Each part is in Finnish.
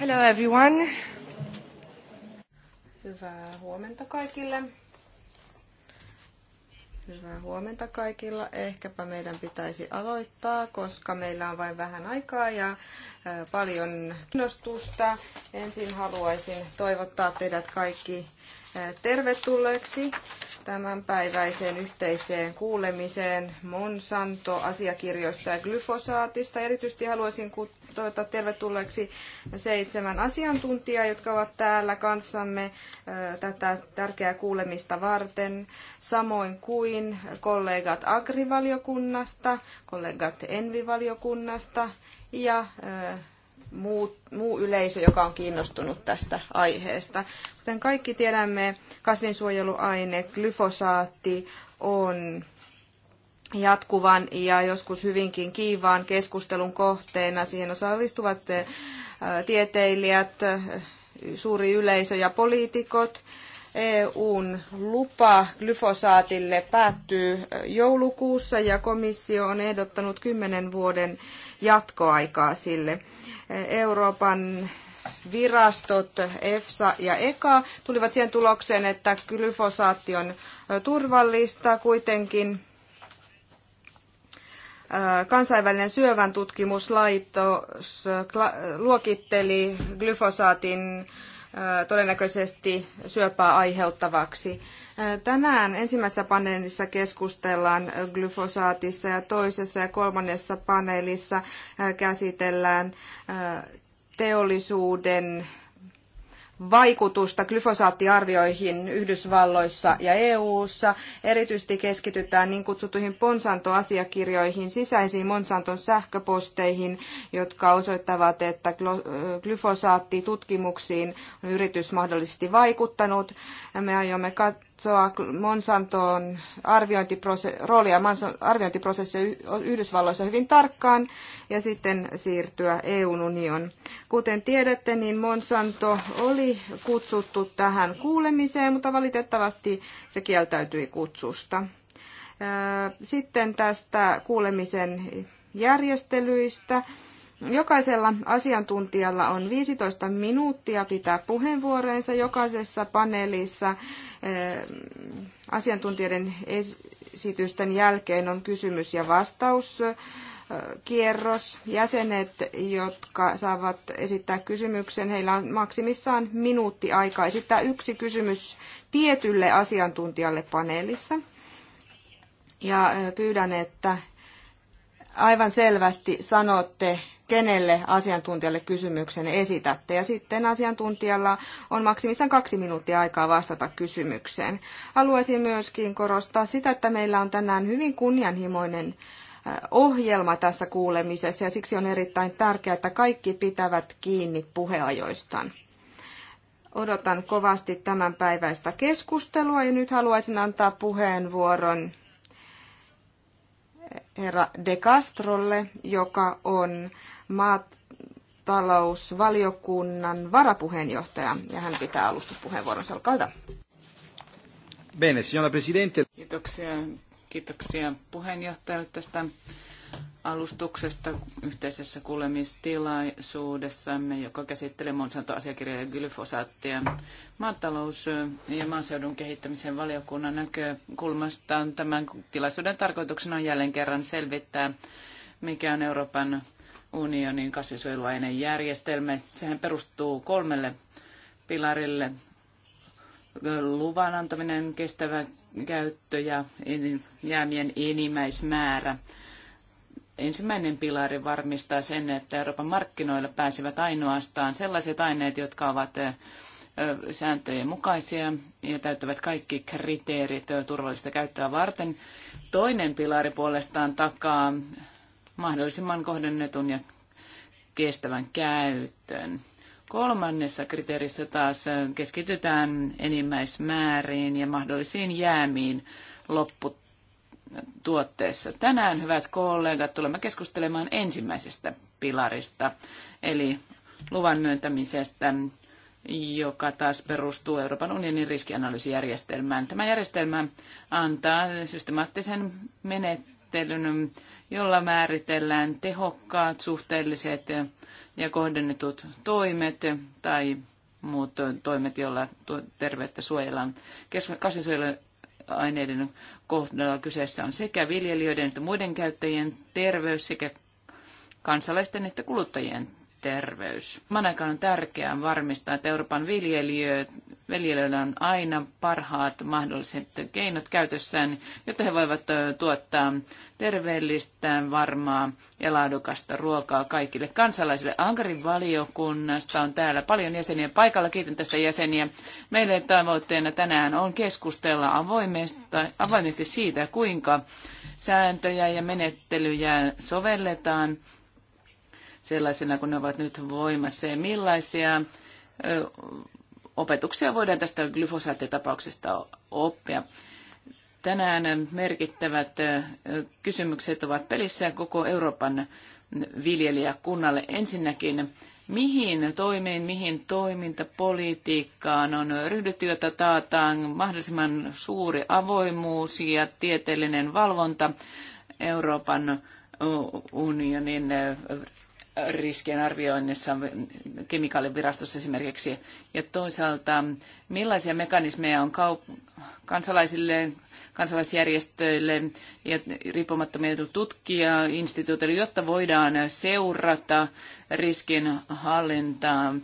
Hello everyone. Hyvää huomenta kaikille. Hyvää huomenta kaikilla. Ehkäpä meidän pitäisi aloittaa, koska meillä on vain vähän aikaa ja paljon kiinnostusta. Ensin haluaisin toivottaa teidät kaikki tervetulleeksi päiväiseen yhteiseen kuulemiseen Monsanto-asiakirjoista ja glyfosaatista. Erityisesti haluaisin toivottaa tervetulleeksi seitsemän asiantuntijaa, jotka ovat täällä kanssamme tätä tärkeää kuulemista varten, samoin kuin kollegat Agrivaliokunnasta, kollegat Envivaliokunnasta ja muu, muu yleisö, joka on kiinnostunut tästä aiheesta. Kuten kaikki tiedämme, kasvinsuojeluaine glyfosaatti on jatkuvan ja joskus hyvinkin kiivaan keskustelun kohteena. Siihen osallistuvat eh, tieteilijät, eh, suuri yleisö ja poliitikot. EUn lupa glyfosaatille päättyy eh, joulukuussa ja komissio on ehdottanut kymmenen vuoden jatkoaikaa sille. Euroopan virastot EFSA ja ECA tulivat siihen tulokseen, että glyfosaatti on turvallista kuitenkin kansainvälinen syövän tutkimuslaitos luokitteli glyfosaatin todennäköisesti syöpää aiheuttavaksi. Tänään ensimmäisessä paneelissa keskustellaan glyfosaatissa ja toisessa ja kolmannessa paneelissa käsitellään teollisuuden vaikutusta glyfosaattiarvioihin Yhdysvalloissa ja EU:ssa. Erityisesti keskitytään niin kutsuttuihin Monsanto-asiakirjoihin, sisäisiin Monsanton sähköposteihin, jotka osoittavat, että glyfosaatti tutkimuksiin on yritys mahdollisesti vaikuttanut. Me aiomme katsoa Monsanton rooli roolia arviointiprosessi Yhdysvalloissa hyvin tarkkaan ja sitten siirtyä EUn union. Kuten tiedätte, niin Monsanto oli kutsuttu tähän kuulemiseen, mutta valitettavasti se kieltäytyi kutsusta. Sitten tästä kuulemisen järjestelyistä. Jokaisella asiantuntijalla on 15 minuuttia pitää puheenvuoreensa jokaisessa paneelissa Äh, asiantuntijoiden esitysten jälkeen on kysymys- ja vastauskierros. Jäsenet, jotka saavat esittää kysymyksen, heillä on maksimissaan minuutti aikaa esittää yksi kysymys tietylle asiantuntijalle paneelissa. Ja äh, pyydän, että aivan selvästi sanotte, kenelle asiantuntijalle kysymyksen esitätte. Ja sitten asiantuntijalla on maksimissaan kaksi minuuttia aikaa vastata kysymykseen. Haluaisin myöskin korostaa sitä, että meillä on tänään hyvin kunnianhimoinen äh, ohjelma tässä kuulemisessa ja siksi on erittäin tärkeää, että kaikki pitävät kiinni puheajoistaan. Odotan kovasti tämän päiväistä keskustelua ja nyt haluaisin antaa puheenvuoron herra De Castrolle, joka on maatalousvaliokunnan varapuheenjohtaja, ja hän pitää alustuspuheenvuoronsa. Olkaa hyvä. Bene, signora Presidente. Kiitoksia, kiitoksia puheenjohtajalle tästä alustuksesta yhteisessä kuulemistilaisuudessamme, joka käsittelee Monsanto-asiakirjaa ja glyfosaattia. Maatalous- ja maaseudun kehittämisen valiokunnan näkökulmasta tämän tilaisuuden tarkoituksena on jälleen kerran selvittää, mikä on Euroopan unionin kasvisuojeluaineen järjestelmä. Sehän perustuu kolmelle pilarille. Luvan antaminen, kestävä käyttö ja jäämien enimmäismäärä ensimmäinen pilari varmistaa sen, että Euroopan markkinoilla pääsevät ainoastaan sellaiset aineet, jotka ovat sääntöjen mukaisia ja täyttävät kaikki kriteerit turvallista käyttöä varten. Toinen pilari puolestaan takaa mahdollisimman kohdennetun ja kestävän käytön. Kolmannessa kriteerissä taas keskitytään enimmäismääriin ja mahdollisiin jäämiin lopput tuotteessa. Tänään, hyvät kollegat, tulemme keskustelemaan ensimmäisestä pilarista, eli luvan myöntämisestä, joka taas perustuu Euroopan unionin riskianalyysijärjestelmään. Tämä järjestelmä antaa systemaattisen menettelyn, jolla määritellään tehokkaat, suhteelliset ja kohdennetut toimet tai muut toimet, joilla terveyttä suojellaan aineiden kohdalla kyseessä on sekä viljelijöiden että muiden käyttäjien terveys sekä kansalaisten että kuluttajien terveys. Manakaan on tärkeää varmistaa, että Euroopan viljelijöiden veljelöillä on aina parhaat mahdolliset keinot käytössään, jotta he voivat tuottaa terveellistä, varmaa ja laadukasta ruokaa kaikille kansalaisille. Ankarin valiokunnasta on täällä paljon jäseniä paikalla. Kiitän tästä jäseniä. Meille tavoitteena tänään on keskustella avoimesti siitä, kuinka sääntöjä ja menettelyjä sovelletaan sellaisena kuin ne ovat nyt voimassa ja millaisia opetuksia voidaan tästä glyfosaattitapauksesta oppia. Tänään merkittävät kysymykset ovat pelissä koko Euroopan viljelijäkunnalle. Ensinnäkin, mihin toimeen, mihin toimintapolitiikkaan on ryhdytty, jota taataan mahdollisimman suuri avoimuus ja tieteellinen valvonta Euroopan unionin riskien arvioinnissa kemikaalivirastossa esimerkiksi? Ja toisaalta, millaisia mekanismeja on kaup- kansalaisille, kansalaisjärjestöille ja riippumattomille tutkijainstituuteille, jotta voidaan seurata riskin hallintaa,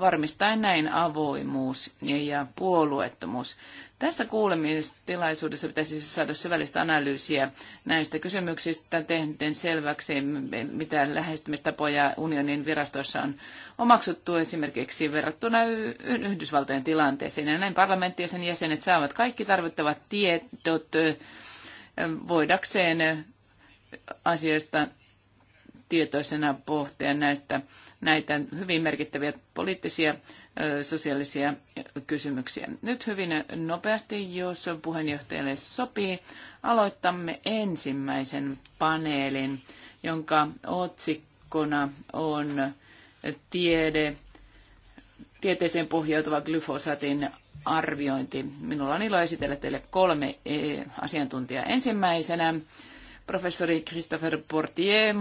varmistaen näin avoimuus ja puolueettomuus. Tässä kuulemistilaisuudessa pitäisi siis saada syvällistä analyysiä näistä kysymyksistä tehden selväksi, mitä lähestymistapoja unionin virastoissa on omaksuttu esimerkiksi verrattuna Yhdysvaltojen tilanteeseen. Ja näin parlamentti ja sen jäsenet saavat kaikki tarvittavat tiedot voidakseen asioista tietoisena pohtia näistä, näitä hyvin merkittäviä poliittisia sosiaalisia kysymyksiä. Nyt hyvin nopeasti, jos puheenjohtajalle sopii, aloitamme ensimmäisen paneelin, jonka otsikkona on tiede, tieteeseen pohjautuva glyfosaatin arviointi. Minulla on ilo esitellä teille kolme e, asiantuntijaa. Ensimmäisenä professori Christopher Portier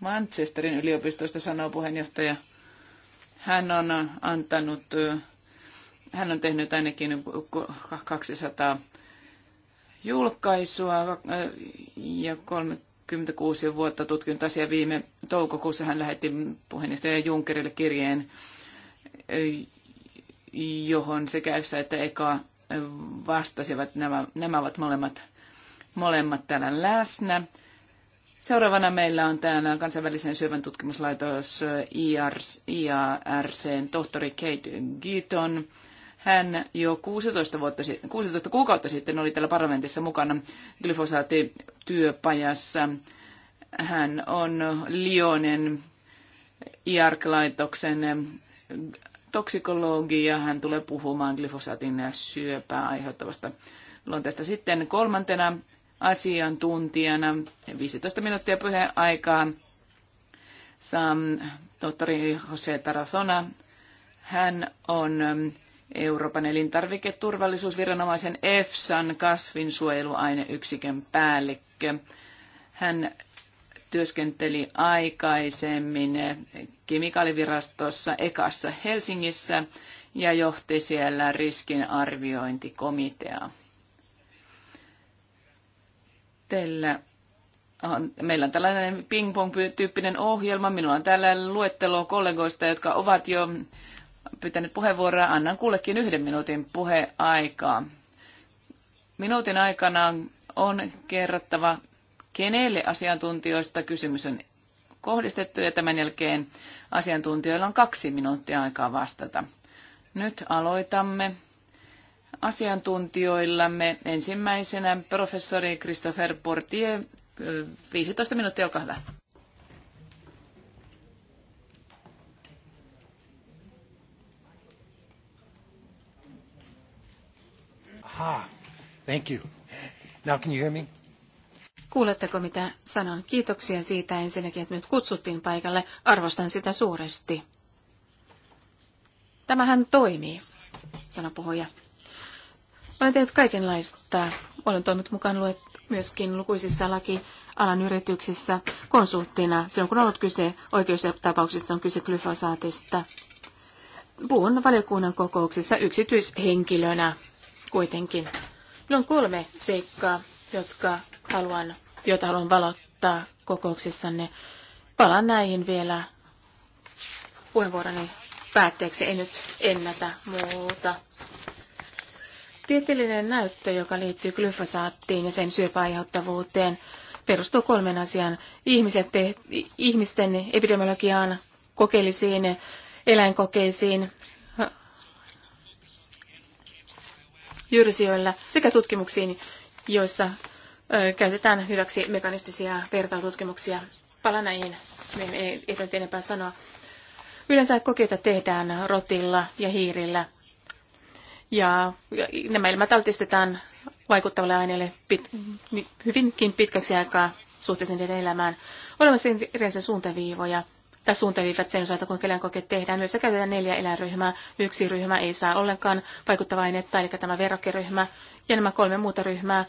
Manchesterin yliopistosta sanoo puheenjohtaja – hän on antanut, hän on tehnyt ainakin 200 julkaisua eh, ja 36 vuotta tutkinut asiaa. Viime toukokuussa hän lähetti puheenjohtaja Junckerille kirjeen, eh, johon sekä EFSA että EKA vastasivat. Nämä, nämä ovat molemmat, molemmat täällä läsnä. Seuraavana meillä on täällä kansainvälisen syövän tutkimuslaitos tohtori Kate Gitton. Hän jo 16, vuotta, 16 kuukautta sitten oli täällä parlamentissa mukana glyfosaatityöpajassa. Hän on Lionen IARC-laitoksen toksikologi ja hän tulee puhumaan glyfosaatin syöpää aiheuttavasta luonteesta. Sitten kolmantena asiantuntijana. 15 minuuttia puheen saa tohtori Jose Tarazona. Hän on Euroopan elintarviketurvallisuusviranomaisen EFSAn kasvinsuojeluaineyksikön päällikkö. Hän työskenteli aikaisemmin kemikaalivirastossa Ekassa Helsingissä ja johti siellä riskinarviointikomiteaa. Teillä on, meillä on tällainen ping-pong-tyyppinen ohjelma. Minulla on täällä luettelo kollegoista, jotka ovat jo pyytäneet puheenvuoroa. Annan kullekin yhden minuutin puheaikaa. Minuutin aikana on kerrottava, kenelle asiantuntijoista kysymys on kohdistettu, ja tämän jälkeen asiantuntijoilla on kaksi minuuttia aikaa vastata. Nyt aloitamme asiantuntijoillamme. Ensimmäisenä professori Christopher Portier, 15 minuuttia, olkaa hyvä. Aha, thank you. Now can you hear me? Kuuletteko mitä sanon? Kiitoksia siitä ensinnäkin, että minut kutsuttiin paikalle. Arvostan sitä suuresti. Tämähän toimii, sanoi puhuja. Olen tehnyt kaikenlaista. Olen toiminut mukaan luet myöskin lukuisissa lakialan yrityksissä konsulttina. Silloin kun on ollut kyse oikeustapauksista, on kyse glyfosaatista. Puhun valiokunnan kokouksissa yksityishenkilönä kuitenkin. Minulla on kolme seikkaa, jotka haluan, joita haluan valottaa kokouksissanne. Palaan näihin vielä puheenvuoroni päätteeksi. En nyt ennätä muuta. Tieteellinen näyttö, joka liittyy glyfosaattiin ja sen syöpäaiheuttavuuteen, perustuu kolmen asian. Ihmiset te, ihmisten epidemiologiaan, kokeellisiin, eläinkokeisiin, jyrsijöillä sekä tutkimuksiin, joissa ö, käytetään hyväksi mekanistisia vertailututkimuksia. Palaan näihin, me ei ehdoin enempää sanoa. Yleensä kokeita tehdään rotilla ja hiirillä ja nämä ilmat altistetaan vaikuttavalle aineelle pit, hyvinkin pitkäksi aikaa suhteessa niiden elämään. Olemassa erilaisia suuntaviivoja tai suuntaviivat sen osalta, kuinka kokeet tehdään. Yleensä käytetään neljä eläinryhmää. Yksi ryhmä ei saa ollenkaan vaikuttavaa ainetta, eli tämä verrokeryhmä. Ja nämä kolme muuta ryhmää,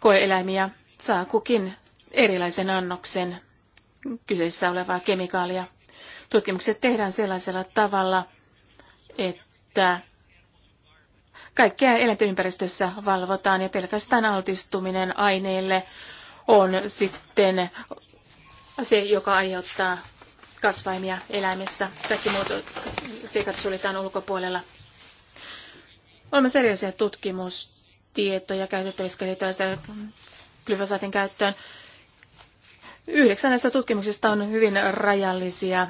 koeeläimiä, saa kukin erilaisen annoksen kyseessä olevaa kemikaalia. Tutkimukset tehdään sellaisella tavalla, että Kaikkea eläintyympäristössä valvotaan ja pelkästään altistuminen aineille on sitten se, joka aiheuttaa kasvaimia eläimessä. Kaikki muut seikat suljetaan ulkopuolella. Olemme erilaisia tutkimustietoja käytettävissä liittyen glyfosaatin käyttöön. Yhdeksän näistä tutkimuksista on hyvin rajallisia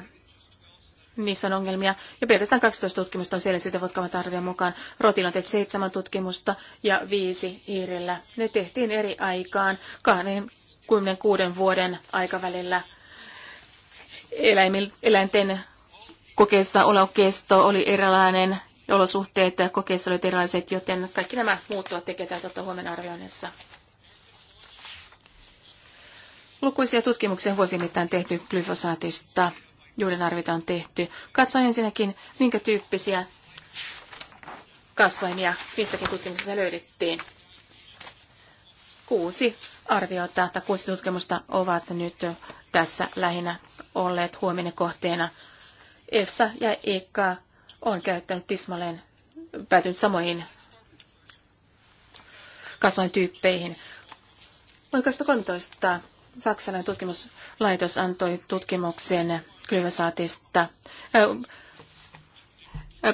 niissä on ongelmia. Ja pelkästään 12 tutkimusta on siellä sitä Votkavan mukaan. Rotilla on tehty seitsemän tutkimusta ja viisi hiirillä. Ne tehtiin eri aikaan, 26 vuoden aikavälillä. Eläimil, eläinten kokeessa olokesto oli erilainen, olosuhteet kokeessa olivat erilaiset, joten kaikki nämä muuttuvat tekevät tuota huomenna arvioinnissa. Lukuisia tutkimuksia vuosien mittaan tehty glyfosaatista juuri arvioita on tehty. Katso ensinnäkin, minkä tyyppisiä kasvaimia missäkin tutkimuksessa löydettiin. Kuusi arviota tai kuusi tutkimusta ovat nyt tässä lähinnä olleet huominen kohteena. EFSA ja EKA on käyttänyt tismalleen päätynyt samoihin kasvaintyyppeihin. Oikeastaan 13 saksalainen tutkimuslaitos antoi tutkimuksen glyfosaatista. Äh,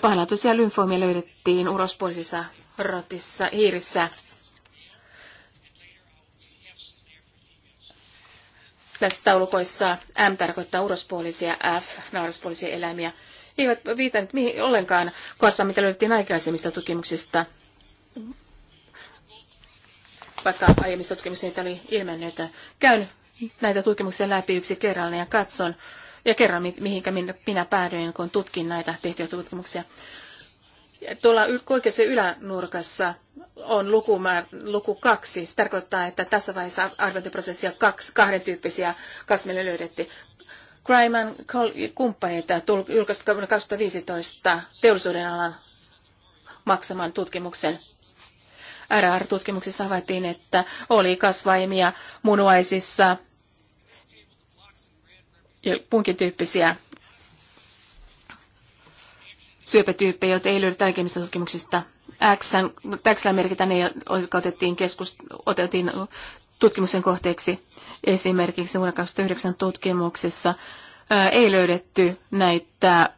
pahlaatuisia lymfoomia löydettiin urospuolisissa rotissa, hiirissä. Tässä taulukoissa M tarkoittaa urospuolisia, F naaraspuolisia eläimiä. Eivät viitannut mihin ollenkaan kasvaa, mitä löydettiin aikaisemmista tutkimuksista vaikka aiemmissa tutkimuksissa niitä oli ilmennyt. Käyn näitä tutkimuksia läpi yksi kerrallaan ja katson, ja kerron, mihinkä minä päädyin, kun tutkin näitä tehtyjä tutkimuksia. Tuolla oikeassa ylänurkassa on lukumäär, luku kaksi. Se tarkoittaa, että tässä vaiheessa arviointiprosessia kaksi, kahden tyyppisiä kasmille löydettiin. Crimean kumppaneita tuli vuonna 2015 teollisuuden alan maksaman tutkimuksen. RR-tutkimuksessa havaittiin, että oli kasvaimia munuaisissa, ja muunkin tyyppisiä syöpätyyppejä, joita ei löydy tärkeimmistä tutkimuksista. X, X merkitään ne, jotka otettiin, keskus, otettiin tutkimuksen kohteeksi. Esimerkiksi vuonna 2009 tutkimuksessa ää, ei löydetty näitä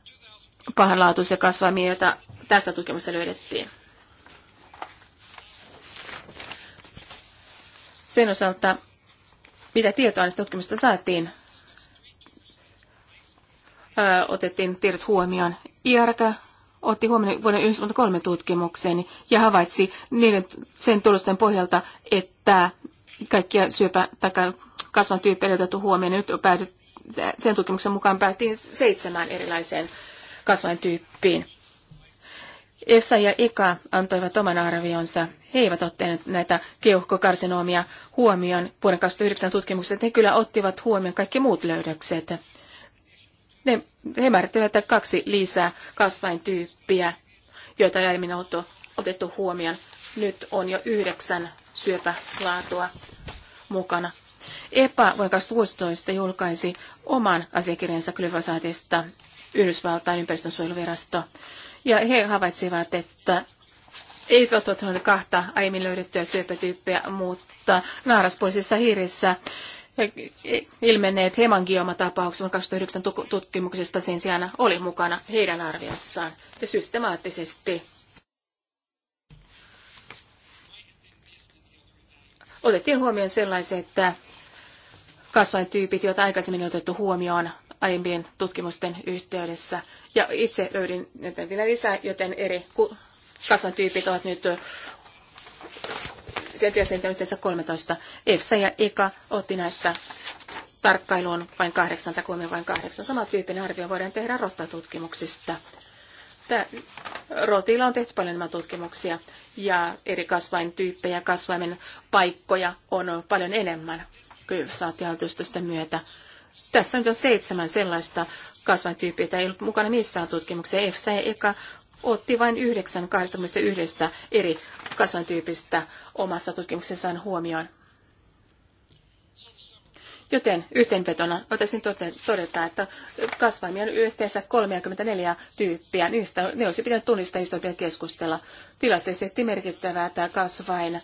pahanlaatuisia kasvaimia, joita tässä tutkimuksessa löydettiin. Sen osalta, mitä tietoa näistä tutkimuksista saatiin, otettiin tiedot huomioon. IRK otti huomioon vuoden 1993 tutkimukseen ja havaitsi niiden, sen tulosten pohjalta, että kaikkia syöpä- tai kasvan tyyppejä otettu huomioon. Nyt päädyt, sen tutkimuksen mukaan päättiin seitsemään erilaiseen kasvaintyyppiin. EFSA ja IKA antoivat oman arvionsa. He eivät ottaneet näitä keuhkokarsinoomia huomioon vuoden 2009 tutkimuksessa. He kyllä ottivat huomioon kaikki muut löydökset. Ne, he määrittelevät kaksi lisää kasvaintyyppiä, joita ei aiemmin otettu huomioon. Nyt on jo yhdeksän syöpälaatua mukana. EPA vuonna 2016 julkaisi oman asiakirjansa glyfosaatista Yhdysvaltain ympäristönsuojeluvirasto. Ja he havaitsivat, että ei ole kahta aiemmin löydettyä syöpätyyppiä, mutta naaraspuolisissa hiirissä ilmenneet hemangioma-tapauksen 2009 tutkimuksesta sen sijaan oli mukana heidän arviossaan ja systemaattisesti otettiin huomioon sellaiset kasvaintyypit, joita aikaisemmin on otettu huomioon aiempien tutkimusten yhteydessä. Ja itse löydin näitä vielä lisää, joten eri kasvaintyypit ovat nyt asiat jäsentä yhteensä 13. EFSA ja EKA otti näistä tarkkailuun vain kahdeksan tai kolme vain kahdeksan. Samantyyppinen arvio voidaan tehdä rottatutkimuksista. rotilla on tehty paljon nämä tutkimuksia ja eri kasvaintyyppejä, kasvaimen paikkoja on paljon enemmän kyyvsaatialtustusten myötä. Tässä nyt on seitsemän sellaista kasvaintyyppiä, ei ollut mukana missään tutkimuksessa. EFSA ja EKA otti vain 9 21 eri kasvantyypistä omassa tutkimuksessaan huomioon. Joten yhteenvetona voitaisiin todeta, että kasvaimia on yhteensä 34 tyyppiä. Niistä ne olisi pitänyt tunnistaa, niistä on keskustella. Tilastollisesti merkittävää tämä kasvain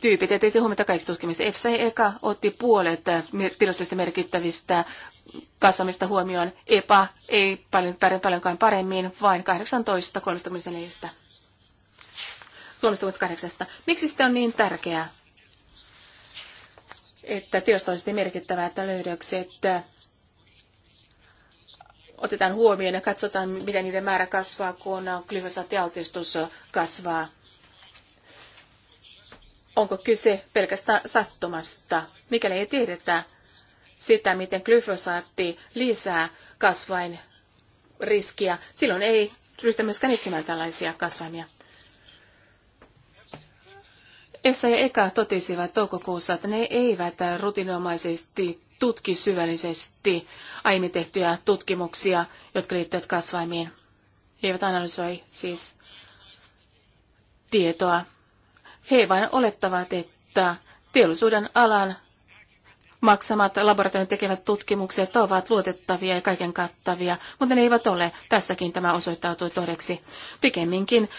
tyypit, tietysti huomenta kaikista tutkimista. EFSA ja EKA otti puolet tilastollisista merkittävistä kasvamista huomioon. EPA ei paljon pärjää paljonkaan paremmin, vain 18.34. 38. Miksi sitten on niin tärkeää, että tilastollisesti että löydökset otetaan huomioon ja katsotaan, miten niiden määrä kasvaa, kun glyfosaattialtistus kasvaa. Onko kyse pelkästään sattumasta? Mikäli ei tiedetä, sitä, miten glyfosaatti lisää kasvain riskiä, silloin ei ryhtä myöskään etsimään tällaisia kasvaimia. Essa ja Eka totesivat toukokuussa, että ne eivät rutinomaisesti tutki syvällisesti aiemmin tehtyjä tutkimuksia, jotka liittyvät kasvaimiin. He eivät analysoi siis tietoa. He vain olettavat, että teollisuuden alan maksamat laboratorion tekevät tutkimukset ovat luotettavia ja kaiken kattavia, mutta ne eivät ole. Tässäkin tämä osoittautui todeksi. Pikemminkin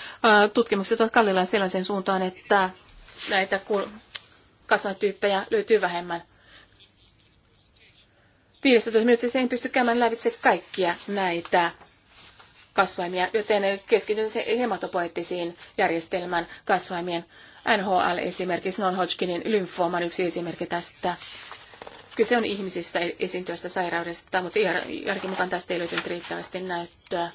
tutkimukset ovat kallillaan sellaisen suuntaan, että näitä kasvatyyppejä löytyy vähemmän. 15 minuutissa en pysty käymään lävitse kaikkia näitä kasvaimia, joten keskityn se hematopoettisiin järjestelmän kasvaimien. NHL esimerkiksi, non-Hodgkinin lymfooman yksi esimerkki tästä. Kyse on ihmisistä esiintyvästä sairaudesta, mutta järki mukaan tästä ei löytynyt riittävästi näyttöä.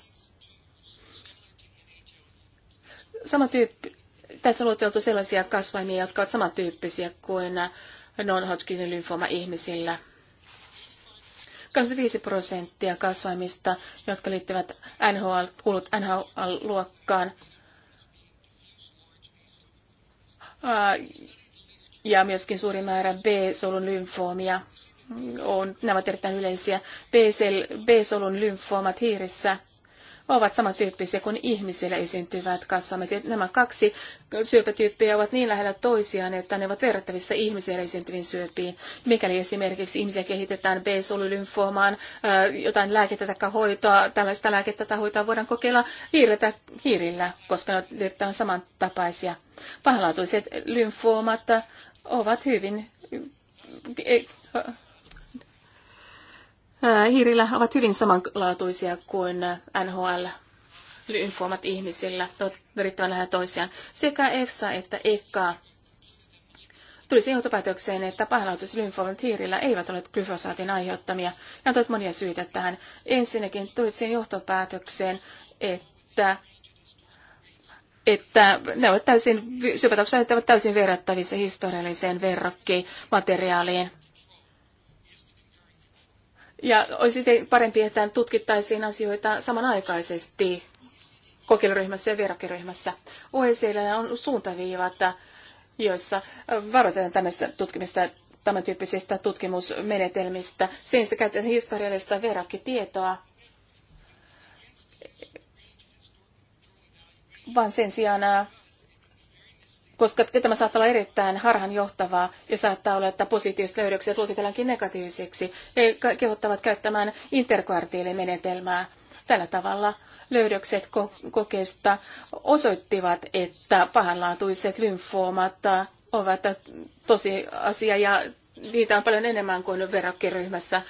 Sama tyyppi, tässä on luoteltu sellaisia kasvaimia, jotka ovat samantyyppisiä kuin non-Hodgkinin lymfooma ihmisillä. 25 prosenttia kasvaimista, jotka liittyvät NHL, kuulut NHL-luokkaan, ja myöskin suuri määrä B-solun lymfoomia. On, nämä ovat erittäin yleisiä. B-solun lymfoomat hiirissä ovat samantyyppisiä kuin ihmisillä esiintyvät kasvamet. Nämä kaksi syöpätyyppiä ovat niin lähellä toisiaan, että ne ovat verrattavissa ihmisillä esiintyviin syöpiin. Mikäli esimerkiksi ihmisiä kehitetään b solulymfoomaan jotain lääkettä tai hoitoa, tällaista lääkettä tai hoitoa voidaan kokeilla hiiretä hiirillä koska ne ovat erittäin samantapaisia. Pahalaatuiset lymfoomat ovat hyvin eh, eh, hiirillä ovat hyvin samanlaatuisia kuin NHL lymfoomat ihmisillä, ovat riittävän lähellä toisiaan. Sekä EFSA että EKA tulisi johtopäätökseen, että lymfoomat hiirillä eivät ole glyfosaatin aiheuttamia. Ja antoivat monia syitä tähän. Ensinnäkin tulisi johtopäätökseen, että että ne ovat täysin, syöpätapaukset ovat täysin verrattavissa historialliseen verrokkimateriaaliin. Ja olisi parempi, että tutkittaisiin asioita samanaikaisesti kokeiluryhmässä ja verrokkiryhmässä. OECD on suuntaviivat, joissa varoitetaan tämmöistä tutkimista tämän tyyppisistä tutkimusmenetelmistä. Siinä sitä käytetään historiallista verrokkitietoa vaan sen sijaan, koska tämä saattaa olla erittäin harhanjohtavaa ja saattaa olla, että positiiviset löydökset luokitellaankin negatiiviseksi. He kehottavat käyttämään interkvartiilimenetelmää. Tällä tavalla löydökset kokeesta osoittivat, että pahanlaatuiset lymfoomat ovat tosi asia ja niitä on paljon enemmän kuin verrokkiryhmässä.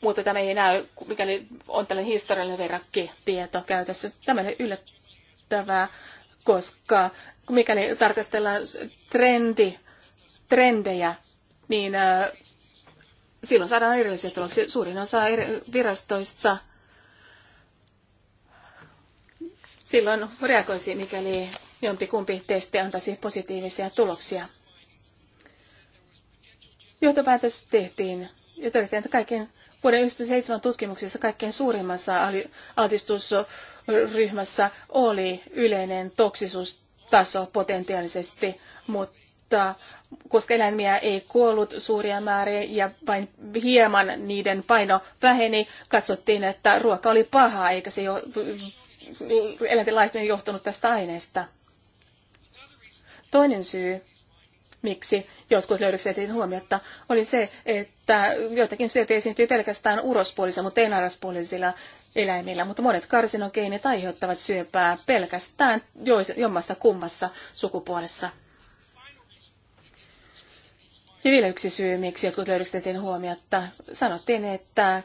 Mutta tämä ei näy, mikäli on tällainen historiallinen verrokkitieto käytössä. Tämä on yllä, merkittävää, koska mikäli tarkastellaan trendi, trendejä, niin silloin saadaan erillisiä tuloksia. Suurin osa virastoista silloin reagoisi, mikäli jompikumpi testi antaisi positiivisia tuloksia. Johtopäätös tehtiin ja todettiin, että kaiken vuoden 1997 tutkimuksessa kaikkein suurimmassa altistus ryhmässä oli yleinen toksisuustaso potentiaalisesti, mutta koska eläimiä ei kuollut suuria määriä ja vain hieman niiden paino väheni, katsottiin, että ruoka oli paha eikä se jo, eläinten laihtuminen johtunut tästä aineesta. Toinen syy, miksi jotkut löydökset jätettiin huomiota, oli se, että joitakin syöpiä esiintyy pelkästään urospuolisilla, mutta ei naraspuolisilla eläimillä, mutta monet karsinogeenit aiheuttavat syöpää pelkästään jommassa kummassa sukupuolessa. Ja vielä yksi syy, miksi jotkut löydökset huomiota. Sanottiin, että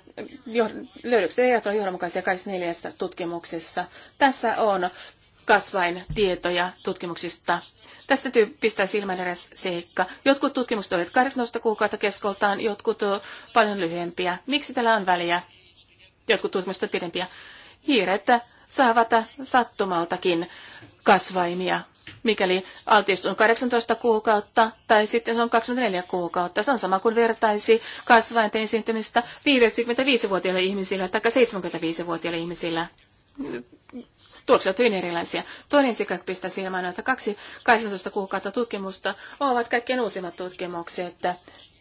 löydökset eivät ole johdonmukaisia kaikissa neljässä tutkimuksessa. Tässä on kasvain tietoja tutkimuksista. Tästä täytyy pistää silmän eräs seikka. Jotkut tutkimukset olivat 18 kuukautta keskoltaan, jotkut paljon lyhyempiä. Miksi tällä on väliä? jotkut tutkimukset pidempiä. Hiiret saavat sattumaltakin kasvaimia, mikäli altistus on 18 kuukautta tai sitten se on 24 kuukautta. Se on sama kuin vertaisi kasvainten esiintymistä 55-vuotiaille ihmisillä tai 75-vuotiaille ihmisillä. Tulokset ovat hyvin erilaisia. Toinen sikä pistää silmään, että kaksi 18 kuukautta tutkimusta ovat kaikkein uusimmat tutkimukset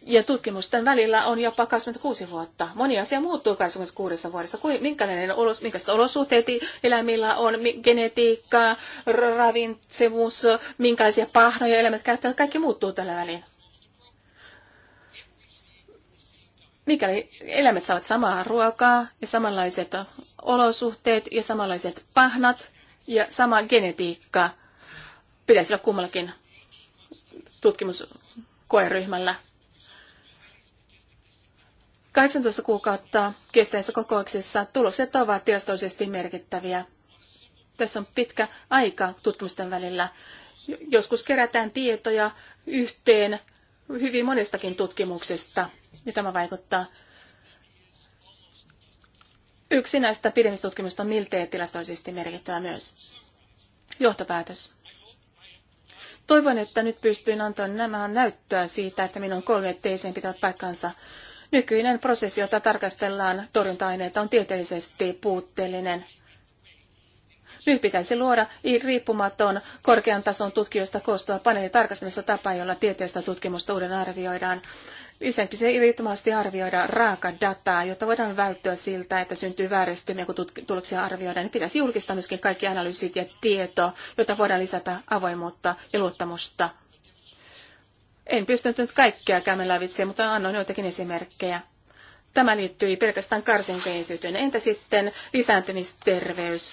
ja tutkimusten välillä on jopa 26 vuotta. Moni asia muuttuu 26 vuodessa. Minkälainen olos, minkälaiset olosuhteet eläimillä on, genetiikka, ravintsemus, minkälaisia pahnoja eläimet käyttävät, kaikki muuttuu tällä välin. Mikäli eläimet saavat samaa ruokaa ja samanlaiset olosuhteet ja samanlaiset pahnat ja sama genetiikka, pitäisi olla kummallakin tutkimuskoeryhmällä 18 kuukautta kestäessä kokouksessa tulokset ovat tilastollisesti merkittäviä. Tässä on pitkä aika tutkimusten välillä. Joskus kerätään tietoja yhteen hyvin monestakin tutkimuksesta, ja tämä vaikuttaa. Yksi näistä pidemmistä tutkimuksista on miltei tilastollisesti merkittävä myös. Johtopäätös. Toivon, että nyt pystyin antamaan nämä näyttöä siitä, että minun kolme teeseen pitävät paikkansa. Nykyinen prosessi, jota tarkastellaan torjunta-aineita, on tieteellisesti puutteellinen. Nyt pitäisi luoda riippumaton korkean tason tutkijoista koostuva paneeli tarkastamista tapa, jolla tieteestä tutkimusta uuden arvioidaan. Lisäksi se riittomasti arvioida raaka dataa, jotta voidaan välttyä siltä, että syntyy vääristymiä, kun tuloksia arvioidaan. Niin pitäisi julkistaa myöskin kaikki analyysit ja tieto, jotta voidaan lisätä avoimuutta ja luottamusta en pystynyt nyt kaikkea käymään lävitse, mutta annoin joitakin esimerkkejä. Tämä liittyy pelkästään karsinkeisyyteen. Entä sitten lisääntymisterveys?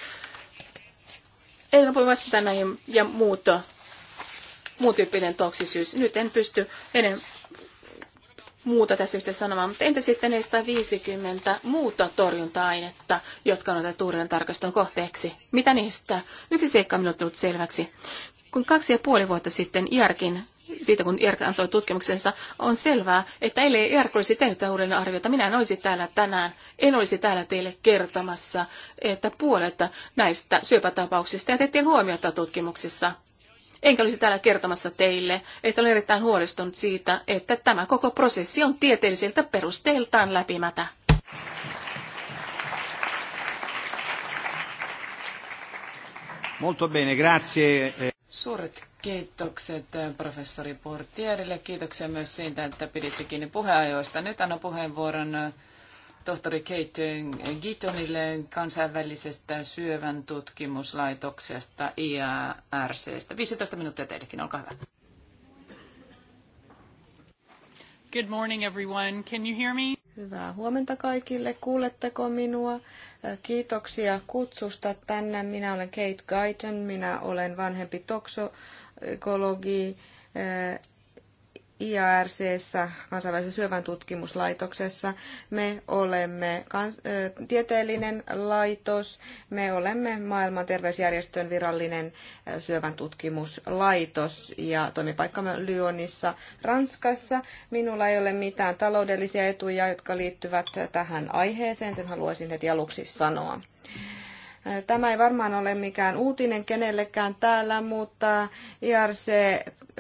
En voi vastata näihin ja muut, muun tyyppinen toksisyys. Nyt en pysty ennen muuta tässä yhteydessä sanomaan, mutta entä sitten 450 muuta torjunta-ainetta, jotka on otettu uuden tarkaston kohteeksi? Mitä niistä? Yksi seikka on minulle tullut selväksi. Kun kaksi ja puoli vuotta sitten IARKin siitä, kun IRK antoi tutkimuksensa, on selvää, että ellei IRK olisi tehnyt tätä uuden arviota, minä en olisi täällä tänään, en olisi täällä teille kertomassa, että puolet näistä syöpätapauksista jätettiin huomiota tutkimuksissa. Enkä olisi täällä kertomassa teille, että olen erittäin huolestunut siitä, että tämä koko prosessi on tieteellisiltä perusteiltaan läpimätä. Molto bene, grazie. Eh. Suuret kiitokset eh, professori Portierille. Kiitoksia myös siitä, että piditte kiinni puheajoista. Nyt annan puheenvuoron eh, tohtori Kate Gittonille kansainvälisestä syövän tutkimuslaitoksesta IARC. 15 minuuttia teillekin, olkaa hyvä. Good morning everyone. Can you hear me? Hyvää huomenta kaikille. Kuuletteko minua? Kiitoksia kutsusta tänne. Minä olen Kate Guyton, minä olen vanhempi toksikologi IARCssä, kansainvälisessä syövän tutkimuslaitoksessa. Me olemme kans- tieteellinen laitos, me olemme maailman terveysjärjestön virallinen syövän tutkimuslaitos ja toimipaikkamme Lyonissa, Ranskassa. Minulla ei ole mitään taloudellisia etuja, jotka liittyvät tähän aiheeseen, sen haluaisin heti aluksi sanoa. Tämä ei varmaan ole mikään uutinen kenellekään täällä, mutta IRC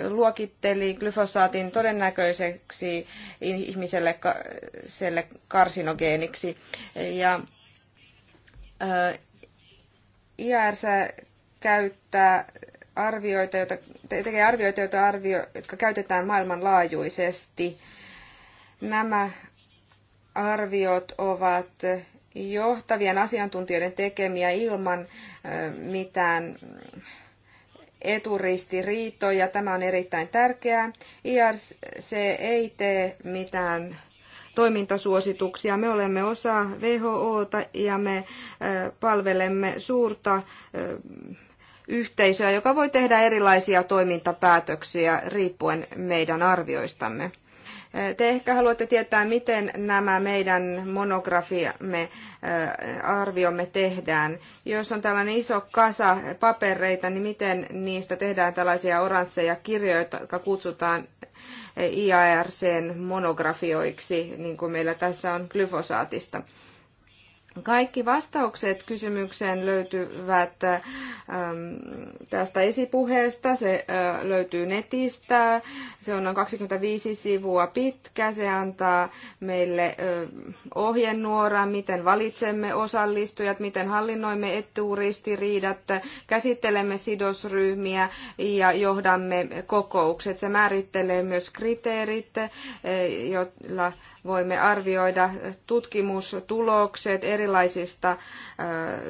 luokitteli glyfosaatin todennäköiseksi ihmiselle selle karsinogeeniksi. Ja IRC käyttää arvioita, joita, tekee arvioita, joita arvio, jotka käytetään maailmanlaajuisesti. Nämä arviot ovat johtavien asiantuntijoiden tekemiä ilman mitään eturistiriitoja. Tämä on erittäin tärkeää. IRC ei tee mitään toimintasuosituksia. Me olemme osa WHOta ja me palvelemme suurta yhteisöä, joka voi tehdä erilaisia toimintapäätöksiä riippuen meidän arvioistamme. Te ehkä haluatte tietää, miten nämä meidän monografiamme arviomme tehdään. Jos on tällainen iso kasa papereita, niin miten niistä tehdään tällaisia oransseja kirjoja, jotka kutsutaan IARCn monografioiksi, niin kuin meillä tässä on glyfosaatista. Kaikki vastaukset kysymykseen löytyvät ähm, tästä esipuheesta. Se äh, löytyy netistä. Se on noin 25 sivua pitkä. Se antaa meille äh, ohjenuoran, miten valitsemme osallistujat, miten hallinnoimme etuuristiriidat, käsittelemme sidosryhmiä ja johdamme kokoukset. Se määrittelee myös kriteerit, äh, joilla voimme arvioida tutkimustulokset erilaisista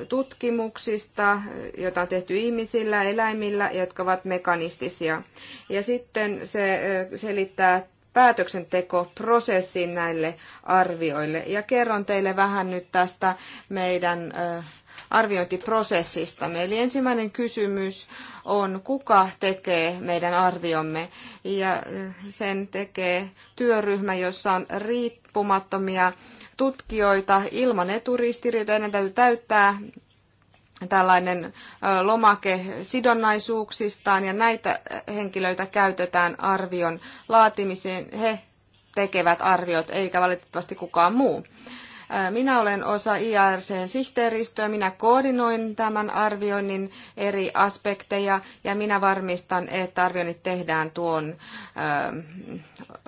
tutkimuksista, joita on tehty ihmisillä, eläimillä, jotka ovat mekanistisia. Ja sitten se selittää päätöksentekoprosessin näille arvioille. Ja kerron teille vähän nyt tästä meidän arviointiprosessistamme. Eli ensimmäinen kysymys on, kuka tekee meidän arviomme. Ja sen tekee työryhmä, jossa on riippumattomia tutkijoita ilman eturistiriitoja. Ne täytyy täyttää tällainen lomake sidonnaisuuksistaan ja näitä henkilöitä käytetään arvion laatimiseen. He tekevät arviot eikä valitettavasti kukaan muu. Minä olen osa IARCn sihteeristöä, minä koordinoin tämän arvioinnin eri aspekteja ja minä varmistan, että arvioinnit tehdään tuon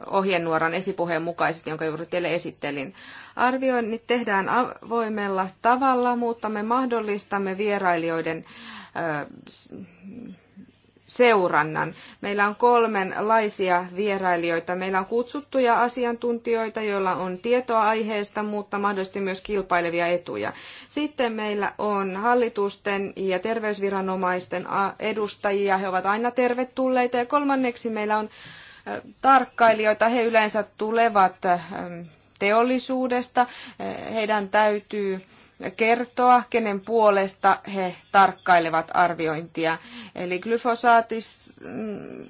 ohjenuoran esipuheen mukaisesti, jonka juuri teille esittelin. Arvioinnit tehdään avoimella tavalla, mutta me mahdollistamme vierailijoiden seurannan. Meillä on kolmenlaisia vierailijoita. Meillä on kutsuttuja asiantuntijoita, joilla on tietoa aiheesta, mutta mahdollisesti myös kilpailevia etuja. Sitten meillä on hallitusten ja terveysviranomaisten edustajia. He ovat aina tervetulleita. Ja kolmanneksi meillä on tarkkailijoita. He yleensä tulevat teollisuudesta. Heidän täytyy kertoa, kenen puolesta he tarkkailevat arviointia. Eli glyfosaatis mm,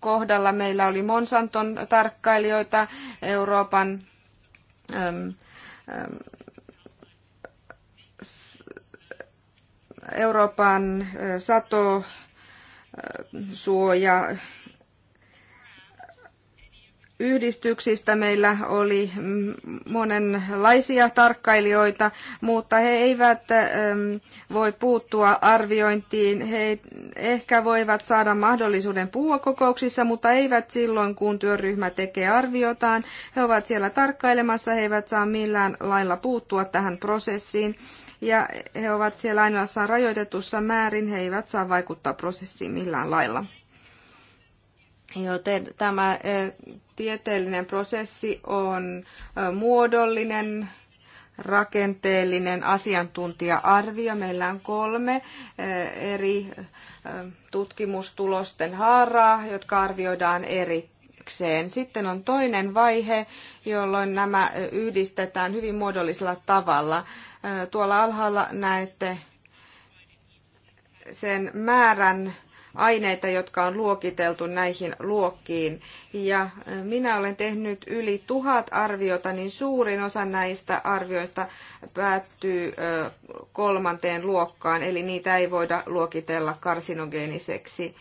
kohdalla meillä oli Monsanton tarkkailijoita Euroopan äm, äm, Euroopan sato suoja yhdistyksistä meillä oli monenlaisia tarkkailijoita, mutta he eivät ähm, voi puuttua arviointiin. He ehkä voivat saada mahdollisuuden puhua kokouksissa, mutta eivät silloin, kun työryhmä tekee arviotaan. He ovat siellä tarkkailemassa, he eivät saa millään lailla puuttua tähän prosessiin. Ja he ovat siellä ainoastaan rajoitetussa määrin, he eivät saa vaikuttaa prosessiin millään lailla. Joten tämä tieteellinen prosessi on muodollinen, rakenteellinen asiantuntija-arvio. Meillä on kolme eri tutkimustulosten haaraa, jotka arvioidaan eri. Sitten on toinen vaihe, jolloin nämä yhdistetään hyvin muodollisella tavalla. Tuolla alhaalla näette sen määrän aineita, jotka on luokiteltu näihin luokkiin. Ja minä olen tehnyt yli tuhat arviota, niin suurin osa näistä arvioista päättyy kolmanteen luokkaan, eli niitä ei voida luokitella karsinogeeniseksi.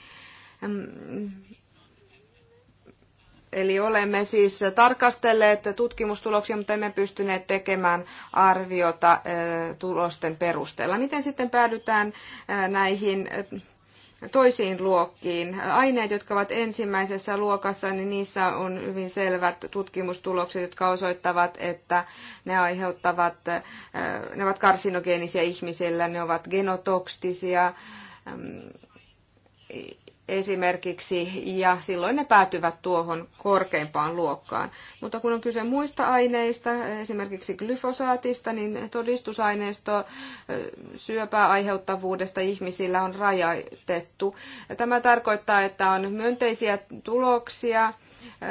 Eli olemme siis tarkastelleet tutkimustuloksia, mutta emme pystyneet tekemään arviota tulosten perusteella. Miten sitten päädytään näihin toisiin luokkiin. Aineet, jotka ovat ensimmäisessä luokassa, niin niissä on hyvin selvät tutkimustulokset, jotka osoittavat, että ne aiheuttavat, äh, ne ovat karsinogeenisia ihmisillä, ne ovat genotoksisia, ähm, esimerkiksi, ja silloin ne päätyvät tuohon korkeimpaan luokkaan. Mutta kun on kyse muista aineista, esimerkiksi glyfosaatista, niin todistusaineisto syöpää aiheuttavuudesta ihmisillä on rajoitettu. Tämä tarkoittaa, että on myönteisiä tuloksia,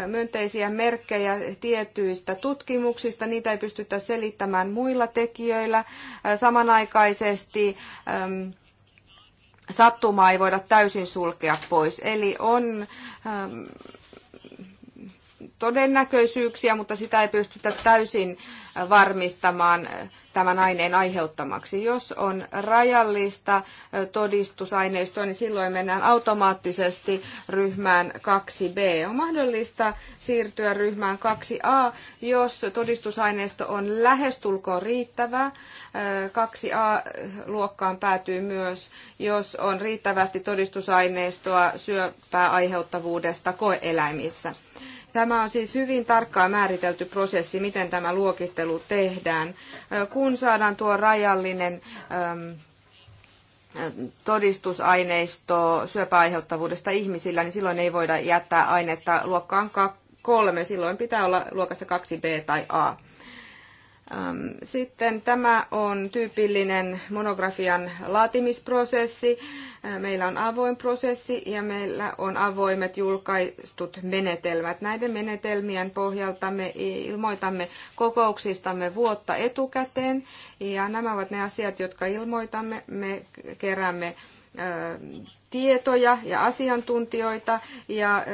myönteisiä merkkejä tietyistä tutkimuksista. Niitä ei pystytä selittämään muilla tekijöillä. Samanaikaisesti sattumaa ei voida täysin sulkea pois. Eli on ähm, todennäköisyyksiä, mutta sitä ei pystytä täysin varmistamaan tämän aineen aiheuttamaksi. Jos on rajallista todistusaineistoa, niin silloin mennään automaattisesti ryhmään 2b. On mahdollista siirtyä ryhmään 2a, jos todistusaineisto on lähestulkoon riittävä. 2a-luokkaan päätyy myös, jos on riittävästi todistusaineistoa syöpää aiheuttavuudesta koeeläimissä. Tämä on siis hyvin tarkkaan määritelty prosessi, miten tämä luokittelu tehdään. Kun saadaan tuo rajallinen todistusaineisto syöpäaiheuttavuudesta ihmisillä, niin silloin ei voida jättää ainetta luokkaan kolme. Silloin pitää olla luokassa 2b tai a. Sitten tämä on tyypillinen monografian laatimisprosessi. Meillä on avoin prosessi ja meillä on avoimet julkaistut menetelmät. Näiden menetelmien pohjalta me ilmoitamme kokouksistamme vuotta etukäteen ja nämä ovat ne asiat, jotka ilmoitamme. Me keräämme tietoja ja asiantuntijoita ja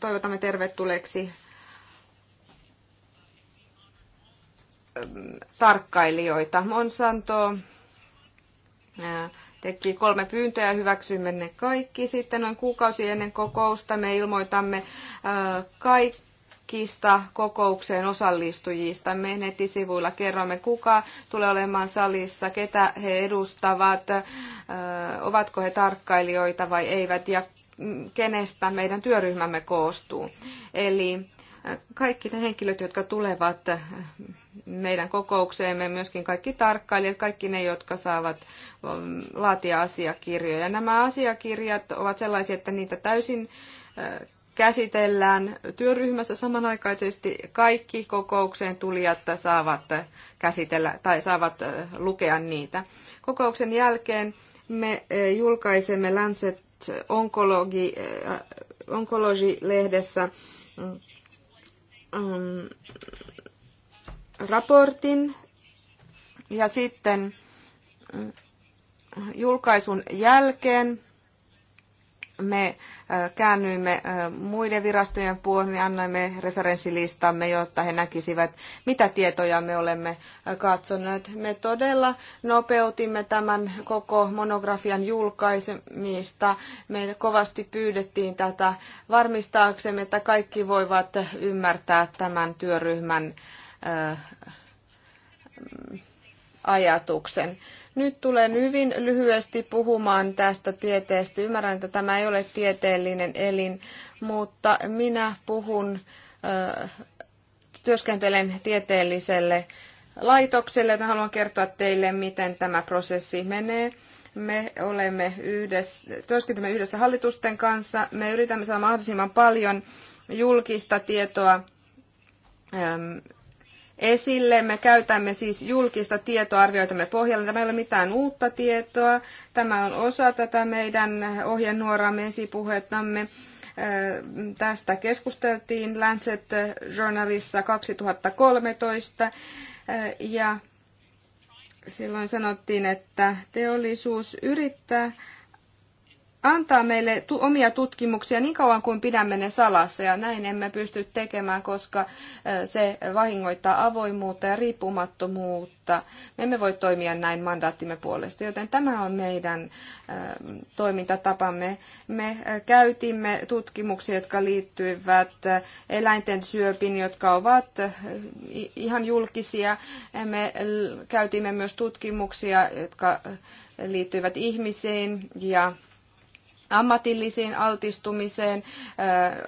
toivotamme tervetulleeksi tarkkailijoita. Monsanto teki kolme pyyntöä ja hyväksyimme ne kaikki. Sitten noin kuukausi ennen kokousta me ilmoitamme kaikista kokoukseen osallistujista. Me nettisivuilla kerromme, kuka tulee olemaan salissa, ketä he edustavat, ovatko he tarkkailijoita vai eivät ja mm, kenestä meidän työryhmämme koostuu. Eli kaikki ne henkilöt, jotka tulevat meidän kokoukseemme myöskin kaikki tarkkailijat, kaikki ne, jotka saavat um, laatia asiakirjoja. Nämä asiakirjat ovat sellaisia, että niitä täysin käsitellään työryhmässä samanaikaisesti. Kaikki kokoukseen tulijat saavat käsitellä tai saavat lukea niitä. Kokouksen jälkeen me julkaisemme Lancet Onkologi, Onkologi-lehdessä mm, mm, raportin ja sitten julkaisun jälkeen me käännyimme muiden virastojen puoleen ja annoimme referenssilistamme, jotta he näkisivät, mitä tietoja me olemme katsoneet. Me todella nopeutimme tämän koko monografian julkaisemista. Me kovasti pyydettiin tätä varmistaaksemme, että kaikki voivat ymmärtää tämän työryhmän Äh, ajatuksen. Nyt tulen hyvin lyhyesti puhumaan tästä tieteestä. Ymmärrän, että tämä ei ole tieteellinen elin, mutta minä puhun, äh, työskentelen tieteelliselle laitokselle. Mä haluan kertoa teille, miten tämä prosessi menee. Me olemme yhdessä, työskentelemme yhdessä hallitusten kanssa. Me yritämme saada mahdollisimman paljon julkista tietoa ähm, esille. Me käytämme siis julkista tietoa arvioitamme pohjalla. Tämä ei ole mitään uutta tietoa. Tämä on osa tätä meidän ohjenuoraamme esipuhettamme. Tästä keskusteltiin Lancet Journalissa 2013 ja silloin sanottiin, että teollisuus yrittää antaa meille tu- omia tutkimuksia niin kauan kuin pidämme ne salassa ja näin emme pysty tekemään, koska se vahingoittaa avoimuutta ja riippumattomuutta. Me emme voi toimia näin mandaattimme puolesta, joten tämä on meidän toimintatapamme. Me käytimme tutkimuksia, jotka liittyvät eläinten syöpiin, jotka ovat ihan julkisia. Me käytimme myös tutkimuksia, jotka liittyivät ihmisiin ja ammatilliseen altistumiseen.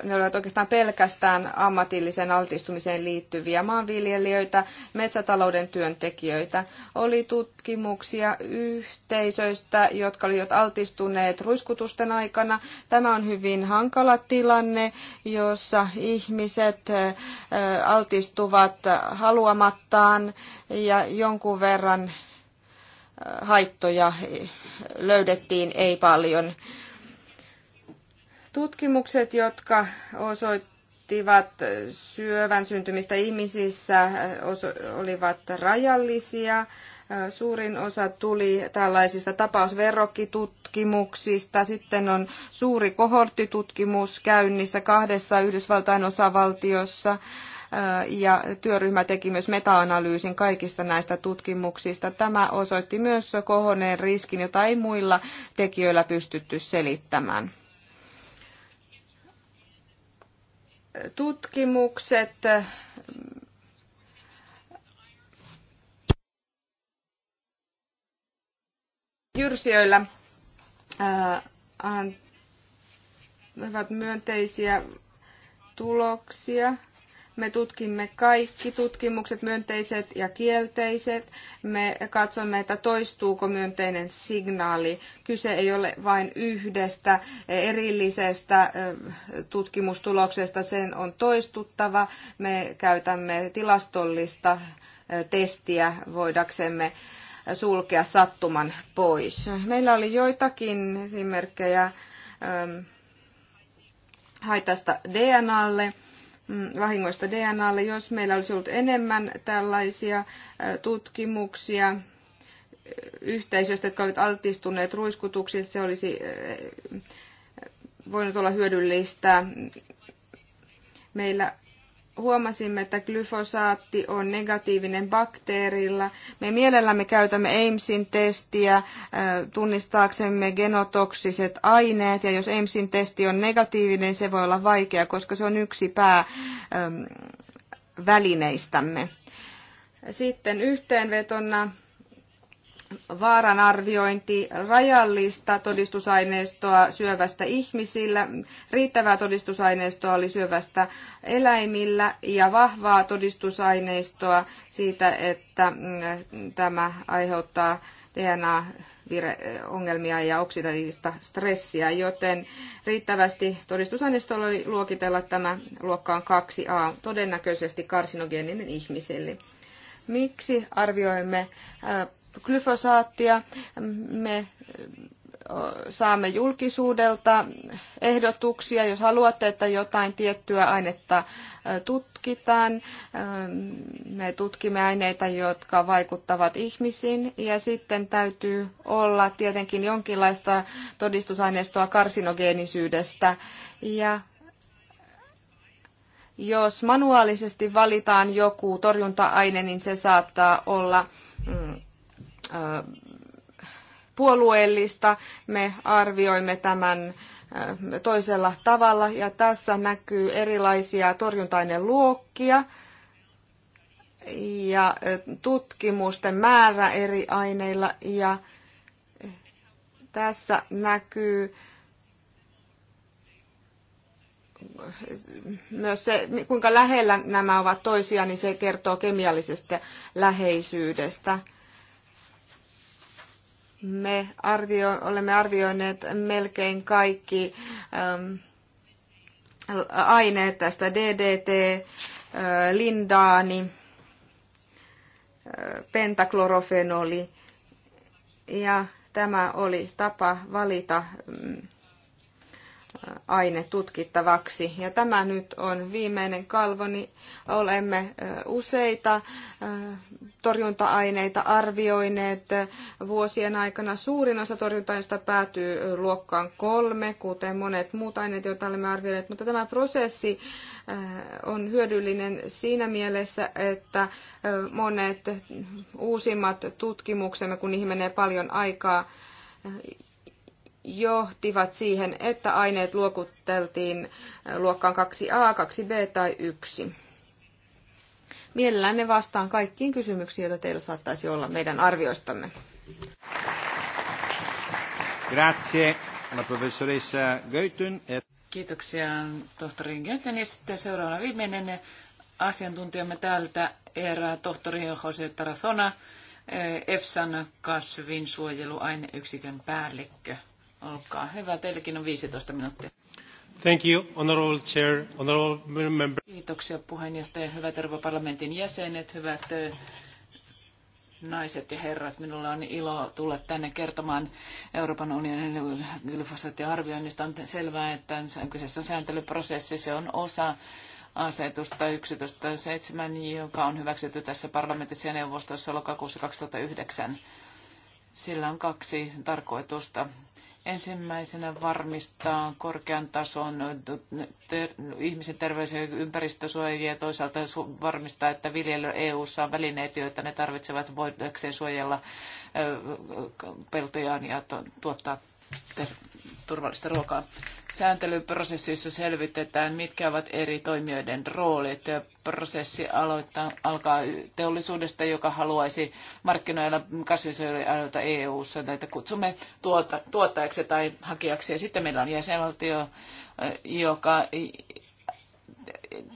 Ne olivat oikeastaan pelkästään ammatilliseen altistumiseen liittyviä maanviljelijöitä, metsätalouden työntekijöitä. Oli tutkimuksia yhteisöistä, jotka olivat altistuneet ruiskutusten aikana. Tämä on hyvin hankala tilanne, jossa ihmiset altistuvat haluamattaan ja jonkun verran haittoja löydettiin, ei paljon Tutkimukset, jotka osoittivat syövän syntymistä ihmisissä, olivat rajallisia. Suurin osa tuli tällaisista tapausverrokkitutkimuksista. Sitten on suuri kohorttitutkimus käynnissä kahdessa Yhdysvaltain osavaltiossa ja työryhmä teki myös meta-analyysin kaikista näistä tutkimuksista. Tämä osoitti myös kohoneen riskin, jota ei muilla tekijöillä pystytty selittämään. tutkimukset jyrsijöillä antavat myönteisiä tuloksia. Me tutkimme kaikki tutkimukset, myönteiset ja kielteiset. Me katsomme, että toistuuko myönteinen signaali. Kyse ei ole vain yhdestä erillisestä tutkimustuloksesta, sen on toistuttava. Me käytämme tilastollista testiä voidaksemme sulkea sattuman pois. Meillä oli joitakin esimerkkejä haitasta DNAlle Mm, vahingoista DNAlle. Jos meillä olisi ollut enemmän tällaisia äh, tutkimuksia äh, yhteisöistä, jotka olivat altistuneet ruiskutuksille, se olisi äh, voinut olla hyödyllistä. Meillä huomasimme, että glyfosaatti on negatiivinen bakteerilla. Me mielellämme käytämme Amesin testiä äh, tunnistaaksemme genotoksiset aineet, ja jos Amesin testi on negatiivinen, se voi olla vaikea, koska se on yksi päävälineistämme. Ähm, Sitten yhteenvetona vaaranarviointi rajallista todistusaineistoa syövästä ihmisillä, riittävää todistusaineistoa oli syövästä eläimillä ja vahvaa todistusaineistoa siitä, että mm, tämä aiheuttaa DNA ongelmia ja oksidatiivista stressiä, joten riittävästi todistusaineistolla oli luokitella tämä luokkaan 2A, todennäköisesti karsinogeeninen ihmiselle. Miksi arvioimme äh, glyfosaattia. Me saamme julkisuudelta ehdotuksia, jos haluatte, että jotain tiettyä ainetta tutkitaan. Me tutkimme aineita, jotka vaikuttavat ihmisiin ja sitten täytyy olla tietenkin jonkinlaista todistusaineistoa karsinogeenisyydestä. Ja jos manuaalisesti valitaan joku torjunta-aine, niin se saattaa olla mm, puolueellista. Me arvioimme tämän toisella tavalla ja tässä näkyy erilaisia torjuntainen luokkia ja tutkimusten määrä eri aineilla ja tässä näkyy myös se, kuinka lähellä nämä ovat toisiaan, niin se kertoo kemiallisesta läheisyydestä. Me arvio, olemme arvioineet melkein kaikki ähm, aineet tästä DDT, äh, lindaani, äh, pentaklorofenoli ja tämä oli tapa valita mm, aine tutkittavaksi. Ja tämä nyt on viimeinen kalvoni. Olemme useita torjunta-aineita arvioineet vuosien aikana. Suurin osa torjunta-aineista päätyy luokkaan kolme, kuten monet muut aineet, joita olemme arvioineet. Mutta tämä prosessi on hyödyllinen siinä mielessä, että monet uusimmat tutkimuksemme, kun niihin menee paljon aikaa, johtivat siihen, että aineet luokuteltiin luokkaan 2a, 2b tai 1. Mielelläni vastaan kaikkiin kysymyksiin, joita teillä saattaisi olla meidän arvioistamme. Grazie, la professoressa Kiitoksia tohtori Götyn. Ja sitten seuraavana viimeinen asiantuntijamme täältä erää tohtori Jose Tarazona, eh, EFSAn kasvinsuojeluaineyksikön päällikkö. Olkaa hyvä, teilläkin on 15 minuuttia. Thank you, honorable chair, honorable member. Kiitoksia puheenjohtaja, hyvät Euroopan parlamentin jäsenet, hyvät naiset ja herrat, minulla on ilo tulla tänne kertomaan Euroopan unionin glyfosaattiarvioinnista. On selvää, että kyseessä sääntelyprosessi, se on osa asetusta 11.7, joka on hyväksytty tässä parlamentissa ja neuvostossa lokakuussa 2009. Sillä on kaksi tarkoitusta ensimmäisenä varmistaa korkean tason ter- ihmisen terveys- ja ympäristösuojelija ja toisaalta varmistaa, että viljelijöillä EU-ssa on välineet, joita ne tarvitsevat voidakseen suojella peltojaan ja tuottaa turvallista ruokaa. Sääntelyprosessissa selvitetään, mitkä ovat eri toimijoiden roolit. Prosessi aloittaa, alkaa teollisuudesta, joka haluaisi markkinoilla kasvinsuojelualueita EU-ssa. Näitä kutsumme tuota, tuottajaksi tai hakijaksi. Ja sitten meillä on jäsenvaltio, joka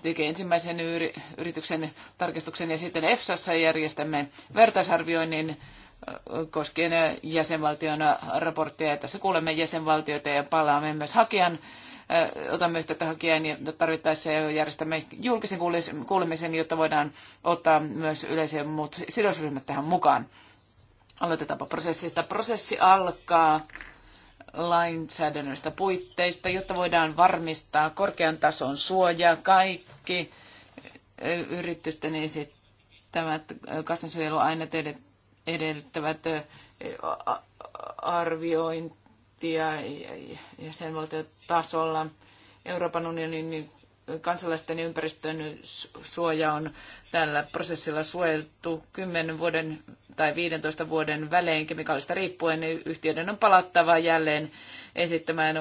tekee ensimmäisen yrityksen tarkistuksen ja sitten EFSAssa järjestämme vertaisarvioinnin koskien jäsenvaltion raportteja. Tässä kuulemme jäsenvaltioita ja palaamme myös hakijan otamme yhteyttä hakijaan ja tarvittaessa järjestämme julkisen kuulemisen, jotta voidaan ottaa myös yleisiä muut sidosryhmät tähän mukaan. Aloitetaanpa prosessista. Prosessi alkaa lainsäädännöllistä puitteista, jotta voidaan varmistaa korkean tason suoja kaikki yritysten esittämät kasvinsuojeluaineet edellyttävät arviointia jäsenvaltiotasolla. Euroopan unionin kansalaisten ympäristön suoja on tällä prosessilla suojeltu 10 vuoden tai 15 vuoden välein kemikaalista riippuen, niin yhtiöiden on palattava jälleen esittämään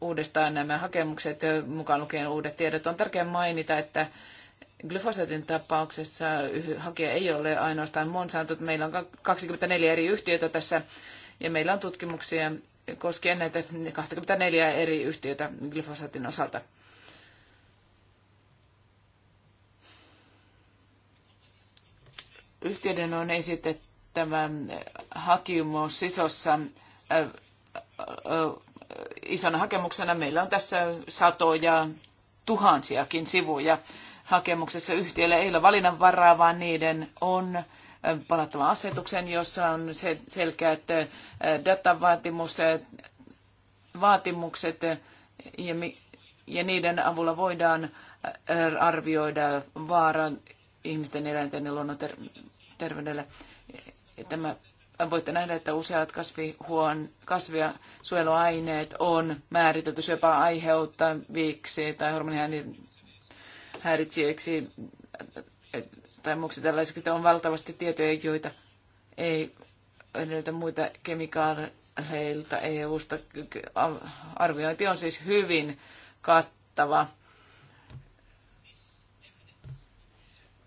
uudestaan nämä hakemukset, mukaan lukien uudet tiedot. On tärkeää mainita, että glyfosatin tapauksessa hakija ei ole ainoastaan Monsanto. Meillä on 24 eri yhtiötä tässä ja meillä on tutkimuksia koskien näitä 24 eri yhtiötä glyfosatin osalta. Yhtiöiden on esitettävä hakemus sisossa äh, äh, äh, isona hakemuksena. Meillä on tässä satoja, tuhansiakin sivuja hakemuksessa yhtiölle ei ole valinnanvaraa, vaan niiden on palattava asetukseen, jossa on selkeät datavaatimukset vaatimukset, ja, ja niiden avulla voidaan arvioida vaara ihmisten eläinten ja luonnon ter- terveydelle. Tämä, voitte nähdä, että useat kasvihuon, kasvia suojeluaineet on määritelty syöpää aiheuttaviksi tai hormonihäiriöiden häiritsijöiksi tai muuksi että on valtavasti tietoja, joita ei edellytä muita kemikaaleilta EU-sta. Arviointi on siis hyvin kattava.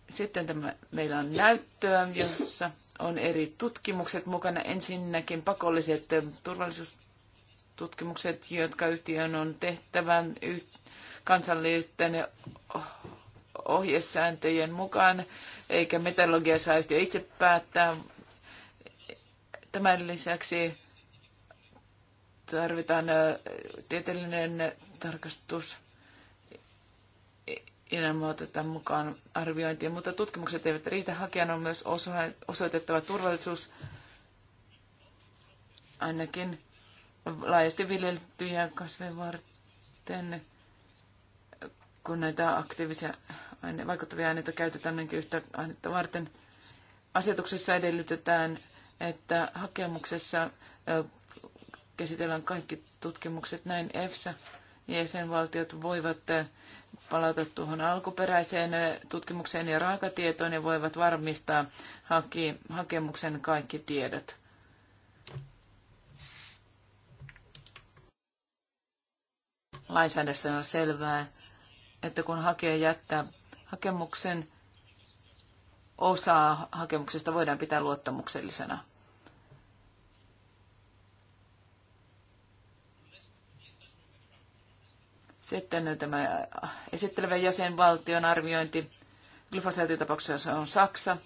Sitten tämä, meillä on näyttöä, jossa on eri tutkimukset mukana. Ensinnäkin pakolliset turvallisuustutkimukset, jotka yhtiön on tehtävän kansallisten ohjesääntöjen mukaan, eikä metallurgia saa yhtiö itse päättää. Tämän lisäksi tarvitaan tieteellinen tarkastus ilman mukaan arviointiin, mutta tutkimukset eivät riitä. Hakijan on myös osoitettava turvallisuus ainakin laajasti viljeltyjä kasveja varten kun näitä aktiivisia aine- vaikuttavia aineita käytetään niin yhtä ainetta varten. Asetuksessa edellytetään, että hakemuksessa käsitellään kaikki tutkimukset näin EFSA ja jäsenvaltiot voivat palata tuohon alkuperäiseen tutkimukseen ja raakatietoon ja voivat varmistaa haki, hakemuksen kaikki tiedot. Lainsäädännössä on selvää, että kun hakee jättää hakemuksen, osaa hakemuksesta voidaan pitää luottamuksellisena. Sitten tämä esittelevän jäsenvaltion arviointi tapauksessa on Saksa.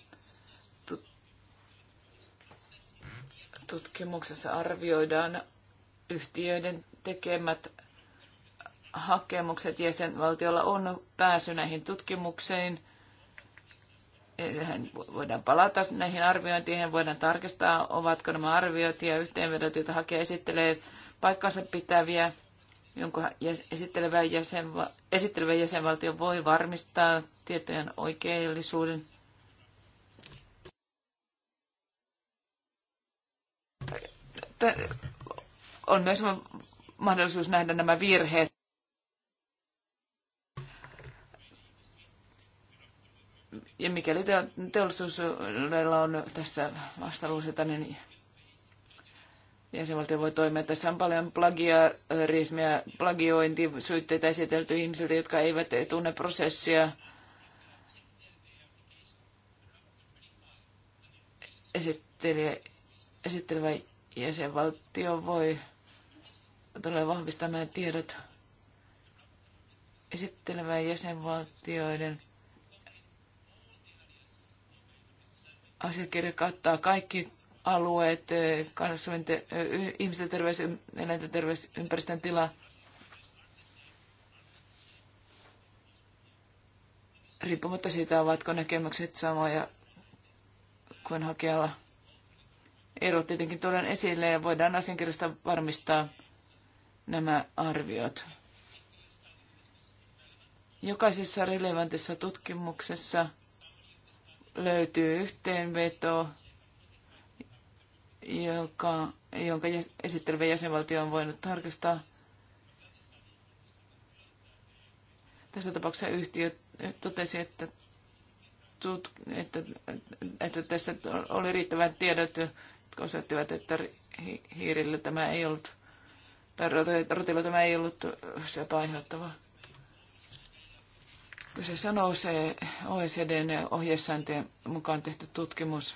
Tutkimuksessa arvioidaan yhtiöiden tekemät hakemukset jäsenvaltiolla on pääsy näihin tutkimuksiin. Hän voidaan palata näihin arviointiin, voidaan tarkistaa, ovatko nämä arviot ja yhteenvedot, joita hakija esittelee, paikkansa pitäviä, jonka esittelevä, jäsenva- esittelevä jäsenvaltio voi varmistaa tietojen oikeellisuuden. On myös mahdollisuus nähdä nämä virheet Ja mikäli teollisuudella on tässä vastalauseita, niin jäsenvaltio voi toimia. Tässä on paljon plagiarismia, plagiointisyytteitä esitelty ihmisiltä, jotka eivät tunne prosessia. Esittelijä, esittelevä jäsenvaltio voi tulee vahvistamaan tiedot esittelevän jäsenvaltioiden asiakirja kattaa kaikki alueet, eh, kansainvälinen eh, ihmisten terveys, eläinten terveys, ympäristön tila, riippumatta siitä, ovatko näkemykset samoja kuin hakijalla. Erot tietenkin tuodaan esille ja voidaan asiakirjasta varmistaa nämä arviot. Jokaisessa relevantissa tutkimuksessa – löytyy yhteenveto, joka, jonka esittelevä jäsenvaltio on voinut tarkistaa. Tässä tapauksessa yhtiö totesi, että, tut, että, että tässä oli riittävän tiedot, jotka osoittivat, että hiirillä tämä ei ollut, tai rotilla tämä ei ollut syöpä aiheuttavaa sanoo se OECDn ohjesääntien mukaan tehty tutkimus.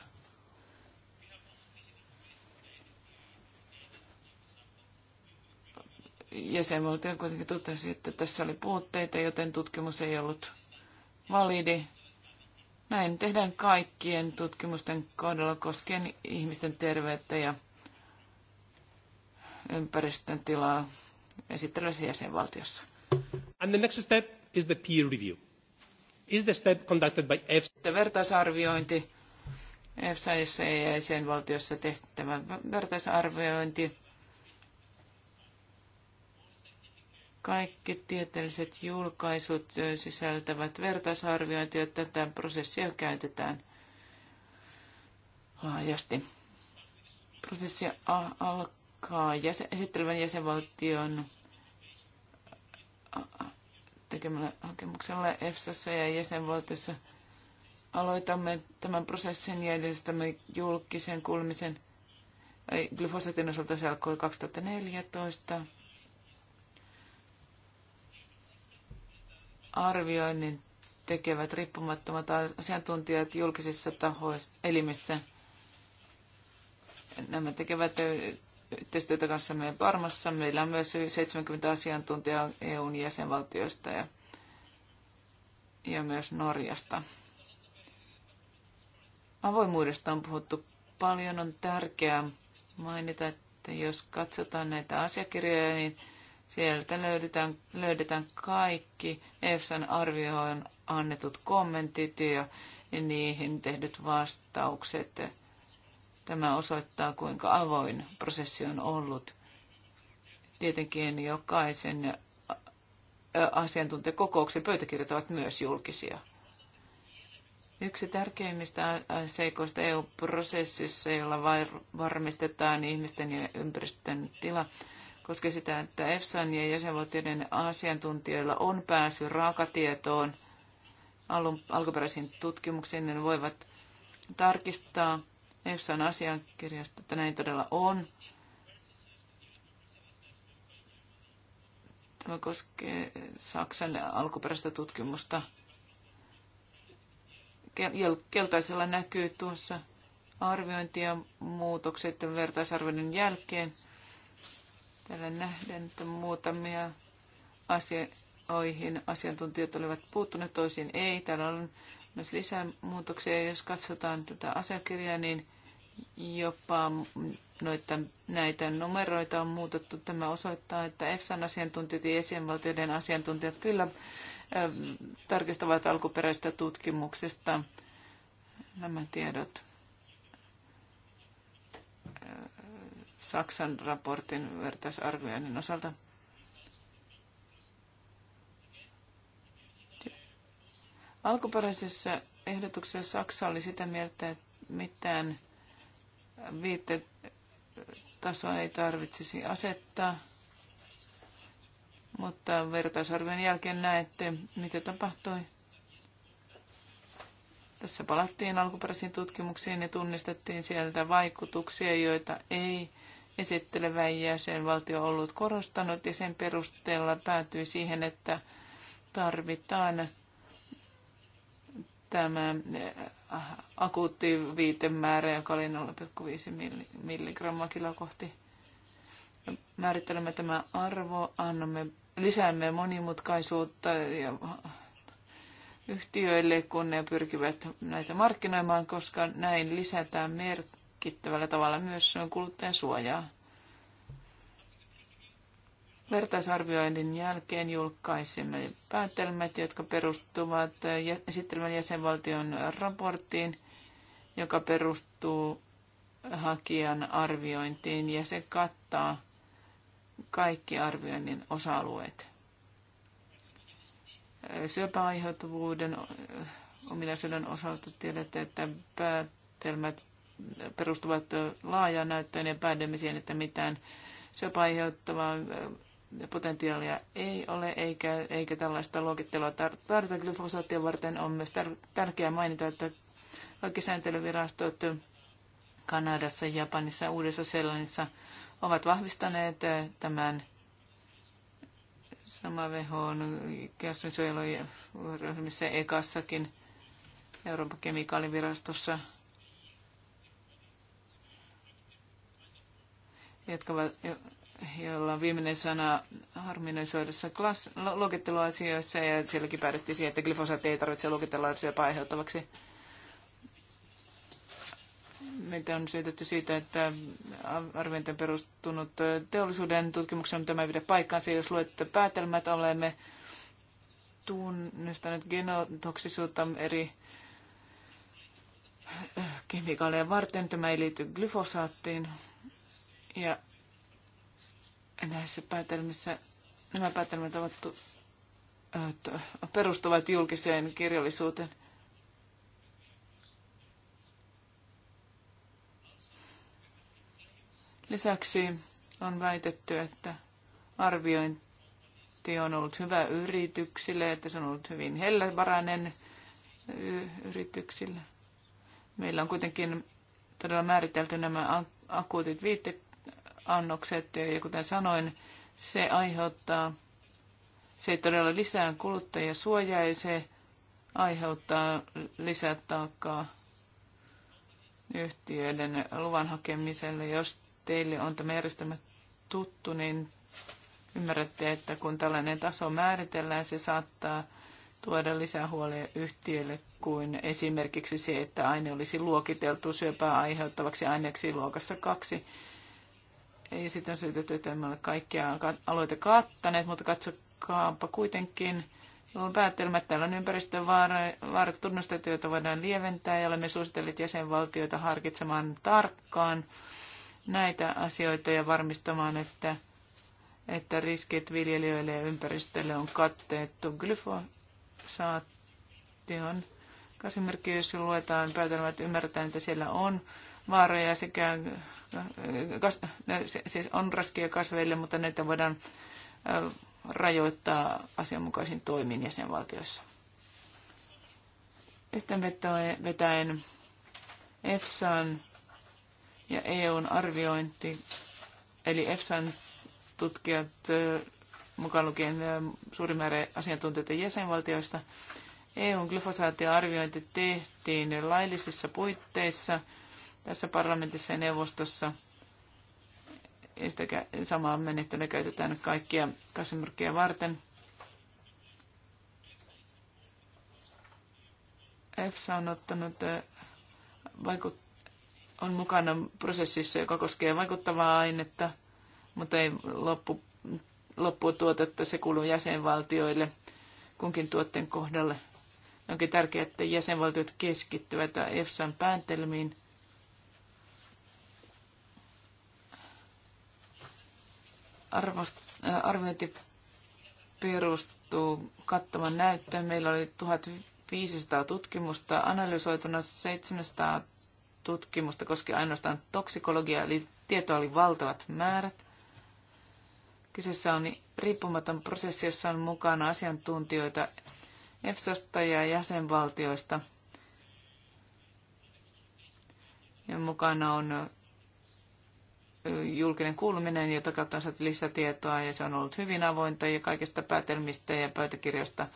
Jäsenvaltio kuitenkin totesi, että tässä oli puutteita, joten tutkimus ei ollut validi. Näin tehdään kaikkien tutkimusten kohdalla koskien ihmisten terveyttä ja ympäristön tilaa esittelyssä jäsenvaltiossa. And the next step is the peer review. Is the step conducted by EFSA? Vertaisarviointi. ja jäsenvaltiossa tehtävä vertaisarviointi. Kaikki tieteelliset julkaisut sisältävät vertaisarviointia. Tätä prosessia käytetään laajasti. Prosessi alkaa jäsen, esittelevän jäsenvaltion tekemällä hakemuksella EFSassa ja jäsenvaltiossa. Aloitamme tämän prosessin ja edistämme julkisen kuulemisen glyfosatin osalta se alkoi 2014. Arvioinnin tekevät riippumattomat asiantuntijat julkisissa tahoissa, elimissä. Nämä tekevät yhteistyötä meidän Parmassa. Meillä on myös yli 70 asiantuntijaa EUn jäsenvaltioista ja, ja myös Norjasta. Avoimuudesta on puhuttu paljon. On tärkeää mainita, että jos katsotaan näitä asiakirjoja, niin sieltä löydetään, löydetään kaikki EFSAn arvioon annetut kommentit ja niihin tehdyt vastaukset Tämä osoittaa, kuinka avoin prosessi on ollut. Tietenkin jokaisen asiantuntijakokouksen pöytäkirjat ovat myös julkisia. Yksi tärkeimmistä seikoista EU-prosessissa, jolla varmistetaan ihmisten ja ympäristön tila, koskee sitä, että EFSAn ja jäsenvaltioiden asiantuntijoilla on pääsy raakatietoon, alun, alkuperäisiin tutkimuksiin, ne voivat tarkistaa EFSA asiakirjasta, että näin todella on. Tämä koskee Saksan alkuperäistä tutkimusta. Keltaisella näkyy tuossa arviointia muutokset vertaisarvioinnin jälkeen. Täällä nähdään, että muutamia asioihin asiantuntijat olivat puuttuneet, toisiin ei. Täällä on myös lisää muutoksia. Jos katsotaan tätä asiakirjaa, niin jopa noita, näitä numeroita on muutettu. Tämä osoittaa, että EFSAn asiantuntijat ja jäsenvaltioiden asiantuntijat kyllä tarkistavat alkuperäistä tutkimuksesta nämä tiedot. Saksan raportin vertaisarvioinnin osalta. Alkuperäisessä ehdotuksessa Saksa oli sitä mieltä, että mitään viitetasoa ei tarvitsisi asettaa, mutta vertaisarvion jälkeen näette, mitä tapahtui. Tässä palattiin alkuperäisiin tutkimuksiin ja tunnistettiin sieltä vaikutuksia, joita ei esittelevä jäsenvaltio ollut korostanut ja sen perusteella päätyi siihen, että tarvitaan tämä äh, akuutti viitemäärä, joka oli 0,5 milligrammaa kiloa kohti. Määrittelemme tämä arvo, annamme, lisäämme monimutkaisuutta ja yhtiöille, kun ne pyrkivät näitä markkinoimaan, koska näin lisätään merkittävällä tavalla myös kuluttajan suojaa. Vertaisarvioinnin jälkeen julkaisimme päätelmät, jotka perustuvat esittelemän jäsenvaltion raporttiin, joka perustuu hakijan arviointiin ja se kattaa kaikki arvioinnin osa-alueet. Syöpäaiheutuvuuden ominaisuuden osalta tiedätte, että päätelmät perustuvat laajaan näyttöön ja päädymiseen, että mitään syöpäaiheuttavaa potentiaalia ei ole, eikä, eikä tällaista luokittelua tarvita glyfosaattia varten. On myös tärkeää mainita, että kaikki sääntelyvirastot Kanadassa, Japanissa ja Uudessa-Seelannissa ovat vahvistaneet tämän sama on kasvinsuojeluryhmissä ekassakin Euroopan kemikaalivirastossa, jotka ovat, jolla on viimeinen sana harmonisoidussa klass- luokitteluasioissa, ja sielläkin päädyttiin siihen, että glyfosaatti ei tarvitse luokitella syöpää aiheuttavaksi. Meitä on syytetty siitä, että arviointi on perustunut teollisuuden tutkimukseen, mutta tämä ei pidä paikkaansa. Jos luette päätelmät, olemme tunnistaneet genotoksisuutta eri kemikaaleja varten. Tämä ei liity glyfosaattiin. Ja näissä päätelmissä, nämä päätelmät ovat tu, perustuvat julkiseen kirjallisuuteen. Lisäksi on väitetty, että arviointi on ollut hyvä yrityksille, että se on ollut hyvin hellävarainen yrityksille. Meillä on kuitenkin todella määritelty nämä akuutit viitteet annokset. Ja kuten sanoin, se aiheuttaa, se ei todella lisää kuluttajia suojaa ja se aiheuttaa taakkaa yhtiöiden luvan hakemiselle. Jos teille on tämä järjestelmä tuttu, niin ymmärrätte, että kun tällainen taso määritellään, se saattaa tuoda lisää huolia yhtiöille kuin esimerkiksi se, että aine olisi luokiteltu syöpää aiheuttavaksi aineeksi luokassa kaksi. Ei sitten on syytetty, että emme ole kaikkia aloita kattaneet, mutta katsokaapa kuitenkin on että Täällä on ympäristövaarat tunnustettu, joita voidaan lieventää ja olemme suositelleet jäsenvaltioita harkitsemaan tarkkaan näitä asioita ja varmistamaan, että, että riskit viljelijöille ja ympäristölle on katteettu. Glyfosaatti on kasvimerkki, jos luetaan päätelmät, ymmärretään, että siellä on vaaroja sekä äh, kas, siis on raskia kasveille, mutta näitä voidaan äh, rajoittaa asianmukaisin toimin jäsenvaltioissa. Yhteenvetäen EFSAn ja EUn arviointi, eli EFSAn tutkijat äh, mukaan lukien suuri määrä asiantuntijoita jäsenvaltioista, EUn glyfosaatioarviointi tehtiin laillisissa puitteissa – tässä parlamentissa ja neuvostossa. Ja sitä samaa menettelyä käytetään nyt kaikkia kasvimyrkkiä varten. EFSA on ottanut vaikut, on mukana prosessissa, joka koskee vaikuttavaa ainetta, mutta ei loppu, lopputuotetta, se kuuluu jäsenvaltioille kunkin tuotteen kohdalle. Onkin tärkeää, että jäsenvaltiot keskittyvät EFSAn päätelmiin – arvost, äh, arviointi perustuu kattavan näyttöön. Meillä oli 1500 tutkimusta analysoituna, 700 tutkimusta koski ainoastaan toksikologiaa, eli tietoa oli valtavat määrät. Kyseessä on riippumaton prosessi, jossa on mukana asiantuntijoita EFSAsta ja jäsenvaltioista. Ja mukana on julkinen kuuluminen, jota kautta on saatu lisätietoa ja se on ollut hyvin avointa ja kaikista päätelmistä ja pöytäkirjoista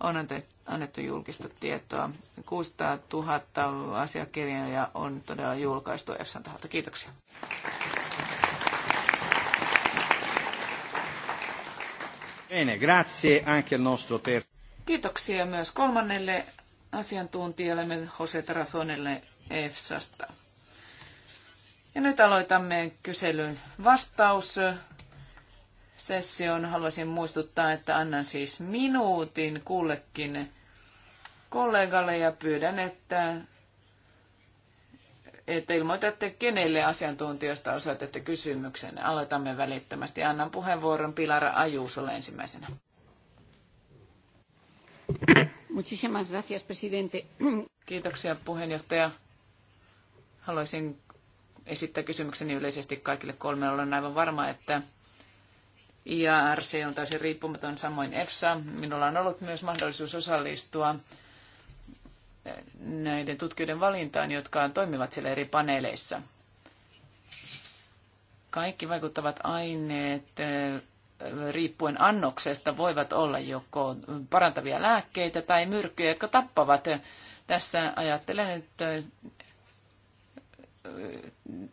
on annettu julkista tietoa. 600 000 asiakirjoja on todella julkaistu EFSAn taholta. Kiitoksia. Bene, grazie anche al nostro ter- Kiitoksia myös kolmannelle asiantuntijalle, Jose Tarazonelle EFSAsta. Ja nyt aloitamme kyselyn vastaussession. haluaisin muistuttaa, että annan siis minuutin kullekin kollegalle ja pyydän, että, että ilmoitatte, kenelle asiantuntijoista osoitatte kysymyksen. Aloitamme välittömästi. Annan puheenvuoron Pilara Ajuusolle ensimmäisenä. Muchísimas gracias, presidente. Kiitoksia puheenjohtaja. Haluaisin esittää kysymykseni yleisesti kaikille kolmelle. Olen aivan varma, että IARC on täysin riippumaton, samoin EFSA. Minulla on ollut myös mahdollisuus osallistua näiden tutkijoiden valintaan, jotka toimivat siellä eri paneeleissa. Kaikki vaikuttavat aineet riippuen annoksesta voivat olla joko parantavia lääkkeitä tai myrkkyjä, jotka tappavat. Tässä ajattelen että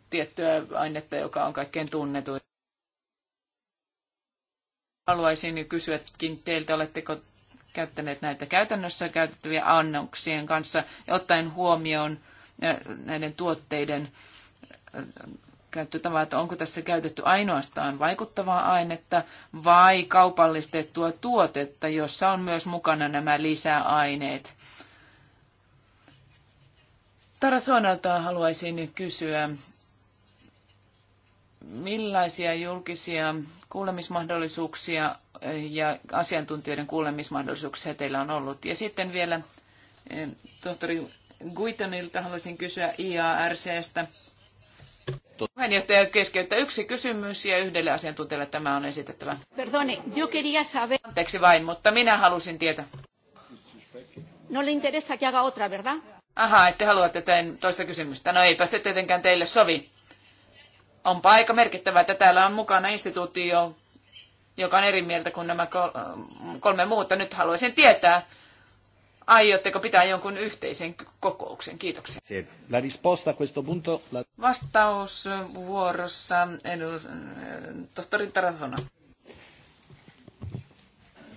tiettyä ainetta, joka on kaikkein tunnetu. Haluaisin kysyäkin teiltä, oletteko käyttäneet näitä käytännössä käytettäviä annoksien kanssa, ottaen huomioon näiden tuotteiden että onko tässä käytetty ainoastaan vaikuttavaa ainetta vai kaupallistettua tuotetta, jossa on myös mukana nämä lisäaineet. Tarasonalta haluaisin kysyä, millaisia julkisia kuulemismahdollisuuksia eh, ja asiantuntijoiden kuulemismahdollisuuksia teillä on ollut? Ja sitten vielä eh, tohtori Guitonilta haluaisin kysyä IARCstä. Puheenjohtaja keskeyttää yksi kysymys ja yhdelle asiantuntijalle tämä on esitettävä. Perdone, yo quería saber... Anteeksi vain, mutta minä halusin tietää. No le interesa que haga otra, ¿verdad? Aha, ette halua täten toista kysymystä. No eipä se tietenkään teille sovi. Onpa aika merkittävää, että täällä on mukana instituutio, joka on eri mieltä kuin nämä kolme muuta. Nyt haluaisin tietää, aiotteko pitää jonkun yhteisen kokouksen? Kiitoksia. La risposta a questo punto... La... vuorossa, edu, tohtori Tarazona.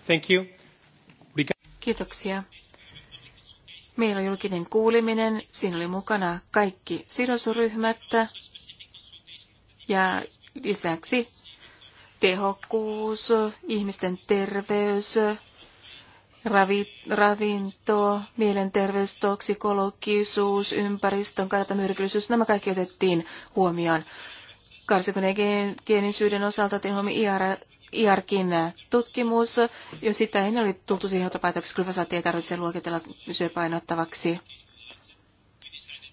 Thank you. Kiitoksia. Meillä oli julkinen kuuliminen, siinä oli mukana kaikki sidosryhmät ja lisäksi tehokkuus, ihmisten terveys, ravi, ravinto, mielenterveys, toksikologisuus, ympäristön kannalta myrkyllisyys, nämä kaikki otettiin huomioon. Karsikoneen geenisyyden osalta otin huomioon IARKin tutkimus, jo sitä ennen oli tultu siihen että glyfosaatti ei tarvitse luokitella syöpainottavaksi.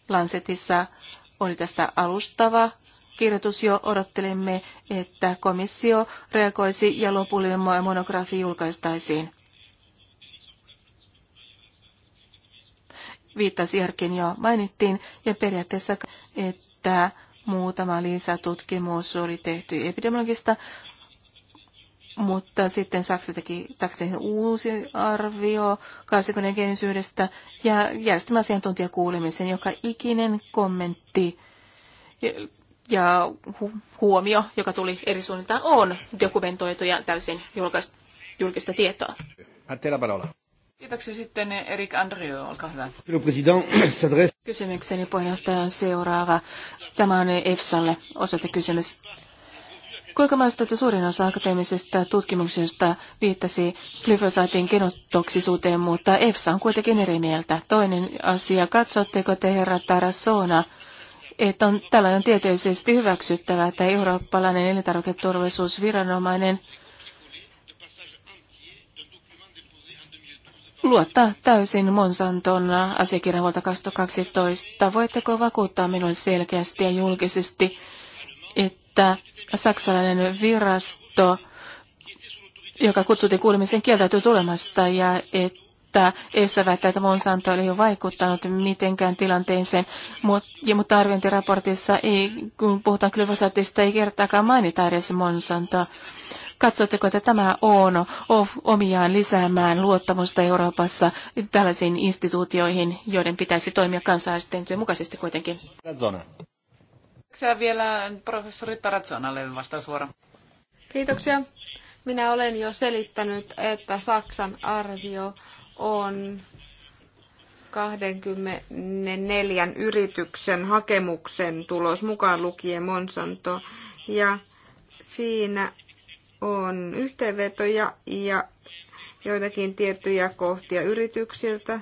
Lancetissa oli tästä alustava kirjoitus jo odottelimme, että komissio reagoisi ja lopullinen monografi julkaistaisiin. Viittaus iarkin jo mainittiin ja periaatteessa, että muutama lisätutkimus oli tehty epidemiologista mutta sitten Saksa teki, Saksa uusi arvio kansakunnan ja järjestelmä asiantuntijakuulemisen, joka ikinen kommentti ja hu- huomio, joka tuli eri suunniltaan, on dokumentoitu ja täysin julkista tietoa. Kiitoksia sitten Erik Andrio, olkaa hyvä. Kysymykseni puheenjohtaja on seuraava. Tämä on EFSAlle osoitekysymys. kysymys. Kuinka mä että suurin osa akateemisesta tutkimuksesta viittasi glyfosaatin genotoksisuuteen, mutta EFSA on kuitenkin eri mieltä. Toinen asia, katsotteko te herra Tarasona, että on tällainen tieteellisesti hyväksyttävä, että eurooppalainen elintarviketurvallisuusviranomainen luottaa täysin Monsanton asiakirjan vuolta 2012. Voitteko vakuuttaa minulle selkeästi ja julkisesti, että saksalainen virasto, joka kutsutti kuulemisen kieltäytyy tulemasta ja että ESA väittää, että Monsanto ei ole vaikuttanut mitenkään tilanteeseen, ja, mutta arviointiraportissa ei, kun puhutaan glyfosaatista, ei kertaakaan mainita edes Monsantoa. Katsotteko, että tämä on omiaan lisäämään luottamusta Euroopassa tällaisiin instituutioihin, joiden pitäisi toimia kansalaisten mukaisesti kuitenkin? Kiitoksia vielä professori Taratsonalle vastausvuoro. Kiitoksia. Minä olen jo selittänyt, että Saksan arvio on 24 yrityksen hakemuksen tulos mukaan lukien Monsanto. Ja siinä on yhteenvetoja ja joitakin tiettyjä kohtia yrityksiltä,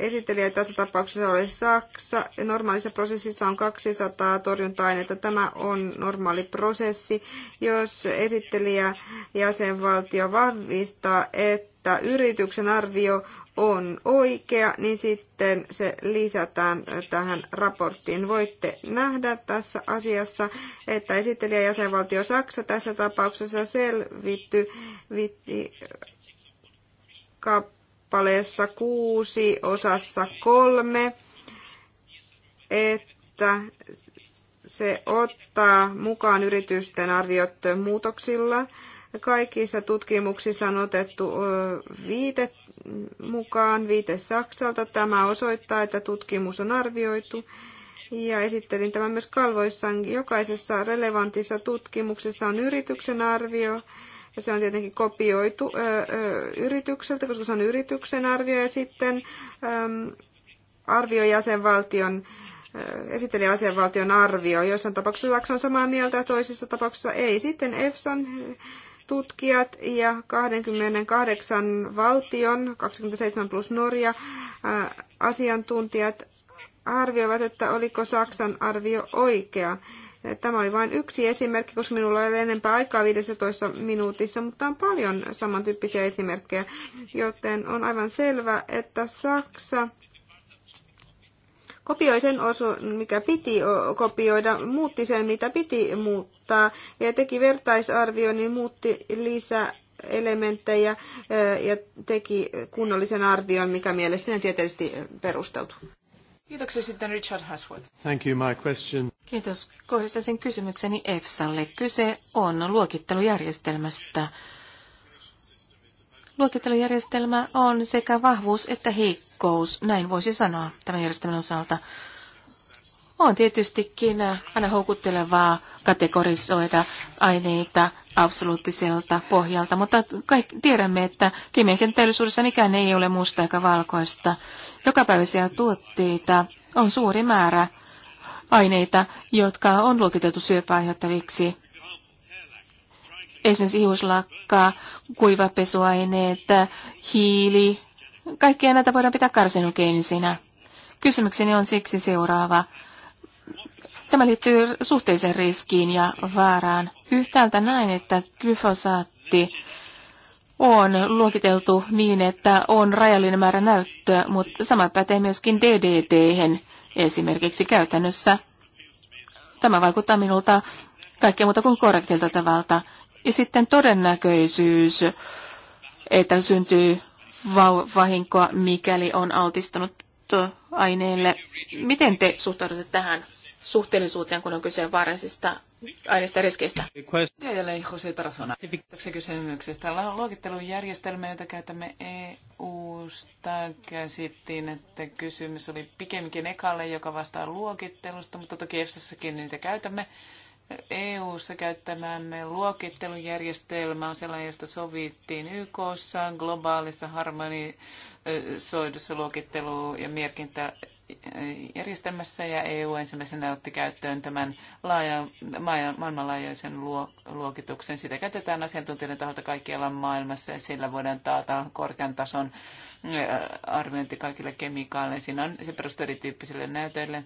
Esittelijä tässä tapauksessa oli Saksa. Normaalissa prosessissa on 200 torjunta-ainetta. Tämä on normaali prosessi. Jos esittelijä jäsenvaltio vahvistaa, että yrityksen arvio on oikea, niin sitten se lisätään tähän raporttiin. Voitte nähdä tässä asiassa, että esittelijä jäsenvaltio Saksa tässä tapauksessa selvitty vitti, kap, kappaleessa kuusi osassa kolme, että se ottaa mukaan yritysten arviot muutoksilla. Kaikissa tutkimuksissa on otettu viite mukaan, viite Saksalta. Tämä osoittaa, että tutkimus on arvioitu. Ja esittelin tämän myös kalvoissaan. Jokaisessa relevantissa tutkimuksessa on yrityksen arvio ja se on tietenkin kopioitu yritykseltä, koska se on yrityksen arvio ja sitten arvio jäsenvaltion esitteli asianvaltion arvio. Joissain tapauksessa Saksa on samaa mieltä, toisissa tapauksissa ei. Sitten EFSAn tutkijat ja 28 valtion, 27 plus Norja, asiantuntijat arvioivat, että oliko Saksan arvio oikea. Tämä oli vain yksi esimerkki, koska minulla ei ole enempää aikaa 15 minuutissa, mutta on paljon samantyyppisiä esimerkkejä, joten on aivan selvä, että Saksa kopioi sen osun, mikä piti kopioida, muutti sen, mitä piti muuttaa, ja teki vertaisarvio, niin muutti lisää elementtejä ja teki kunnollisen arvion, mikä mielestäni on tieteellisesti perusteltu. Kiitoksia sitten Richard Hasworth. Thank you, my question. Kiitos. Kohdistaisin kysymykseni EFSAlle. Kyse on luokittelujärjestelmästä. Luokittelujärjestelmä on sekä vahvuus että heikkous, näin voisi sanoa tämän järjestelmän osalta. On tietystikin aina houkuttelevaa kategorisoida aineita absoluuttiselta pohjalta, mutta kaikki tiedämme, että kemiankin teollisuudessa mikään ei ole musta eikä valkoista. Jokapäiväisiä tuotteita on suuri määrä aineita, jotka on luokiteltu syöpäaiheuttaviksi. Esimerkiksi hiuslakkaa, kuivapesuaineet, hiili, kaikkia näitä voidaan pitää karsinogeenisinä. Kysymykseni on siksi seuraava. Tämä liittyy suhteeseen riskiin ja vaaraan. Yhtäältä näin, että glyfosaatti on luokiteltu niin, että on rajallinen määrä näyttöä, mutta sama pätee myöskin ddt esimerkiksi käytännössä. Tämä vaikuttaa minulta kaikkea muuta kuin korrektilta tavalta. Ja sitten todennäköisyys, että syntyy vahinkoa, mikäli on altistunut aineelle. Miten te suhtaudutte tähän suhteellisuuteen, kun on kyse vaarallisista aineista riskeistä. Vielä Jose Tarazona. Kysymyksestä. Luokittelun järjestelmä, jota käytämme EU-sta, käsittiin, että kysymys oli pikemminkin ekalle, joka vastaa luokittelusta, mutta toki EFSAssakin niitä käytämme. EU-ssa käyttämämme luokittelujärjestelmä on sellainen, josta sovittiin YKssa globaalissa harmonisoidussa luokittelu- ja merkintä järjestelmässä ja EU ensimmäisenä otti käyttöön tämän laajan, maailmanlaajuisen luokituksen. Sitä käytetään asiantuntijoiden taholta kaikkialla maailmassa ja sillä voidaan taata korkean tason äh, arviointi kaikille kemikaaleille. Siinä on, se perustuu erityyppisille näytöille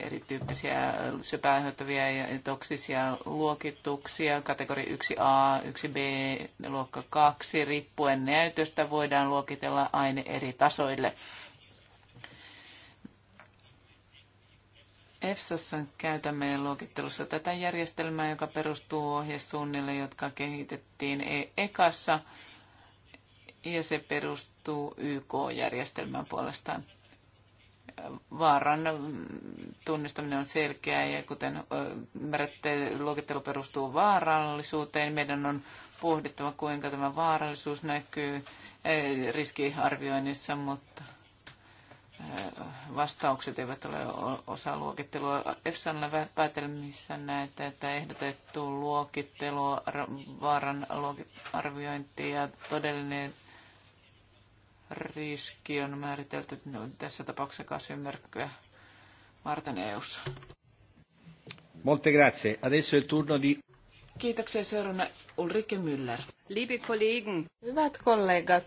erityyppisiä syöpää aiheuttavia ja toksisia luokituksia. Kategori 1A, 1B, luokka 2, riippuen näytöstä voidaan luokitella aine eri tasoille. EFSassa käytämme luokittelussa tätä järjestelmää, joka perustuu ohjesuunnille, jotka kehitettiin e- EKassa, ja se perustuu YK-järjestelmään puolestaan. Vaaran tunnistaminen on selkeää ja kuten ymmärrätte, luokittelu perustuu vaarallisuuteen. Meidän on pohdittava, kuinka tämä vaarallisuus näkyy riskiarvioinnissa, mutta vastaukset eivät ole osa luokittelua. EFSAn päätelmissä näette, että ehdotettu luokittelu, vaaran arviointi ja todellinen riski on määritelty no, tässä tapauksessa kasvimerkkyä varten EUssa. Molte grazie. Adesso il turno di... Kiitoksia seurana Ulrike Müller. Liebe Kollegen. Hyvät kollegat,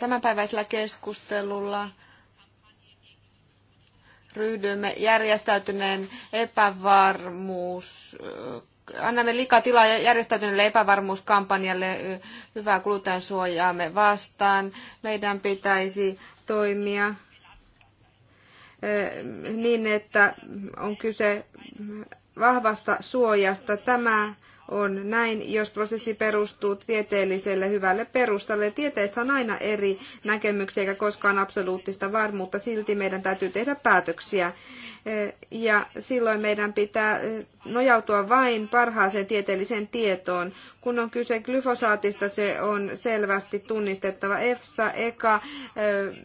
tämänpäiväisellä keskustelulla ryhdymme järjestäytyneen epävarmuus annamme liikaa tilaa järjestäytyneelle epävarmuuskampanjalle hyvää kuluttajansuojaamme vastaan. Meidän pitäisi toimia niin, että on kyse vahvasta suojasta. Tämä on näin, jos prosessi perustuu tieteelliselle hyvälle perustalle. Tieteessä on aina eri näkemyksiä eikä koskaan absoluuttista varmuutta, silti meidän täytyy tehdä päätöksiä. Eh, ja silloin meidän pitää eh, nojautua vain parhaaseen tieteelliseen tietoon. Kun on kyse glyfosaatista, se on selvästi tunnistettava EFSA, EKA, eh,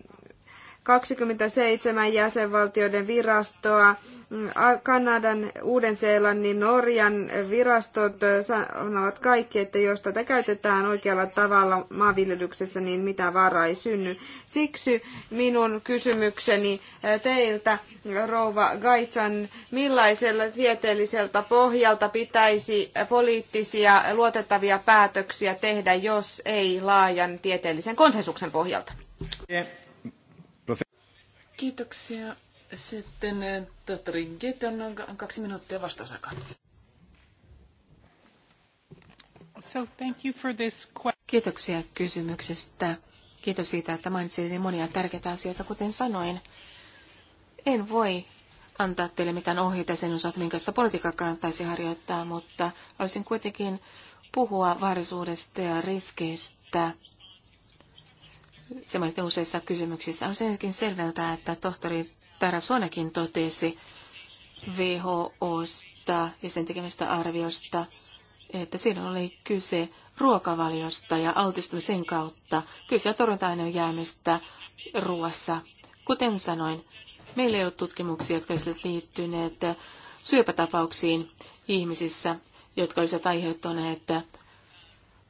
27 jäsenvaltioiden virastoa, mm, Kanadan, Uuden-Seelannin, Norjan virastot sanovat kaikki, että jos tätä käytetään oikealla tavalla maanviljelyksessä, niin mitä vaaraa ei synny. Siksi minun kysymykseni teiltä, rouva Gaitsan, millaisella tieteelliseltä pohjalta pitäisi poliittisia luotettavia päätöksiä tehdä, jos ei laajan tieteellisen konsensuksen pohjalta? Yeah. Kiitoksia. Sitten eh, tohtori Gitton, kaksi minuuttia vastausakaan. So thank you for this Kiitoksia kysymyksestä. Kiitos siitä, että mainitsin niin monia tärkeitä asioita, kuten sanoin. En voi antaa teille mitään ohjeita sen osalta, minkälaista politiikkaa kannattaisi harjoittaa, mutta olisin kuitenkin puhua varisuudesta ja riskeistä se useissa kysymyksissä. On senkin selvältä, että tohtori Tara totesi WHOsta ja sen tekemästä arviosta, että siinä oli kyse ruokavaliosta ja altistumisen kautta. Kyse on torjunta-aineen jäämistä ruoassa. Kuten sanoin, meillä ei ole tutkimuksia, jotka olisivat liittyneet syöpätapauksiin ihmisissä, jotka olisivat aiheuttaneet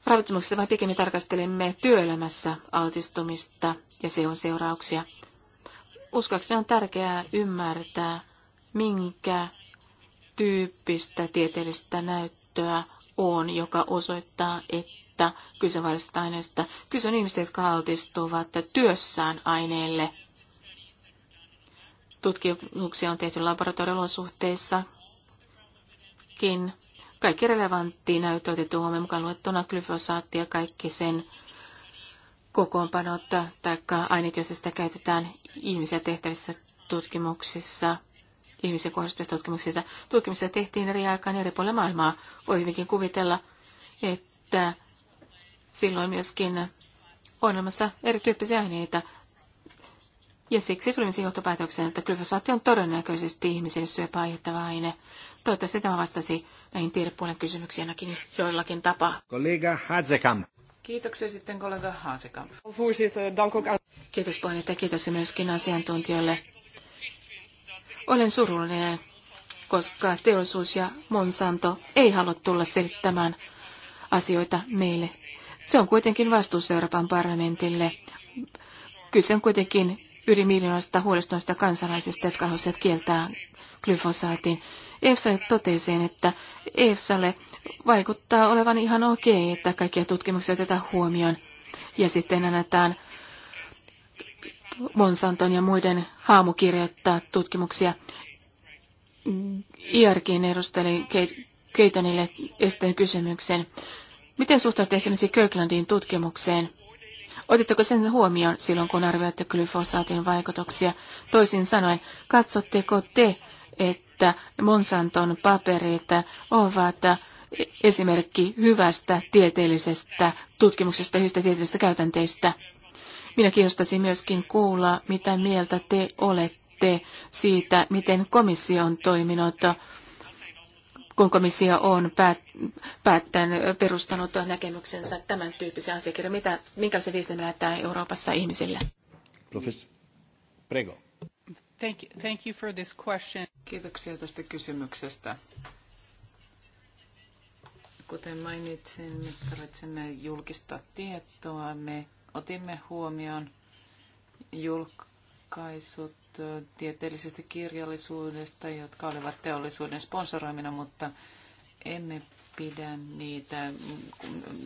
Ravitsemuksessa vaan pikemmin tarkastelemme työelämässä altistumista ja se on seurauksia. Uskoakseni on tärkeää ymmärtää, minkä tyyppistä tieteellistä näyttöä on, joka osoittaa, että kyse vaarallisesta aineesta. Kyse on ihmistä, jotka altistuvat työssään aineelle. Tutkimuksia on tehty laboratoriolosuhteissakin kaikki relevantti näyttö mukaan luettuna glyfosaatti ja kaikki sen kokoonpanot tai aineet, joissa sitä käytetään ihmisiä tehtävissä tutkimuksissa, ihmisiä kohdistuvissa tutkimuksissa. Tutkimuksissa tehtiin eri aikaan eri puolilla maailmaa. Voi hyvinkin kuvitella, että silloin myöskin on olemassa erityyppisiä aineita. Ja siksi tulimme siihen johtopäätökseen, että glyfosaatti on todennäköisesti ihmisille syöpää aiheuttava aine. Toivottavasti tämä vastasi näihin tiedepuolen kysymyksiin ainakin joillakin tapaa. Kollega Hazekamp. Kiitoksia sitten kollega Haasekamp. Kiitos puheenjohtaja, kiitos myöskin asiantuntijoille. Olen surullinen, koska teollisuus ja Monsanto ei halua tulla selittämään asioita meille. Se on kuitenkin vastuussa Euroopan parlamentille. Kyse on kuitenkin yli miljoonasta huolestuneista kansalaisista, jotka haluaisivat kieltää glyfosaatin. EFSA toteeseen, että EFSAlle vaikuttaa olevan ihan okei, okay, että kaikkia tutkimuksia otetaan huomioon. Ja sitten annetaan Monsanton ja muiden haamu kirjoittaa tutkimuksia. IRKin edusteli Keitonille esteen kysymyksen. Miten suhtaudutte esimerkiksi Kirklandin tutkimukseen? Otitteko sen huomioon silloin, kun arvioitte glyfosaatin vaikutuksia? Toisin sanoen, katsotteko te että Monsanton paperit ovat esimerkki hyvästä tieteellisestä tutkimuksesta, hyvistä tieteellisistä käytänteistä. Minä kiinnostaisin myöskin kuulla, mitä mieltä te olette siitä, miten komissio on toiminut, kun komissio on päättänyt, perustanut näkemyksensä tämän tyyppisen asiakirjan. Mitä, minkälaisen viestin näyttää Euroopassa ihmisille? Professor, prego. Thank you, thank you for this question. Kiitoksia tästä kysymyksestä. Kuten mainitsin, me tarvitsemme julkista tietoa. Me otimme huomioon julkaisut tieteellisestä kirjallisuudesta, jotka olivat teollisuuden sponsoroimina, mutta emme pidä niitä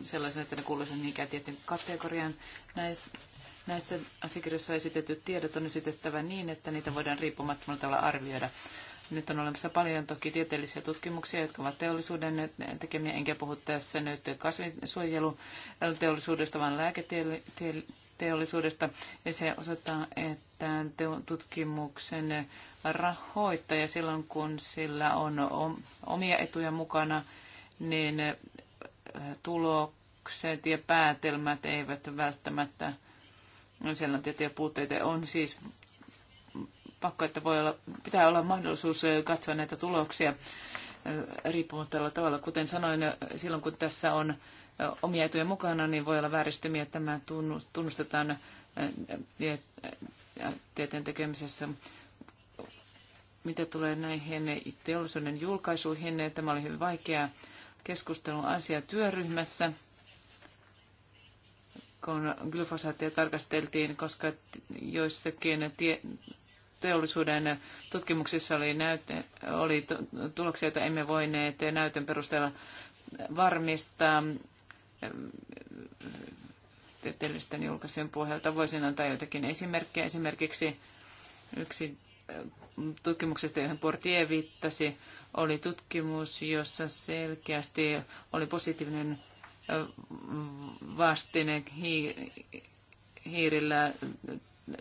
sellaisena, että ne kuuluisivat mihinkään tietyn kategorian. näissä. Näissä asiakirjoissa esitetyt tiedot on esitettävä niin, että niitä voidaan riippumattomalla tavalla arvioida. Nyt on olemassa paljon toki tieteellisiä tutkimuksia, jotka ovat teollisuuden tekemiä, enkä puhu tässä nyt kasvinsuojeluteollisuudesta, vaan lääketeollisuudesta. Ja se osoittaa, että tutkimuksen rahoittaja silloin, kun sillä on omia etuja mukana, niin tulokset ja päätelmät eivät välttämättä No, siellä on tiettyjä puutteita. On siis pakko, että voi olla, pitää olla mahdollisuus katsoa näitä tuloksia riippumattomalla tavalla. Kuten sanoin, silloin kun tässä on omia etuja mukana, niin voi olla vääristymiä, että tämä tunnustetaan tieteen tekemisessä. Mitä tulee näihin teollisuuden julkaisuihin, tämä oli hyvin vaikea keskustelun asia työryhmässä kun glyfosaattia tarkasteltiin, koska joissakin tie, teollisuuden tutkimuksissa oli, näyte, oli tuloksia, joita emme voineet näytön perusteella varmistaa tieteellisten julkaisujen pohjalta. Voisin antaa joitakin esimerkkejä. Esimerkiksi yksi tutkimuksesta, johon Portier viittasi, oli tutkimus, jossa selkeästi oli positiivinen vastine hiirillä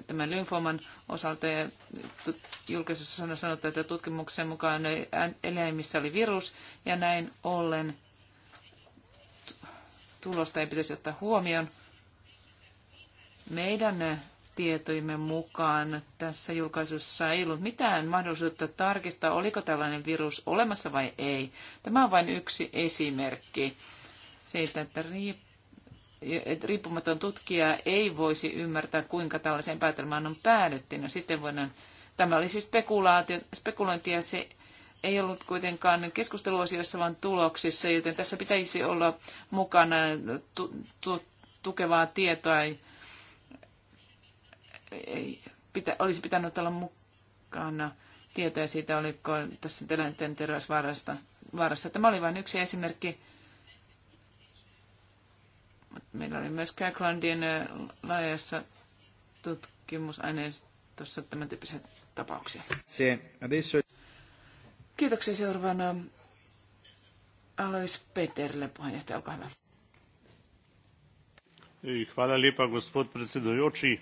tämän lymfoman osalta. Ja julkisessa sanotaan, että tutkimuksen mukaan eläimissä oli virus ja näin ollen tulosta ei pitäisi ottaa huomioon. Meidän tietoimme mukaan tässä julkaisussa ei ollut mitään mahdollisuutta tarkistaa, oliko tällainen virus olemassa vai ei. Tämä on vain yksi esimerkki siitä, että riippuu Et riippumaton tutkija ei voisi ymmärtää, kuinka tällaiseen päätelmään on päädytty. No sitten voidaan, tämä oli siis spekulaatio, ja se ei ollut kuitenkaan keskusteluosioissa, vaan tuloksissa, joten tässä pitäisi olla mukana tu, tu, tukevaa tietoa. Ei, ei, pitä, olisi pitänyt olla mukana tietoja siitä, oliko tässä tilanteen terveysvaarassa. Tämä oli vain yksi esimerkki Meillä oli myös Käklandien laajassa tutkimusaineistossa tämän tyyppisiä tapauksia. Kiitoksia seuraavana Alois Peterle, puheenjohtaja, olkaa hyvä. Hvala lepa, gospod predsedujoči.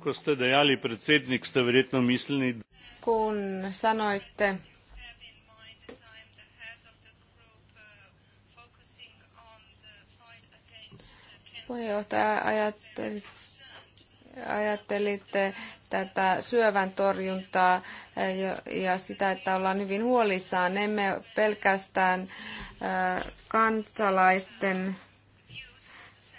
Ko ste dejali predsednik, ste verjetno mislili... Kun sanoitte Puheenjohtaja, ajattelitte, ajattelitte tätä syövän torjuntaa eh, ja sitä, että ollaan hyvin huolissaan. Emme pelkästään eh, kansalaisten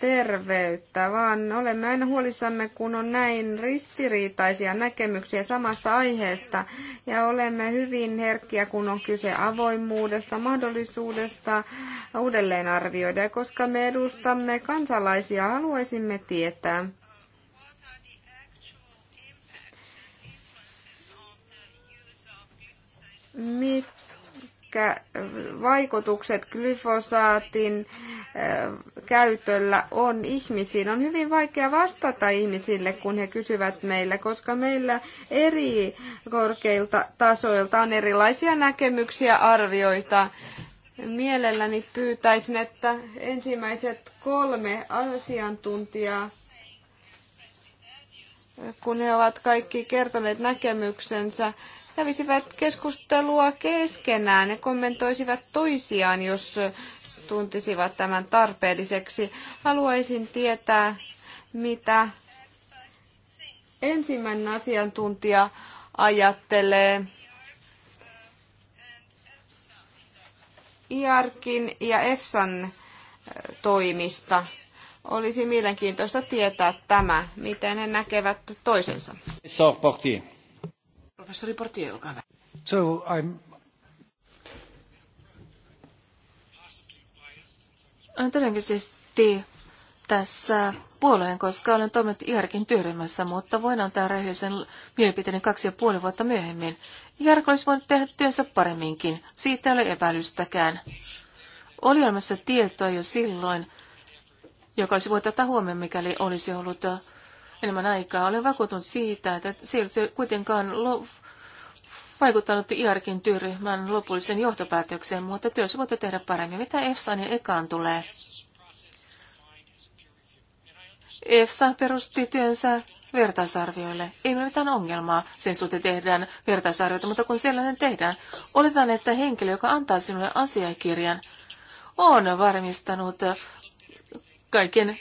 terveyttä, vaan olemme aina huolissamme, kun on näin ristiriitaisia näkemyksiä samasta aiheesta. Ja olemme hyvin herkkiä, kun on kyse avoimuudesta, mahdollisuudesta uudelleen arvioida. Ja koska me edustamme kansalaisia, haluaisimme tietää, Mit vaikutukset glyfosaatin käytöllä on ihmisiin. On hyvin vaikea vastata ihmisille, kun he kysyvät meillä, koska meillä eri korkeilta tasoilta on erilaisia näkemyksiä, arvioita. Mielelläni pyytäisin, että ensimmäiset kolme asiantuntijaa kun he ovat kaikki kertoneet näkemyksensä, kävisivät keskustelua keskenään. ja kommentoisivat toisiaan, jos tuntisivat tämän tarpeelliseksi. Haluaisin tietää, mitä ensimmäinen asiantuntija ajattelee IARKin ja EFSAn äh, toimista. Olisi mielenkiintoista tietää tämä, miten he näkevät toisensa. So, Professori Portier, olkaa hyvä. So I'm... Olen todennäköisesti tässä puolueen, koska olen toiminut Iarkin työryhmässä, mutta voin antaa rehellisen mielipiteeni kaksi ja puoli vuotta myöhemmin. Iark olisi voinut tehdä työnsä paremminkin. Siitä ei ole epäilystäkään. Oli olemassa tietoa jo silloin, joka olisi voitu ottaa huomioon, mikäli olisi ollut enemmän aikaa. Olen vakuutunut siitä, että se ei ole kuitenkaan vaikuttanut IARKin työryhmän lopulliseen johtopäätökseen, mutta työssä voitte tehdä paremmin. Mitä EFSAan ja EKAan tulee? EFSA perusti työnsä vertaisarvioille. Ei ole mitään ongelmaa sen suhteen tehdään vertaisarvioita, mutta kun sellainen tehdään, oletan, että henkilö, joka antaa sinulle asiakirjan, on varmistanut kaiken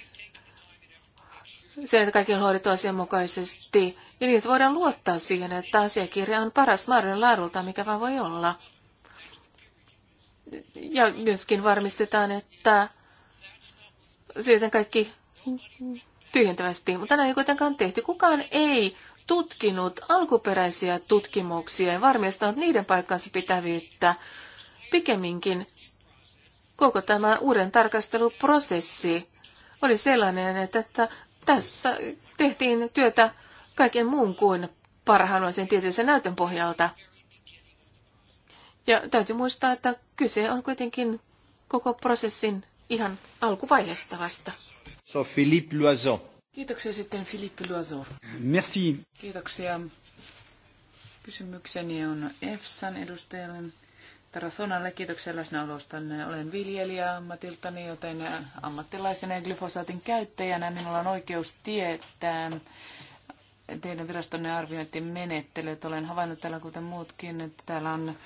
sen, että kaikki on hoidettu asianmukaisesti. Ja niin, että voidaan luottaa siihen, että asiakirja on paras mahdollinen laadulta, mikä vaan voi olla. Ja myöskin varmistetaan, että sitten kaikki tyhjentävästi. Mutta näin ei kuitenkaan tehty. Kukaan ei tutkinut alkuperäisiä tutkimuksia ja varmistanut niiden paikkansa pitävyyttä. Pikemminkin koko tämä uuden tarkasteluprosessi oli sellainen, että tässä tehtiin työtä kaiken muun kuin parhaanlaisen tieteellisen näytön pohjalta. Ja täytyy muistaa, että kyse on kuitenkin koko prosessin ihan alkuvaiheesta vasta. So Philippe Loison. Kiitoksia sitten Philippe Loison. Merci. Kiitoksia. Kysymykseni on EFSAn edustajalle. Tarasonalle kiitoksia läsnäolostanne. Olen viljelijä ammatiltani, joten ammattilaisena ja glyfosaatin käyttäjänä minulla on oikeus tietää teidän virastonne arviointimenettelyt. Olen havainnut täällä, kuten muutkin, että täällä on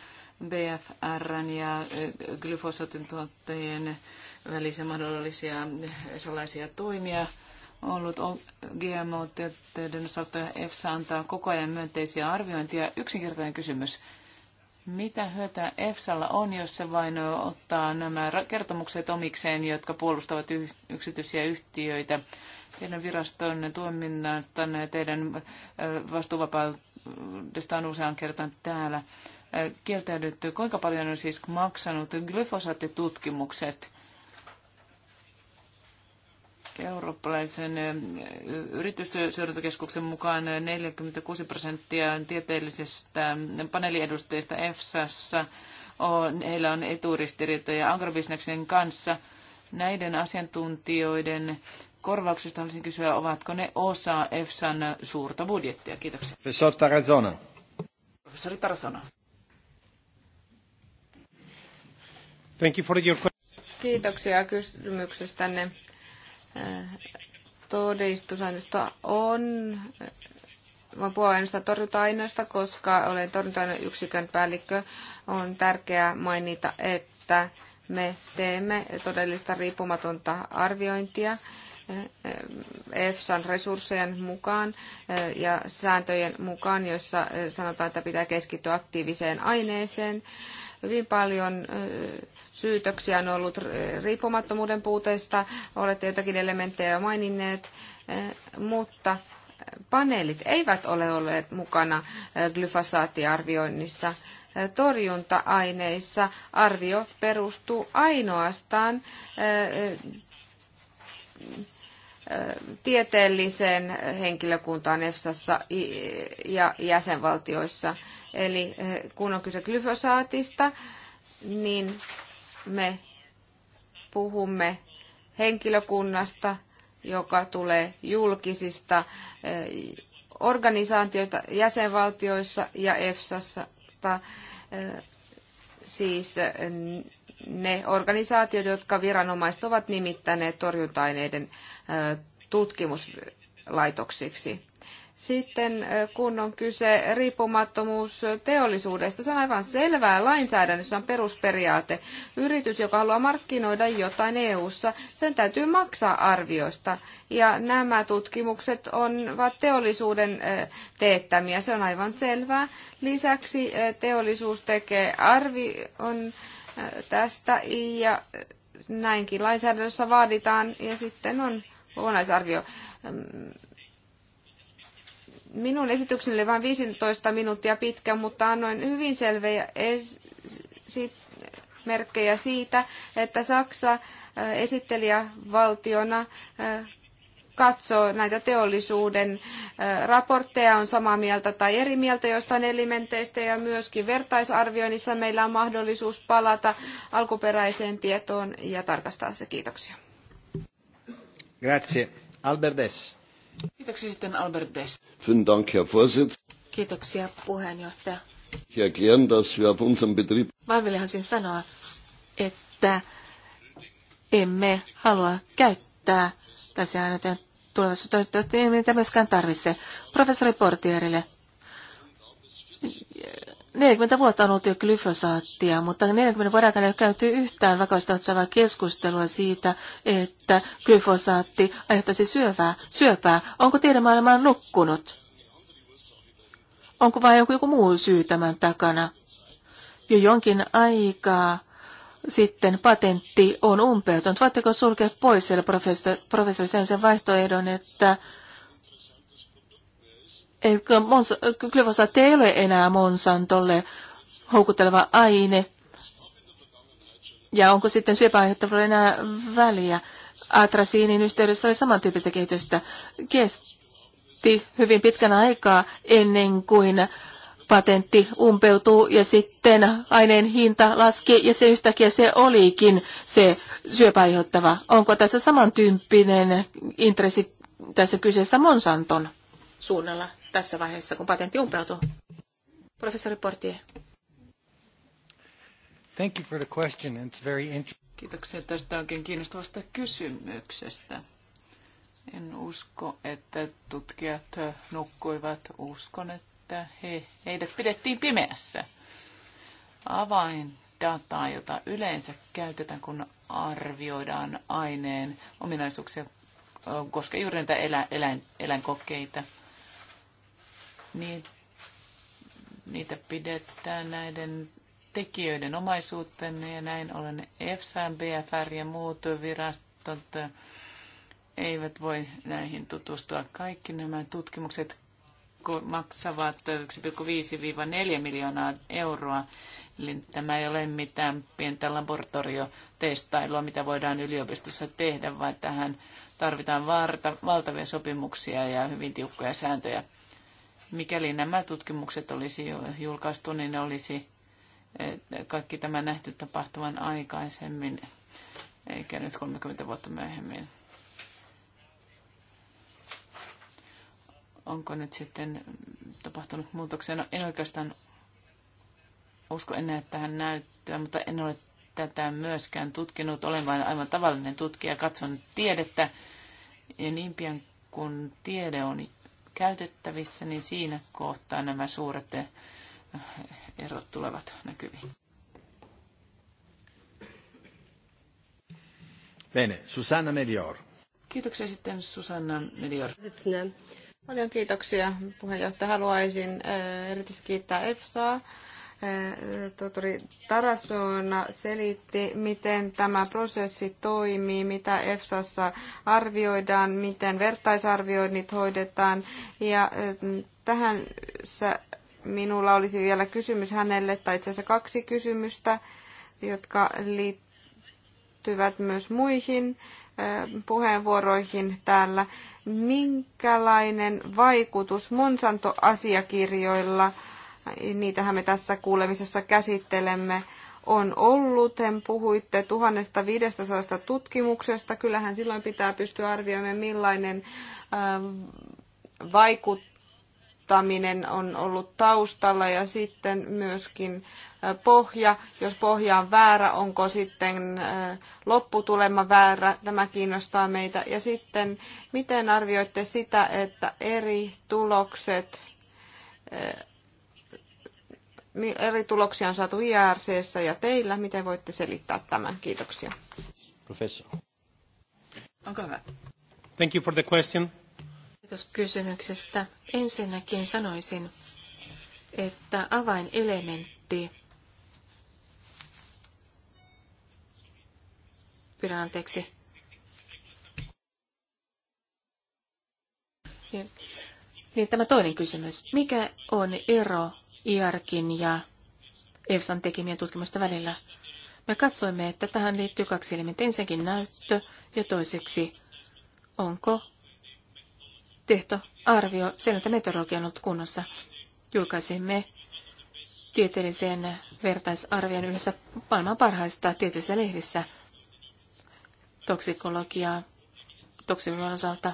BFRn ja eh, glyfosaatin tuottajien välisiä mahdollisia eh, salaisia toimia ollut GMO-tuotteiden osalta EFSA antaa koko ajan myönteisiä arviointia. Yksinkertainen kysymys mitä hyötyä EFSalla on, jos se vain ottaa nämä kertomukset omikseen, jotka puolustavat yksityisiä yhtiöitä? Teidän viraston toiminnastanne, teidän vastuuvapaudesta on usean kertaan täällä kieltäydytty. Kuinka paljon on siis maksanut glyfosaattitutkimukset? Eurooppalaisen yritysseurantakeskuksen mukaan 46 prosenttia tieteellisestä paneeliedustajista EFSAssa on, heillä on eturistiriitoja agrobisneksen kanssa. Näiden asiantuntijoiden korvauksista haluaisin kysyä, ovatko ne osa EFSAn suurta budjettia? Kiitoksia. Professor Tarazona. Professori Tarazona. Thank you for your Kiitoksia kysymyksestänne todistusaineistoa on. Mä puhun ainoastaan torjunta koska olen torjunta yksikön päällikkö. On tärkeää mainita, että me teemme todellista riippumatonta arviointia eh, EFSAn resurssien mukaan eh, ja sääntöjen mukaan, jossa eh, sanotaan, että pitää keskittyä aktiiviseen aineeseen. Hyvin paljon syytöksiä on ollut riippumattomuuden puuteesta, olette jotakin elementtejä jo maininneet, eh, mutta paneelit eivät ole olleet mukana eh, glyfosaattiarvioinnissa. Eh, torjunta-aineissa arvio perustuu ainoastaan tieteelliseen henkilökuntaan EFSassa ja jäsenvaltioissa. Eli kun on kyse glyfosaatista, niin me puhumme henkilökunnasta, joka tulee julkisista eh, organisaatioita jäsenvaltioissa ja EFSassa, eh, siis eh, ne organisaatiot, jotka viranomaiset ovat nimittäneet torjunta-aineiden tutkimuslaitoksiksi. Sitten kun on kyse riippumattomuus teollisuudesta, se on aivan selvää. Lainsäädännössä on perusperiaate. Yritys, joka haluaa markkinoida jotain EU-ssa, sen täytyy maksaa arvioista. Ja nämä tutkimukset ovat teollisuuden teettämiä, se on aivan selvää. Lisäksi teollisuus tekee arvion tästä ja näinkin lainsäädännössä vaaditaan ja sitten on kokonaisarvio Minun esitykseni oli vain 15 minuuttia pitkä, mutta annoin hyvin selviä merkkejä siitä, että Saksa esittelijävaltiona katsoo näitä teollisuuden raportteja, on samaa mieltä tai eri mieltä jostain elementeistä ja myöskin vertaisarvioinnissa meillä on mahdollisuus palata alkuperäiseen tietoon ja tarkastaa se. Kiitoksia. Grazie. Albert Dess. Kiitoksia sitten Albert Dess. Vielen Dank, Herr Vorsitz. Kiitoksia puheenjohtaja. Ich erklären, wir auf unserem Betrieb... sanoa, että emme halua käyttää tässä ainoa tulevaisuudessa. Toivottavasti emme niitä myöskään tarvitse. Professori Portierille 40 vuotta on ollut jo glyfosaattia, mutta 40 vuoden aikana ei ole käyty yhtään vakaustauttavaa keskustelua siitä, että glyfosaatti aiheuttaisi syövää, syöpää. Onko teidän maailmaan nukkunut? Onko vain joku, joku muu syy tämän takana? Jo jonkin aikaa sitten patentti on umpeutunut. Voitteko sulkea pois siellä professori, professori sen, sen vaihtoehdon, että glyfosaatti ei ole enää Monsantolle houkutteleva aine. Ja onko sitten syöpäaiheuttavalla enää väliä? Atrasiinin yhteydessä oli samantyyppistä kehitystä. Kesti hyvin pitkän aikaa ennen kuin patentti umpeutuu ja sitten aineen hinta laski ja se yhtäkkiä se olikin se syöpäaiheuttava. Onko tässä samantyyppinen intressi tässä kyseessä Monsanton suunnalla? tässä vaiheessa, kun patentti umpeutuu? Professori Portier. Thank you for the question. It's very Kiitoksia tästä oikein kiinnostavasta kysymyksestä. En usko, että tutkijat nukkuivat. Uskon, että he, heidät pidettiin pimeässä. Avain dataa, jota yleensä käytetään, kun arvioidaan aineen ominaisuuksia, koskee juuri näitä elä, eläin, eläinkokeita niin niitä pidetään näiden tekijöiden omaisuutena ja näin ollen EFSAn, BFR ja muut virastot eivät voi näihin tutustua. Kaikki nämä tutkimukset maksavat 1,5-4 miljoonaa euroa. Eli tämä ei ole mitään pientä laboratoriotestailua, mitä voidaan yliopistossa tehdä, vaan tähän tarvitaan valtavia sopimuksia ja hyvin tiukkoja sääntöjä. Mikäli nämä tutkimukset olisi julkaistu, niin ne olisi eh, kaikki tämä nähty tapahtuvan aikaisemmin, eikä nyt 30 vuotta myöhemmin. Onko nyt sitten tapahtunut muutoksia? No, en oikeastaan usko enää tähän näyttöä, mutta en ole tätä myöskään tutkinut. Olen vain aivan tavallinen tutkija, katson tiedettä. Ja niin pian kun tiede on käytettävissä, niin siinä kohtaa nämä suuret eh, erot tulevat näkyviin. Bene, Susanna Melior. Kiitoksia sitten Susanna Melior. Paljon kiitoksia puheenjohtaja. Haluaisin eh, erityisesti kiittää EFSAa Tohtori Tarasona selitti, miten tämä prosessi toimii, mitä EFSAssa arvioidaan, miten vertaisarvioinnit hoidetaan. Ja tähän minulla olisi vielä kysymys hänelle, tai itse asiassa kaksi kysymystä, jotka liittyvät myös muihin puheenvuoroihin täällä. Minkälainen vaikutus Monsanto-asiakirjoilla – niitähän me tässä kuulemisessa käsittelemme, on ollut. Hän puhuitte 1500 tutkimuksesta. Kyllähän silloin pitää pystyä arvioimaan, millainen vaikuttaminen on ollut taustalla ja sitten myöskin pohja. Jos pohja on väärä, onko sitten lopputulema väärä? Tämä kiinnostaa meitä. Ja sitten, miten arvioitte sitä, että eri tulokset eri tuloksia on saatu IRCssä ja teillä. Miten voitte selittää tämän? Kiitoksia. Professor. Onko hyvä? Thank you for the question. Kiitos kysymyksestä. Ensinnäkin sanoisin, että avainelementti Pyydän anteeksi. Niin, niin tämä toinen kysymys. Mikä on ero IARKin ja EFSAn tekemien tutkimusta välillä. Me katsoimme, että tähän liittyy kaksi elementtiä. Ensinnäkin näyttö ja toiseksi, onko tehto arvio sen, että meteorologia on ollut kunnossa. Julkaisimme tieteellisen vertaisarvion yhdessä maailman parhaista tieteellisissä lehdissä toksikologiaa toksikologian osalta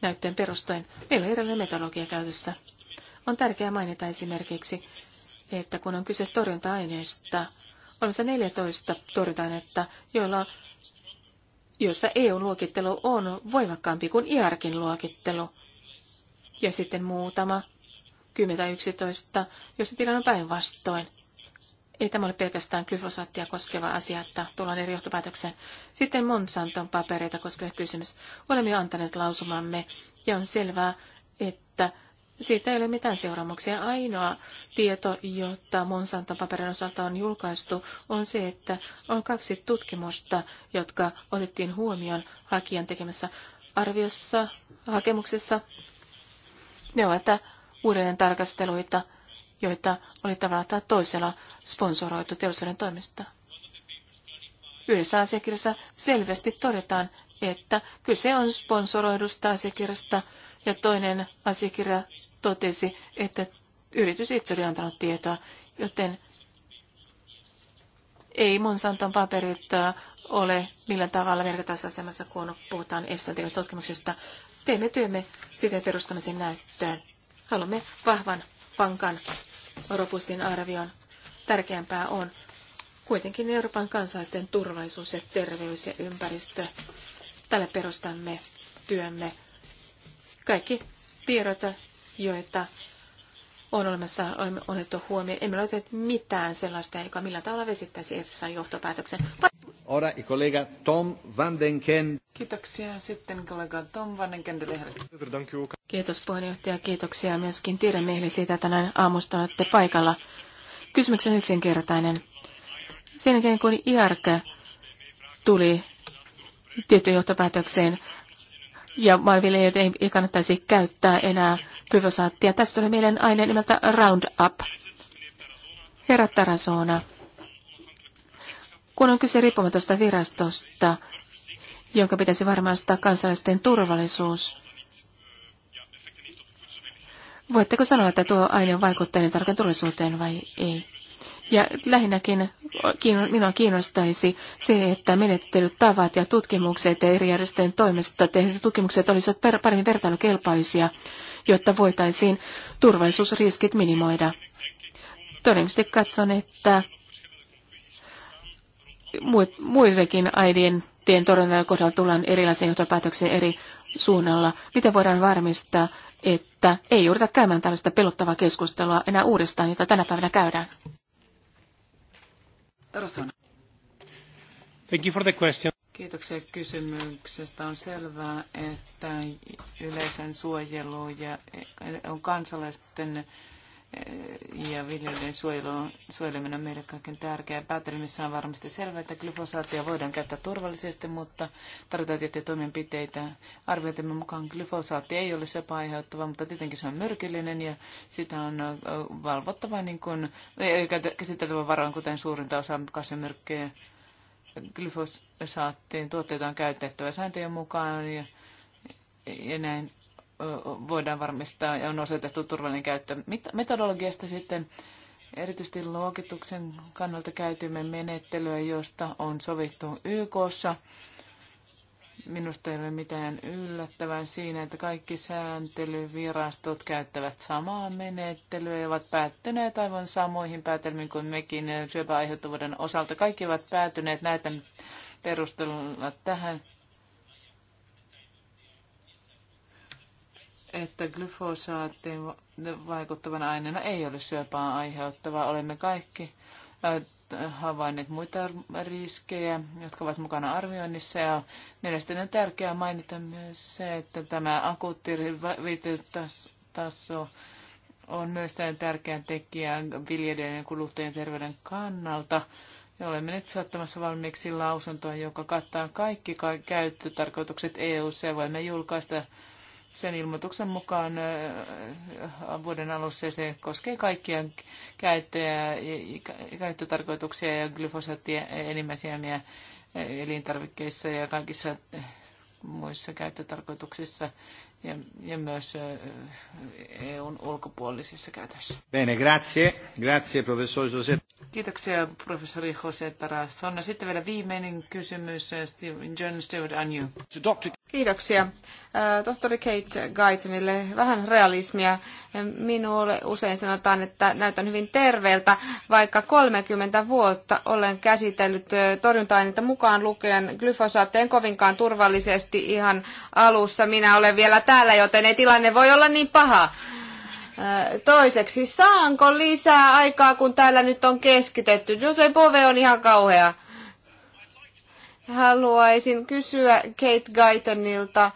näyttöön perustuen. Meillä on erilainen metodologia käytössä. On tärkeää mainita esimerkiksi, että kun on kyse torjunta-aineista, olemassa 14 torjunta-ainetta, joilla, joissa EU-luokittelu on voimakkaampi kuin IARKin luokittelu. Ja sitten muutama, 10 tai 11, jossa tilanne on päinvastoin. Ei tämä ole pelkästään glyfosaattia koskeva asia, että tullaan eri johtopäätökseen. Sitten Monsanton papereita koskeva kysymys. Olemme jo antaneet lausumamme ja on selvää, että siitä ei ole mitään seuraamuksia. Ainoa tieto, jota Monsanton paperin osalta on julkaistu, on se, että on kaksi tutkimusta, jotka otettiin huomioon hakijan tekemässä arviossa, hakemuksessa. Ne ovat uudelleen tarkasteluita, joita oli tavallaan tai toisella sponsoroitu teollisuuden toimesta. Yhdessä asiakirjassa selvästi todetaan, että kyse on sponsoroidusta asiakirjasta ja toinen asiakirja totesi, että yritys itse oli antanut tietoa, joten ei Monsanton paperit äh, ole millään tavalla vertaisessa asemassa, kun puhutaan EFSA-tutkimuksesta. Teemme työmme sitä perustamisen näyttöön. Haluamme vahvan pankan robustin arvion. Tärkeämpää on kuitenkin Euroopan kansalaisten turvallisuus ja terveys ja ympäristö. Tälle perustamme työmme. Kaikki tiedot, joita on olemassa on otettu huomioon. Emme ole mitään sellaista, joka millään tavalla vesittäisi EFSA johtopäätöksen. Ora i kollega Tom van den Ken. Kiitoksia sitten kollega Tom van den Ken Kiitos puheenjohtaja, kiitoksia myöskin tiedemiehille siitä, että tänään aamusta olette paikalla. Kysymyksen yksinkertainen. Sen jälkeen kun IARC tuli tiettyyn johtopäätökseen. Ja maanviljelijöitä ei, ei kannattaisi käyttää enää glyfosaattia. Tästä tulee meidän aine nimeltä Roundup. Herra Tarasona, kun on kyse riippumatosta virastosta, jonka pitäisi varmistaa kansalaisten turvallisuus, voitteko sanoa, että tuo aine on vaikuttanut tarkan turvallisuuteen vai ei? Ja lähinnäkin minua kiinnostaisi se, että tavat ja tutkimukset ja eri järjestöjen toimesta tehdyt tutkimukset olisivat paremmin vertailukelpoisia, jotta voitaisiin turvallisuusriskit minimoida. Todennäköisesti katson, että muidenkin aidien tien torjunnan kohdalla tullaan erilaisiin johtopäätöksiin eri suunnalla. Miten voidaan varmistaa, että ei jouduta käymään tällaista pelottavaa keskustelua enää uudestaan, jota tänä päivänä käydään? Rosana. Thank you for the question. Kiitoksia kysymyksestä. On selvää, että yleisen suojelu ja on kansalaisten ja viljelijöiden suojelu, suojeleminen on meille kaiken tärkeää. Päätelmissä on varmasti selvää, että glyfosaatia voidaan käyttää turvallisesti, mutta tarvitaan tiettyjä toimenpiteitä. Arvioitamme mukaan glyfosaatti ei ole sepa aiheuttava, mutta tietenkin se on myrkyllinen ja sitä on valvottava niin kuin, käsiteltävä varoin, kuten suurinta osa kasvimyrkkyjä. Glyfosaattiin tuotteita on käytettävä sääntöjen mukaan ja, ja näin voidaan varmistaa ja on osoitettu turvallinen käyttö. Metodologiasta sitten erityisesti luokituksen kannalta käytimme menettelyä, josta on sovittu YKssa. Minusta ei ole mitään yllättävää siinä, että kaikki sääntelyvirastot käyttävät samaa menettelyä ja ovat päättyneet aivan samoihin päätelmiin kuin mekin syöpäaiheuttavuuden osalta. Kaikki ovat päätyneet näitä perustelulla tähän että glyfosaattiin vaikuttavana aineena ei ole syöpää aiheuttavaa. Olemme kaikki havainneet muita riskejä, jotka ovat mukana arvioinnissa. Ja mielestäni on tärkeää mainita myös se, että tämä akuutti taso on myös tärkeä tekijä viljelijöiden ja kuluttajien terveyden kannalta. Ja olemme nyt saattamassa valmiiksi lausuntoa, joka kattaa kaikki käyttötarkoitukset EU-ssa ja voimme julkaista sen ilmoituksen mukaan vuoden alussa se koskee kaikkia käyttöjä, käyttötarkoituksia ja glyfosaattia enimmäisiämiä elintarvikkeissa ja kaikissa muissa käyttötarkoituksissa ja, ja myös EUn ulkopuolisissa käytössä. Bene, grazie. Grazie, professori Jose. Kiitoksia, professori Jose Tarazona. Sitten vielä viimeinen kysymys, John Stewart Anju. Kiitoksia. Äh, tohtori Kate Guytonille vähän realismia. Minulle usein sanotaan, että näytän hyvin terveeltä, vaikka 30 vuotta olen käsitellyt äh, torjunta-aineita mukaan lukien glyfosaatteen kovinkaan turvallisesti ihan alussa. Minä olen vielä täällä, joten ei tilanne voi olla niin paha. Äh, toiseksi, saanko lisää aikaa, kun täällä nyt on keskitetty? Jose Bove on ihan kauhea. Haluaisin kysyä Kate Guytonilta,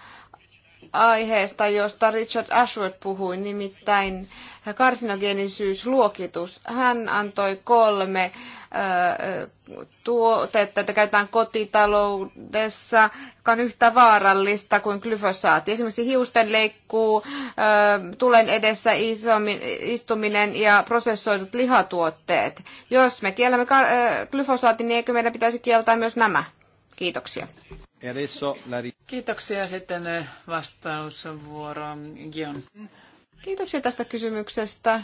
aiheesta, josta Richard Ashworth puhui, nimittäin karsinogenisyysluokitus. Hän antoi kolme äh, tuotetta, että käytetään kotitaloudessa, joka on yhtä vaarallista kuin glyfosaatti. Esimerkiksi hiusten leikkuu, äh, tulen edessä istuminen ja prosessoidut lihatuotteet. Jos me kiellämme äh, glyfosaatin, niin eikö meidän pitäisi kieltää myös nämä? Kiitoksia. E Kiitoksia sitten eh, vastausvuoroon, Gion. Kiitoksia tästä kysymyksestä.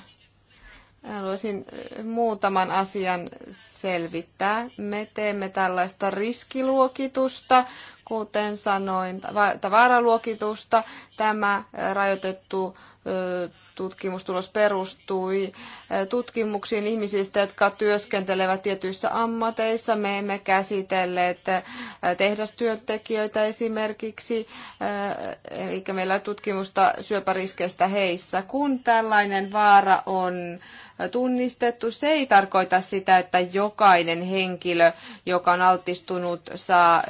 Haluaisin eh, muutaman asian selvittää. Me teemme tällaista riskiluokitusta, kuten sanoin, tavaraluokitusta. Tämä eh, rajoitettu tutkimustulos perustui eh, tutkimuksiin ihmisistä, jotka työskentelevät tietyissä ammateissa. Me emme käsitelleet eh, tehdastyöntekijöitä esimerkiksi, eh, eikä meillä tutkimusta syöpäriskeistä heissä. Kun tällainen vaara on tunnistettu. Se ei tarkoita sitä, että jokainen henkilö, joka on altistunut, saa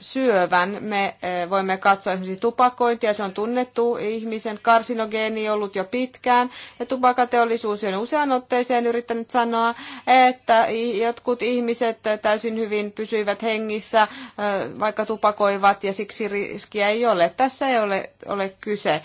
syövän. Me voimme katsoa esimerkiksi tupakointia, se on tunnettu ihmisen karsinogeeni ollut jo pitkään. Ja tupakateollisuus on usean otteeseen yrittänyt sanoa, että jotkut ihmiset täysin hyvin pysyivät hengissä, vaikka tupakoivat, ja siksi riskiä ei ole. Tässä ei ole, ole kyse.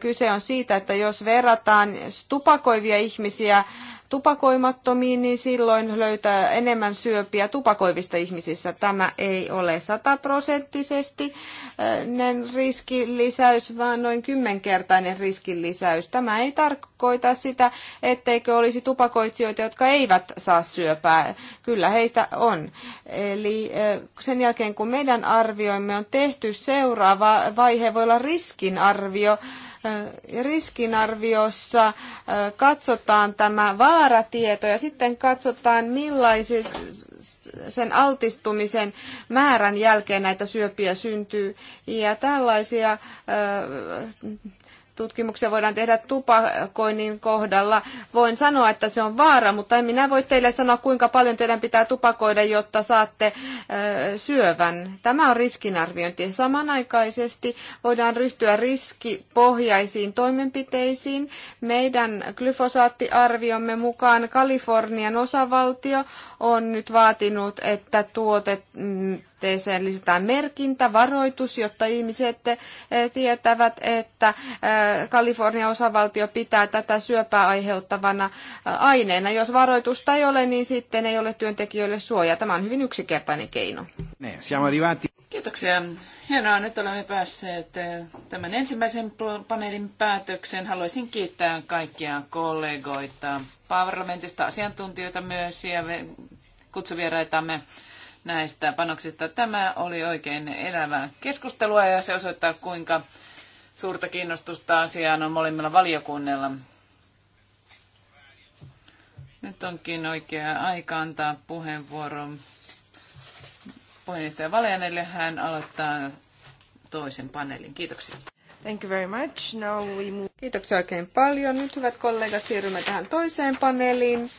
Kyse on siitä, että jos verrataan tupakointia, tupakoivia ihmisiä tupakoimattomiin, niin silloin löytää enemmän syöpiä tupakoivista ihmisissä. Tämä ei ole sataprosenttisesti eh, riskinlisäys, vaan noin kymmenkertainen riskinlisäys. Tämä ei tarkoita sitä, etteikö olisi tupakoitsijoita, jotka eivät saa syöpää. Kyllä heitä on. Eli eh, sen jälkeen, kun meidän arvioimme on tehty, seuraava vaihe voi olla riskinarvio riskinarviossa katsotaan tämä vaaratieto ja sitten katsotaan millaisen sen altistumisen määrän jälkeen näitä syöpiä syntyy. Ja tällaisia tutkimuksia voidaan tehdä tupakoinnin kohdalla. Voin sanoa, että se on vaara, mutta en minä voi teille sanoa, kuinka paljon teidän pitää tupakoida, jotta saatte syövän. Tämä on riskinarviointi. Samanaikaisesti voidaan ryhtyä riskipohjaisiin toimenpiteisiin. Meidän glyfosaattiarviomme mukaan Kalifornian osavaltio on nyt vaatinut, että tuote mm, tuotteeseen lisätään merkintä, varoitus, jotta ihmiset eh, tietävät, että eh, Kalifornian osavaltio pitää tätä syöpää aiheuttavana eh, aineena. Jos varoitusta ei ole, niin sitten ei ole työntekijöille suojaa. Tämä on hyvin yksinkertainen keino. Kiitoksia. Hienoa, nyt olemme päässeet tämän ensimmäisen paneelin päätökseen. Haluaisin kiittää kaikkia kollegoita parlamentista, asiantuntijoita myös ja kutsuvieraitamme näistä panoksista. Tämä oli oikein elävää keskustelua ja se osoittaa, kuinka suurta kiinnostusta asiaan on molemmilla valiokunnilla. Nyt onkin oikea aika antaa puheenvuoro puheenjohtaja Valjanelle. Hän aloittaa toisen paneelin. Kiitoksia. Thank you very much. Now we move... Kiitoksia oikein paljon. Nyt hyvät kollegat, siirrymme tähän toiseen paneeliin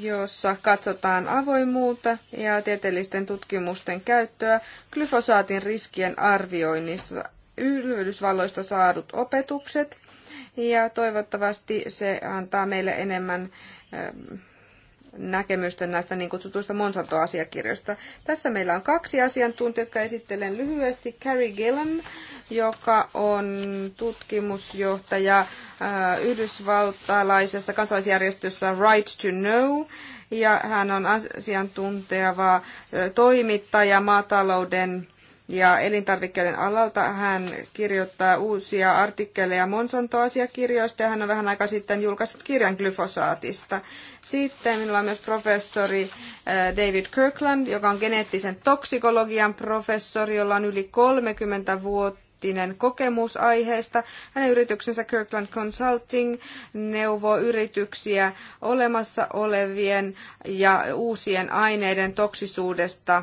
jossa katsotaan avoimuutta ja tieteellisten tutkimusten käyttöä glyfosaatin riskien arvioinnissa Yhdysvalloista saadut opetukset. Ja toivottavasti se antaa meille enemmän näkemystä näistä niin kutsutuista Monsanto-asiakirjoista. Tässä meillä on kaksi asiantuntijaa, jotka esittelen lyhyesti. Carrie Gillen, joka on tutkimusjohtaja äh, yhdysvaltalaisessa kansalaisjärjestössä Right to Know, ja hän on asiantunteva äh, toimittaja maatalouden ja elintarvikkeiden alalta. Hän kirjoittaa uusia artikkeleja Monsanto-asiakirjoista ja hän on vähän aikaa sitten julkaissut kirjan glyfosaatista. Sitten minulla on myös professori eh, David Kirkland, joka on geneettisen toksikologian professori, jolla on yli 30 vuotta kokemus aiheesta. Hänen yrityksensä Kirkland Consulting neuvoo yrityksiä olemassa olevien ja uusien aineiden toksisuudesta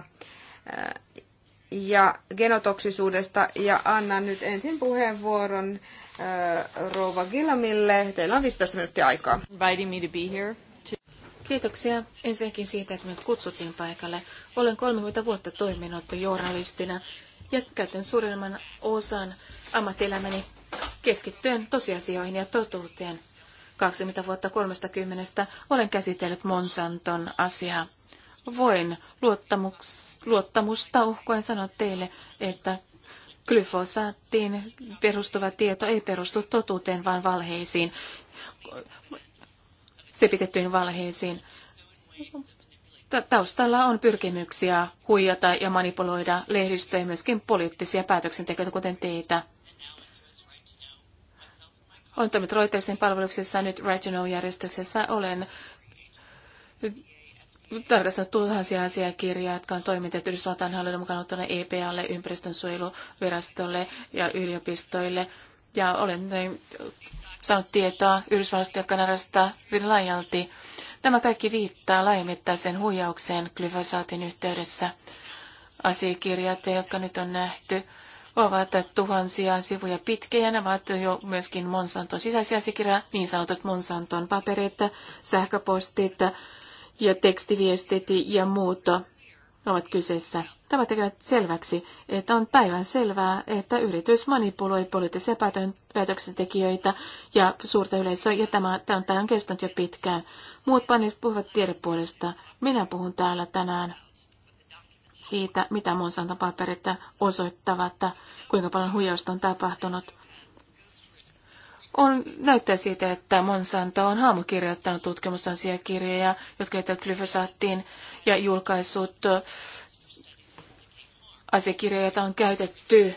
eh, ja genotoksisuudesta ja annan nyt ensin puheenvuoron äh, Rouva Gilamille. Teillä on 15 minuuttia aikaa. Kiitoksia ensinnäkin siitä, että minut kutsuttiin paikalle. Olen 30 vuotta toiminut journalistina ja käytän suurimman osan ammattielämäni keskittyen tosiasioihin ja totuuteen. 20 vuotta 30 olen käsitellyt Monsanton asiaa voin luottamuks luottamusta uhkoen sanoa teille, että glyfosaattiin perustuva tieto ei perustu totuuteen, vaan valheisiin, sepitettyihin valheisiin. Taustalla on pyrkimyksiä huijata ja manipuloida lehdistöä ja myöskin poliittisia päätöksentekijöitä, kuten teitä. Olen toiminut Reutersin palveluksessa, nyt Right to Know-järjestyksessä olen tarkastanut tuhansia asiakirjoja, jotka on toimitettu Yhdysvaltain hallinnon mukaan ottana EPAlle, ympäristönsuojeluvirastolle ja yliopistoille. Ja olen saanut tietoa Yhdysvalloista ja Kanadasta hyvin laajalti. Tämä kaikki viittaa laajemmittaiseen huijaukseen glyfosaatin yhteydessä. Asiakirjat, jotka nyt on nähty, ovat tuhansia sivuja pitkiä. Nämä ovat jo myöskin Monsanton sisäisiä asiakirjoja, niin sanotut Monsanton paperit, sähköpostit, ja tekstiviestit ja muut ovat kyseessä. Tämä tekee selväksi, että on päivän selvää, että yritys manipuloi poliittisia päätöksentekijöitä ja suurta yleisöä, ja tämä, tämä, tämä on kestänyt jo pitkään. Muut panelistit puhuvat tiedepuolesta. Minä puhun täällä tänään siitä, mitä Monsanto-paperit osoittavat, kuinka paljon huijausta on tapahtunut on näyttää siitä, että Monsanto on haamukirjoittanut tutkimusasiakirjoja, jotka liittyvät glyfosaattiin ja julkaissut asiakirjoja, joita on käytetty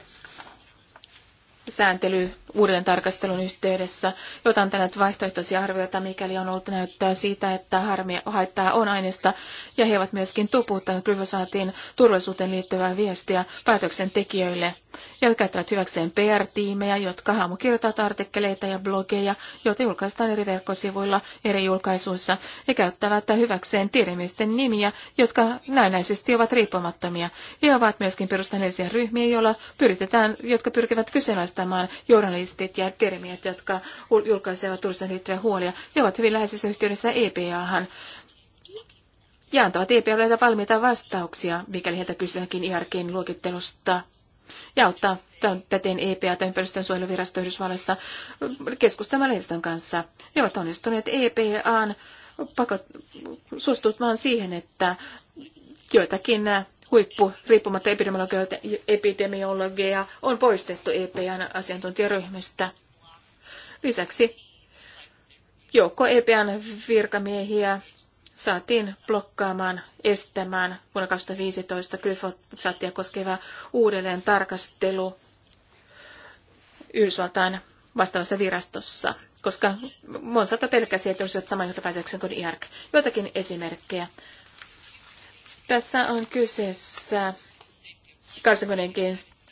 sääntely uudelleen tarkastelun yhteydessä. jotain tänne vaihtoehtoisia arvioita, mikäli on ollut näyttää siitä, että harmia haittaa on aineesta, ja he ovat myöskin tuputtaneet glyfosaatin turvallisuuteen liittyvää viestiä päätöksentekijöille, ja käyttävät hyväkseen PR-tiimejä, jotka haamukirjoittavat artikkeleita ja blogeja, joita julkaistaan eri verkkosivuilla, eri julkaisuissa, ja käyttävät hyväkseen tiedemiesten nimiä, jotka näennäisesti ovat riippumattomia, ja ovat myöskin perustaneisia ryhmiä, joilla pyritetään, jotka pyrkivät kyseenalaistamaan journalismia journalistit ja termiet, jotka julkaisevat Tursan liittyviä huolia. ne ovat hyvin läheisessä yhteydessä EPAhan ja antavat EPAlle valmiita vastauksia, mikäli heiltä kysytäänkin IRGin e luokittelusta ja auttaa täten EPA tai ympäristönsuojeluvirasto Yhdysvalloissa keskustamaan lehdistön kanssa. Ne ovat onnistuneet EPAan pakot, suostutmaan siihen, että joitakin huippu, riippumatta epidemiologia, on poistettu EPN asiantuntijaryhmästä. Lisäksi joukko EPN virkamiehiä saatiin blokkaamaan, estämään vuonna 2015 glyfosaattia koskeva uudelleen tarkastelu Yhdysvaltain vastaavassa virastossa, koska Monsanto pelkäsi, että olisivat saman johtopäätöksen kuin IARC. Joitakin esimerkkejä. Tässä on kyseessä kansainvälinen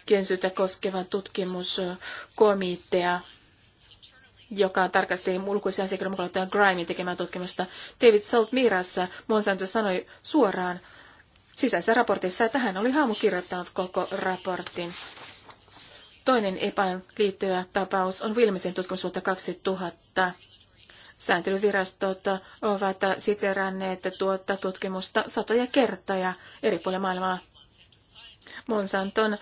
kensyyttä koskeva tutkimuskomitea, joka tarkasti ulkoisia asiakirjoja Grimein tekemää tutkimusta. David Salt Mirassa Monsanto sanoi suoraan sisäisessä raportissa, että hän oli kirjoittanut koko raportin. Toinen epäliittyvä tapaus on Wilmesin tutkimus 2000 Sääntelyvirastot ovat siteranneet tuota tutkimusta satoja kertoja eri puolilla maailmaa. Monsanton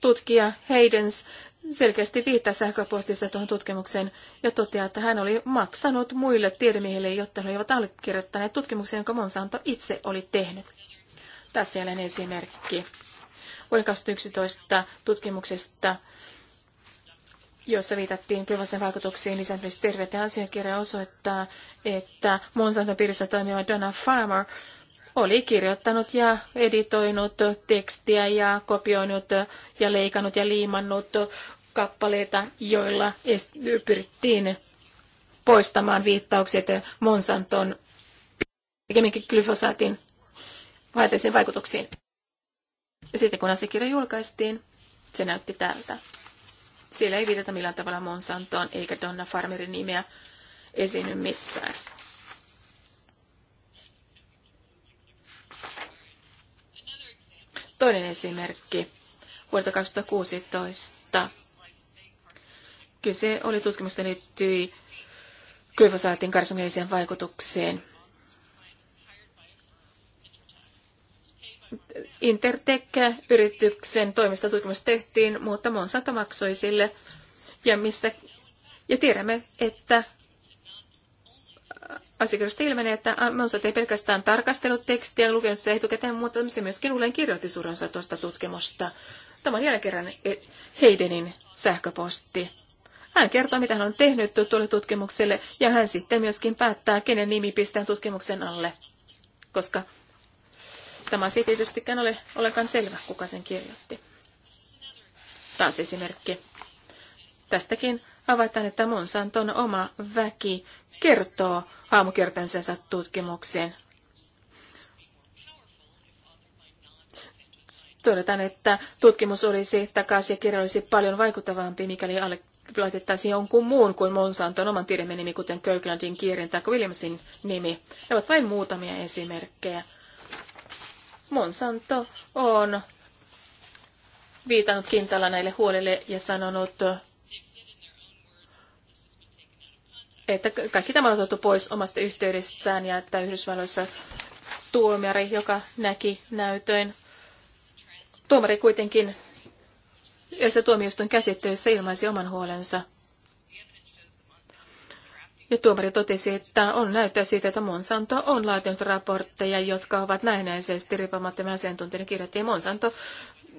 tutkija Haydens selkeästi viittaa sähköpostissa tuohon tutkimukseen ja toteaa, että hän oli maksanut muille tiedemiehille, jotta he olivat allekirjoittaneet tutkimuksen, jonka Monsanto itse oli tehnyt. Tässä jälleen esimerkki. Vuoden 2011 tutkimuksesta jossa viitattiin työvasen vaikutuksiin lisääntymistä terveyteen asiakirja osoittaa, että Monsanton piirissä toimiva Donna Farmer oli kirjoittanut ja editoinut tekstiä ja kopioinut ja leikannut ja liimannut kappaleita, joilla pyrittiin poistamaan viittaukset Monsanton pikemminkin glyfosaatin vaikutuksiin. Ja sitten kun asiakirja julkaistiin, se näytti tältä. Siellä ei viitata millään tavalla Monsantoon eikä Donna Farmerin nimeä esiinny missään. Toinen esimerkki vuodelta 2016. Kyse oli tutkimusta liittyi glyfosaatin karsinogeeniseen vaikutukseen. Intertech-yrityksen toimista tutkimus tehtiin, mutta Monsanto maksoi sille. Ja, missä, ja tiedämme, että äh, asiakirjoista ilmenee, että äh, Monsanto ei pelkästään tarkastellut tekstiä ja lukenut sitä etukäteen, mutta se myöskin uuden kirjoitti suurensa tuosta tutkimusta. Tämä on jälleen kerran e, Heidenin sähköposti. Hän kertoo, mitä hän on tehnyt tuolle tutkimukselle, ja hän sitten myöskin päättää, kenen nimi pistää tutkimuksen alle, koska Tämä asia tietystikään ole ollenkaan selvä, kuka sen kirjoitti. Taas esimerkki. Tästäkin havaitaan, että Monsanton oma väki kertoo haamukertansa tutkimukseen. Todetaan, että tutkimus olisi, ja kirja olisi paljon vaikuttavampi, mikäli alle laitettaisiin jonkun muun kuin Monsanton oman tiedemme nimi, kuten Kirklandin kirjan tai Williamsin nimi. Ne ovat vain muutamia esimerkkejä Monsanto on viitannut kintalla näille huolille ja sanonut, että kaikki tämä on otettu pois omasta yhteydestään ja että Yhdysvalloissa tuomari, joka näki näytöin, tuomari kuitenkin jossa tuomioistuin käsittelyssä ilmaisi oman huolensa – ja tuomari totesi, että on näyttää siitä, että Monsanto on laatinut raportteja, jotka ovat näennäisesti riippumattomia asiantuntijoiden kirjoittajia. Monsanto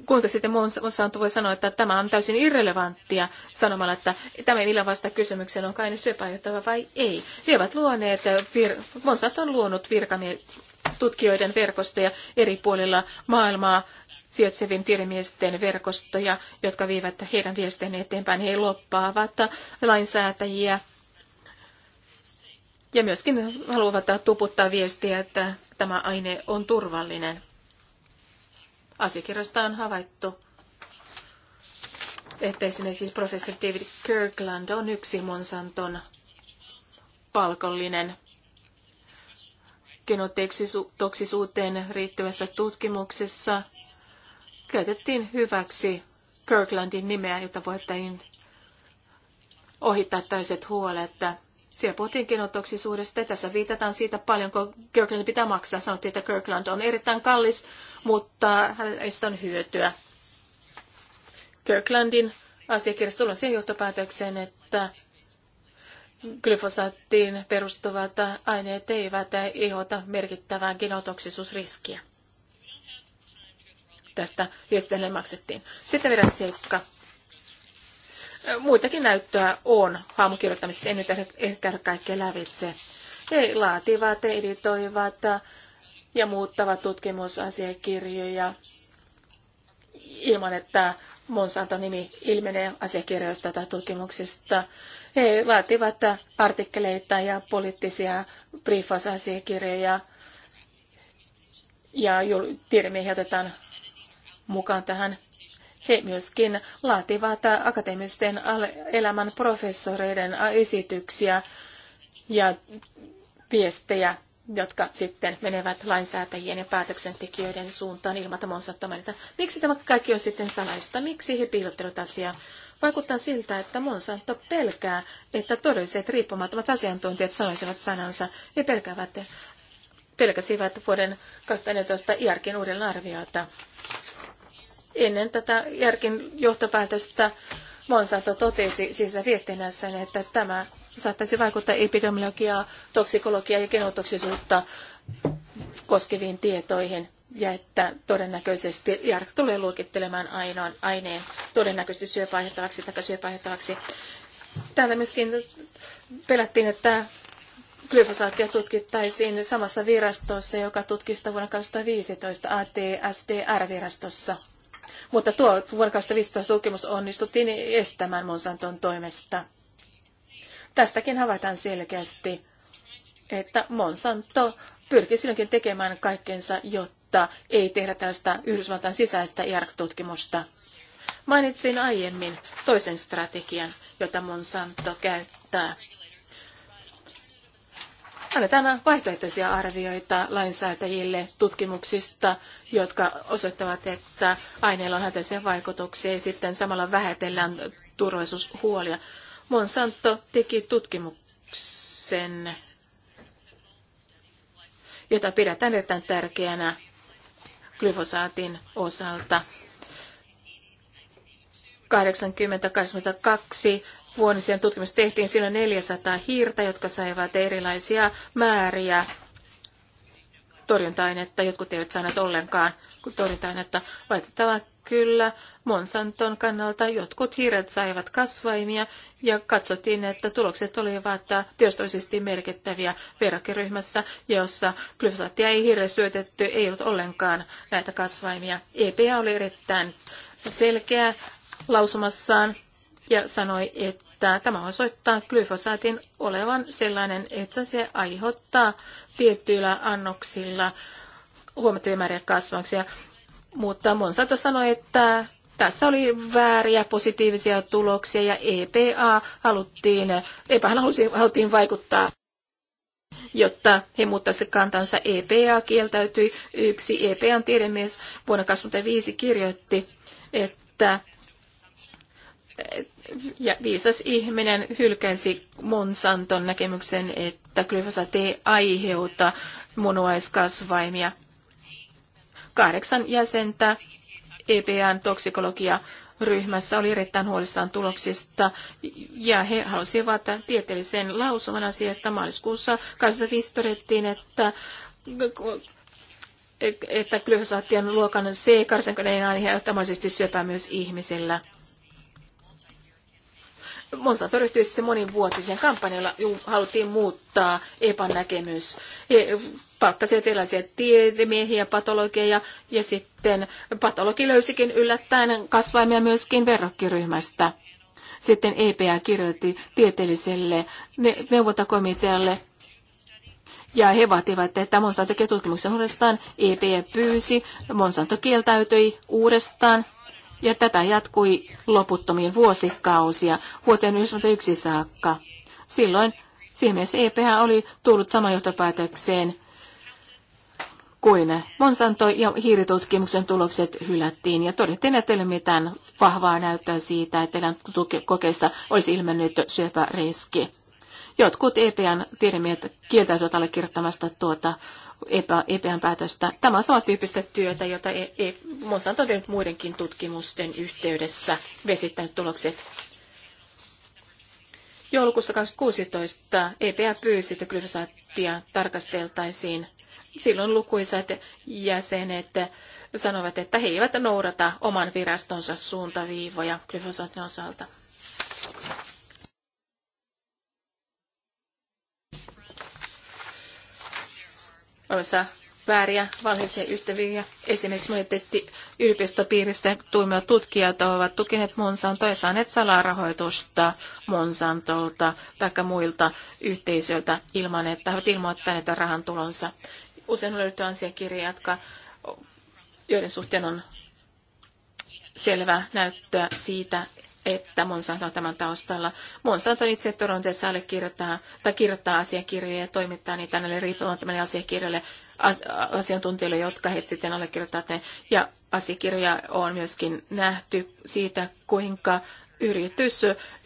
kuinka sitten Monsanto voi sanoa, että tämä on täysin irrelevanttia sanomalla, että tämä ei millään vasta kysymykseen, onko aine syöpäaiheuttava vai ei. He ovat luoneet, vir- Monsanto on luonut virkamie- tutkijoiden verkostoja eri puolilla maailmaa, sijaitsevien tiedemiesten verkostoja, jotka viivät heidän viesteen eteenpäin. He loppaavat lainsäätäjiä ja myöskin haluavat tuputtaa viestiä, että tämä aine on turvallinen. Asiakirjasta on havaittu, että esimerkiksi professori David Kirkland on yksi Monsanton palkollinen genotoksisuuteen riittyvässä tutkimuksessa käytettiin hyväksi Kirklandin nimeä, jotta voitaisiin ohittaa tällaiset huolet siellä puhuttiin kenotoksisuudesta, ja tässä viitataan siitä paljon, kun Kirkland pitää maksaa. Sanottiin, että Kirkland on erittäin kallis, mutta hänestä on hyötyä. Kirklandin asiakirjassa tullaan siihen johtopäätökseen, että glyfosaattiin perustuvat aineet eivät ihota merkittävää genotoksisuusriskiä. Tästä viestinnälle maksettiin. Sitten vielä seikka. Muitakin näyttöä on haamukirjoittamista, en nyt ehkä kaikkea lävitse. He laativat, editoivat ja muuttavat tutkimusasiakirjoja ilman, että Monsanto-nimi ilmenee asiakirjoista tai tutkimuksista. He laativat artikkeleita ja poliittisia briefausasiakirjoja ja tiedemiehiä otetaan mukaan tähän he myöskin laativat akateemisten elämän professoreiden esityksiä ja viestejä, jotka sitten menevät lainsäätäjien ja päätöksentekijöiden suuntaan ilman, että Miksi tämä kaikki on sitten salaista? Miksi he piilottelut asiaa? Vaikuttaa siltä, että Monsanto pelkää, että todelliset riippumattomat asiantuntijat sanoisivat sanansa ja pelkäävät pelkäsivät vuoden 2014 IARKin uuden arviota. Ennen tätä järkin johtopäätöstä Monsanto totesi sisäviestinnässään, että tämä saattaisi vaikuttaa epidemiologiaa, toksikologiaa ja genotoksisuutta koskeviin tietoihin ja että todennäköisesti JARC tulee luokittelemaan ainoan aineen todennäköisesti syöpäaiheuttavaksi tai syöpäaiheuttavaksi. Täällä myöskin pelättiin, että glyfosaattia tutkittaisiin samassa virastossa, joka tutki sitä vuonna 2015 ATSDR-virastossa. Mutta tuo vuonna 2015 tutkimus onnistuttiin estämään Monsanton toimesta. Tästäkin havaitaan selkeästi, että Monsanto pyrkii silloinkin tekemään kaikkensa, jotta ei tehdä tällaista Yhdysvaltain sisäistä IARC-tutkimusta. E Mainitsin aiemmin toisen strategian, jota Monsanto käyttää annetaan vaihtoehtoisia arvioita lainsäätäjille tutkimuksista, jotka osoittavat, että aineilla on haitaisia vaikutuksia ja sitten samalla vähätellään turvallisuushuolia. Monsanto teki tutkimuksen, jota pidetään erittäin tärkeänä glyfosaatin osalta. 80-82 vuonisien tutkimus tehtiin silloin 400 hiirtä, jotka saivat erilaisia määriä torjunta-ainetta. Jotkut eivät saaneet ollenkaan torjunta-ainetta. Laitettava kyllä Monsanton kannalta jotkut hiiret saivat kasvaimia ja katsottiin, että tulokset olivat tiedostoisesti merkittäviä verrokkiryhmässä, jossa glyfosaattia ei hiire syötetty, ei ollut ollenkaan näitä kasvaimia. EPA oli erittäin selkeä lausumassaan ja sanoi, että että tämä osoittaa glyfosaatin olevan sellainen, että se aiheuttaa tiettyillä annoksilla huomattavia määriä kasvauksia. Mutta Monsanto sanoi, että tässä oli vääriä positiivisia tuloksia ja EPA haluttiin, EPA haluttiin vaikuttaa Jotta he muuttaisivat kantansa, EPA kieltäytyi. Yksi EPAn tiedemies vuonna 2005 kirjoitti, että ja viisas ihminen hylkäisi Monsanton näkemyksen, että glyfosaat ei aiheuta munuaiskasvaimia. Kahdeksan jäsentä EPAn toksikologia ryhmässä oli erittäin huolissaan tuloksista ja he halusivat tieteellisen lausuman asiasta. Maaliskuussa 2005 todettiin, että että glyfosaatti on luokan C-karsinkoneen aiheuttamaisesti syöpää myös ihmisillä. Monsanto ryhtyi sitten monivuotisen kampanjalla, haluttiin muuttaa EPAn näkemys. He palkkasivat erilaisia tietemiehiä, patologeja ja sitten patologi löysikin yllättäen kasvaimia myöskin verrokkiryhmästä. Sitten EPA kirjoitti tieteelliselle neuvontakomitealle ja he vaativat, että Monsanto tutkimuksen uudestaan. EPA pyysi, Monsanto kieltäytyi uudestaan ja tätä jatkui loputtomiin vuosikausia vuoteen 1991 saakka. Silloin siihen EPH oli tullut saman johtopäätökseen kuin Monsanto ja hiiritutkimuksen tulokset hylättiin ja todettiin, että ei ole mitään vahvaa näyttöä siitä, että kokeessa olisi ilmennyt syöpäriski. Jotkut EPN tiedemiehet kieltäytyvät allekirjoittamasta tuota EPän päätöstä. Tämä on samantyyppistä työtä, jota e, e, Monsanto on tehnyt muidenkin tutkimusten yhteydessä vesittänyt tulokset. Joulukuussa 2016 EPA pyysi, että glyfosaattia tarkasteltaisiin. Silloin lukuisat jäsenet sanovat, että he eivät noudata oman virastonsa suuntaviivoja glyfosaatin osalta. olemassa vääriä, valheisia ystäviä. Esimerkiksi menetettiin yliopistopiiristä tuimivat tutkijat ovat tukineet Monsantoa ja saaneet salarahoitusta Monsantolta tai muilta yhteisöiltä ilman, että he ovat ilmoittaneet rahan tulonsa. Usein löytyy asiakirjoja, jotka, joiden suhteen on selvää näyttöä siitä, että Monsanto on tämän taustalla. Monsanto on itse Torontessa allekirjoittaa tai kirjoittaa asiakirjoja ja toimittaa niitä näille riippumattomille asiakirjoille asiantuntijoille, jotka he sitten allekirjoittavat ne. Ja asiakirjoja on myöskin nähty siitä, kuinka yritys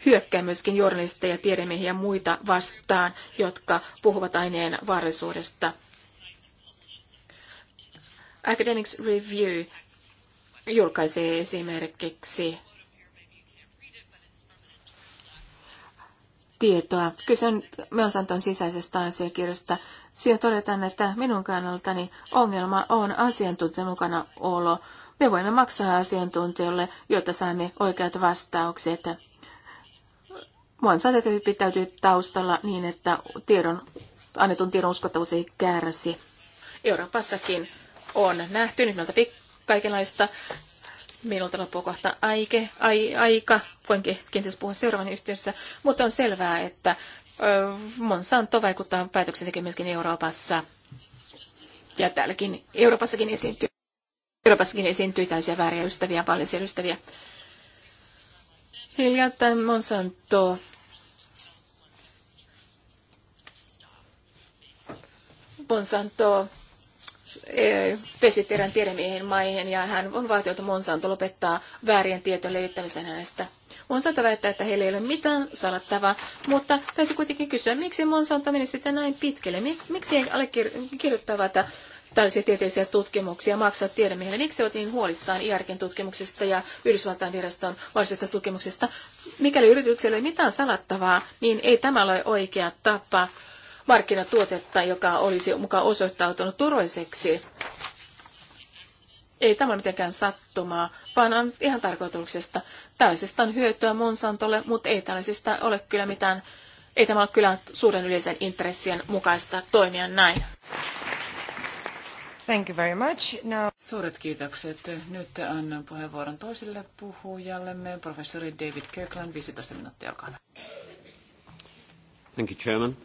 hyökkää myöskin journalisteja, tiedemiehiä ja muita vastaan, jotka puhuvat aineen vaarallisuudesta. Academics Review julkaisee esimerkiksi tietoa. Kyse on Monsanton sisäisestä asiakirjasta. Siinä todetaan, että minun kannaltani ongelma on asiantuntijan mukana olo. Me voimme maksaa asiantuntijalle, jotta saamme oikeat vastaukset. Monsanto pitäytyy taustalla niin, että tiedon, annetun tiedon uskottavuus ei kärsi. Euroopassakin on nähty nyt noilta kaikenlaista Minulta loppuu kohta aike, ai, aika. Voin kenties puhua seuraavan yhteydessä, mutta on selvää, että Monsanto vaikuttaa päätöksentekijöihin myöskin Euroopassa. Ja täälläkin Euroopassakin esiintyy, Euroopassakin esiintyy tällaisia vääriä ystäviä, paljon ystäviä. Hiljattain Monsanto Monsanto vesiterän tiedemiehen maihin ja hän on vaatinut Monsanto lopettaa väärien tietojen levittämisen hänestä. Monsanto väittää, että heillä ei ole mitään salattavaa, mutta täytyy kuitenkin kysyä, miksi Monsanto meni sitten näin pitkälle? Miksi ei allekirjoittavat tällaisia tieteellisiä tutkimuksia maksaa tiedemiehille? Miksi ovat niin huolissaan IARKin tutkimuksesta ja Yhdysvaltain viraston varsinaisesta tutkimuksesta? Mikäli yrityksellä ei ole mitään salattavaa, niin ei tämä ole oikea tapa markkinatuotetta, joka olisi mukaan osoittautunut turvalliseksi. Ei tämä mitenkään sattumaa, vaan on ihan tarkoituksesta. Tällaisesta on hyötyä Monsantolle, mutta ei tällaisesta ole kyllä mitään, ei tämä ole kyllä suuren yleisen intressien mukaista toimia näin. Thank you very much. Now... Suuret kiitokset. Nyt annan puheenvuoron toiselle puhujallemme, professori David Kirkland, 15 minuuttia, olkaa Thank you, Chairman.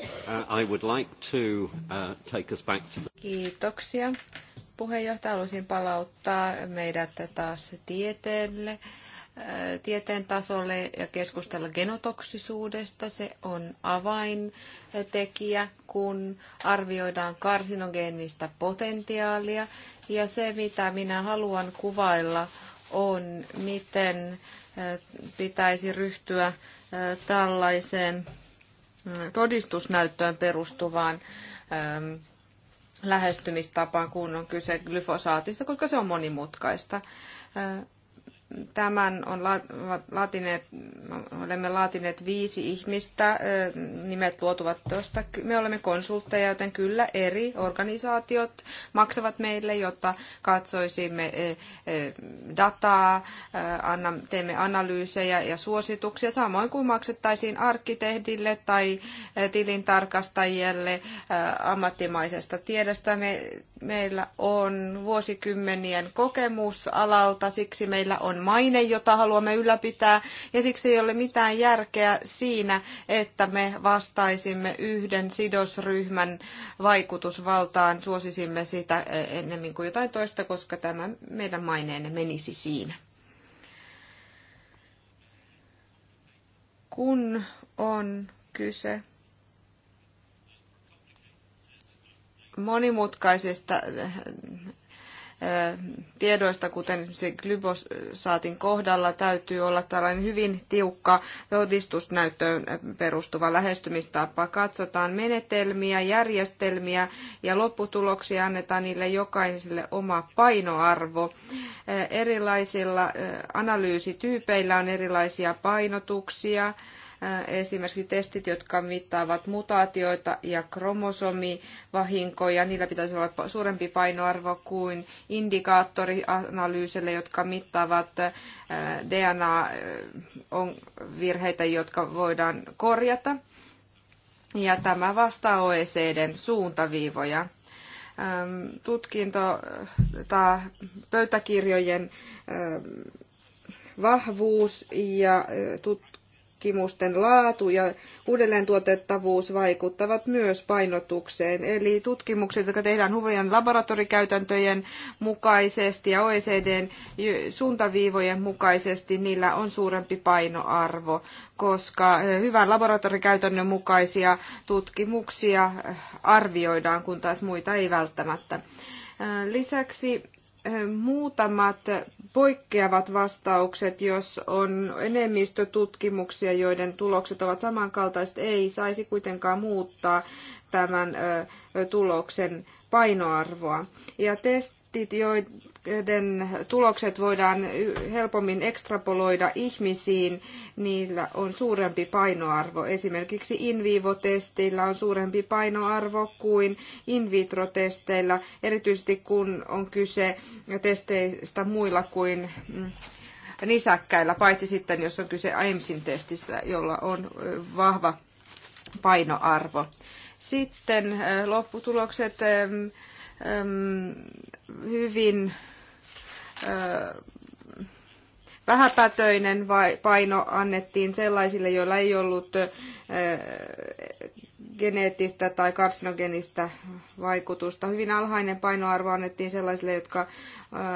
Uh, I would like to uh, take us back to... Kiitoksia. Puheenjohtaja, haluaisin palauttaa meidät taas tieteelle, uh, tieteen tasolle ja keskustella genotoksisuudesta. Se on avaintekijä, kun arvioidaan karsinogeenista potentiaalia. Ja se, mitä minä haluan kuvailla, on, miten pitäisi ryhtyä tällaiseen todistusnäyttöön perustuvaan ähm, lähestymistapaan, kun on kyse glyfosaatista, koska se on monimutkaista. Äh, Tämän on laatineet, olemme laatineet viisi ihmistä, nimet luotuvat tuosta. Me olemme konsultteja, joten kyllä eri organisaatiot maksavat meille, jotta katsoisimme dataa, teemme analyysejä ja suosituksia, samoin kuin maksettaisiin arkkitehdille tai tilintarkastajille ammattimaisesta tiedosta. meillä on vuosikymmenien kokemus alalta, siksi meillä on on maine, jota haluamme ylläpitää, ja siksi ei ole mitään järkeä siinä, että me vastaisimme yhden sidosryhmän vaikutusvaltaan, suosisimme sitä e, ennemmin kuin jotain toista, koska tämä meidän maineenne menisi siinä. Kun on kyse monimutkaisista tiedoista, kuten esimerkiksi glybosaatin kohdalla, täytyy olla tällainen hyvin tiukka todistusnäyttöön perustuva lähestymistapa. Katsotaan menetelmiä, järjestelmiä ja lopputuloksia annetaan niille jokaiselle oma painoarvo. Erilaisilla analyysityypeillä on erilaisia painotuksia esimerkiksi testit, jotka mittaavat mutaatioita ja kromosomivahinkoja. Niillä pitäisi olla suurempi painoarvo kuin indikaattorianalyyseille, jotka mittaavat DNA-virheitä, jotka voidaan korjata. Ja tämä vastaa OECDn suuntaviivoja tutkinto tai pöytäkirjojen vahvuus ja tutkimusten laatu ja uudelleentuotettavuus vaikuttavat myös painotukseen. Eli tutkimukset, jotka tehdään huvojen laboratorikäytäntöjen mukaisesti ja OECDn suuntaviivojen mukaisesti, niillä on suurempi painoarvo, koska eh, hyvän laboratorikäytännön mukaisia tutkimuksia eh, arvioidaan, kun taas muita ei välttämättä. Eh, lisäksi muutamat poikkeavat vastaukset, jos on enemmistötutkimuksia, joiden tulokset ovat samankaltaiset, ei saisi kuitenkaan muuttaa tämän tuloksen painoarvoa. Ja testit, joiden joiden tulokset voidaan helpommin ekstrapoloida ihmisiin, niillä on suurempi painoarvo. Esimerkiksi in vivo-testeillä on suurempi painoarvo kuin in vitro-testeillä, erityisesti kun on kyse testeistä muilla kuin mm, nisäkkäillä, paitsi sitten jos on kyse AIMSin testistä, jolla on vahva painoarvo. Sitten lopputulokset hyvin vähäpätöinen paino annettiin sellaisille, joilla ei ollut geneettistä tai karsinogenista vaikutusta. Hyvin alhainen painoarvo annettiin sellaisille, jotka,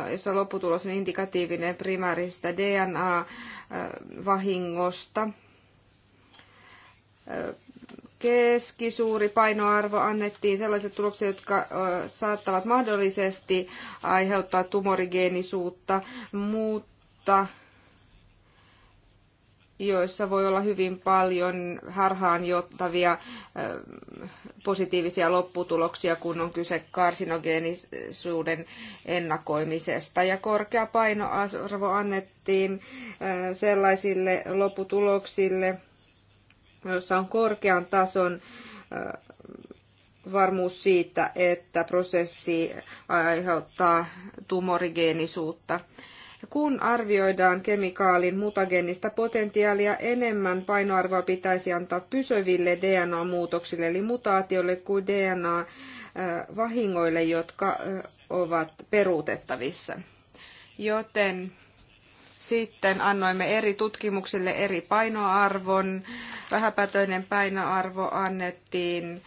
joissa lopputulos on indikatiivinen primääristä DNA-vahingosta keskisuuri painoarvo annettiin sellaisille tulokset, jotka saattavat mahdollisesti aiheuttaa tumorigeenisuutta, mutta joissa voi olla hyvin paljon harhaanjohtavia positiivisia lopputuloksia, kun on kyse karsinogeenisuuden ennakoimisesta. Ja korkea painoarvo annettiin sellaisille lopputuloksille, jossa on korkean tason äh, varmuus siitä, että prosessi aiheuttaa tumorigeenisuutta. Kun arvioidaan kemikaalin mutagenista potentiaalia, enemmän painoarvoa pitäisi antaa pysyville DNA-muutoksille, eli mutaatiolle kuin DNA-vahingoille, äh, jotka äh, ovat peruutettavissa. Joten sitten annoimme eri tutkimuksille eri painoarvon. Vähäpätöinen painoarvo annettiin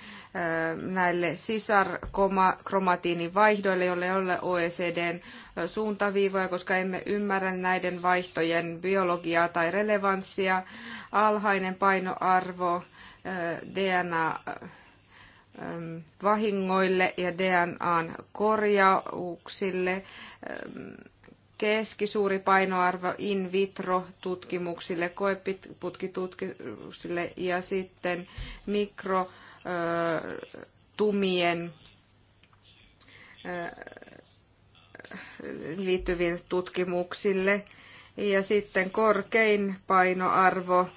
näille sisarkromatiinin vaihdoille, joille ei ole OECDn suuntaviivoja, koska emme ymmärrä näiden vaihtojen biologiaa tai relevanssia. Alhainen painoarvo DNA vahingoille ja DNAn korjauksille keskisuuri painoarvo in vitro-tutkimuksille, koeputkitutkimuksille ja sitten mikrotumien liittyville tutkimuksille. Ja sitten korkein painoarvo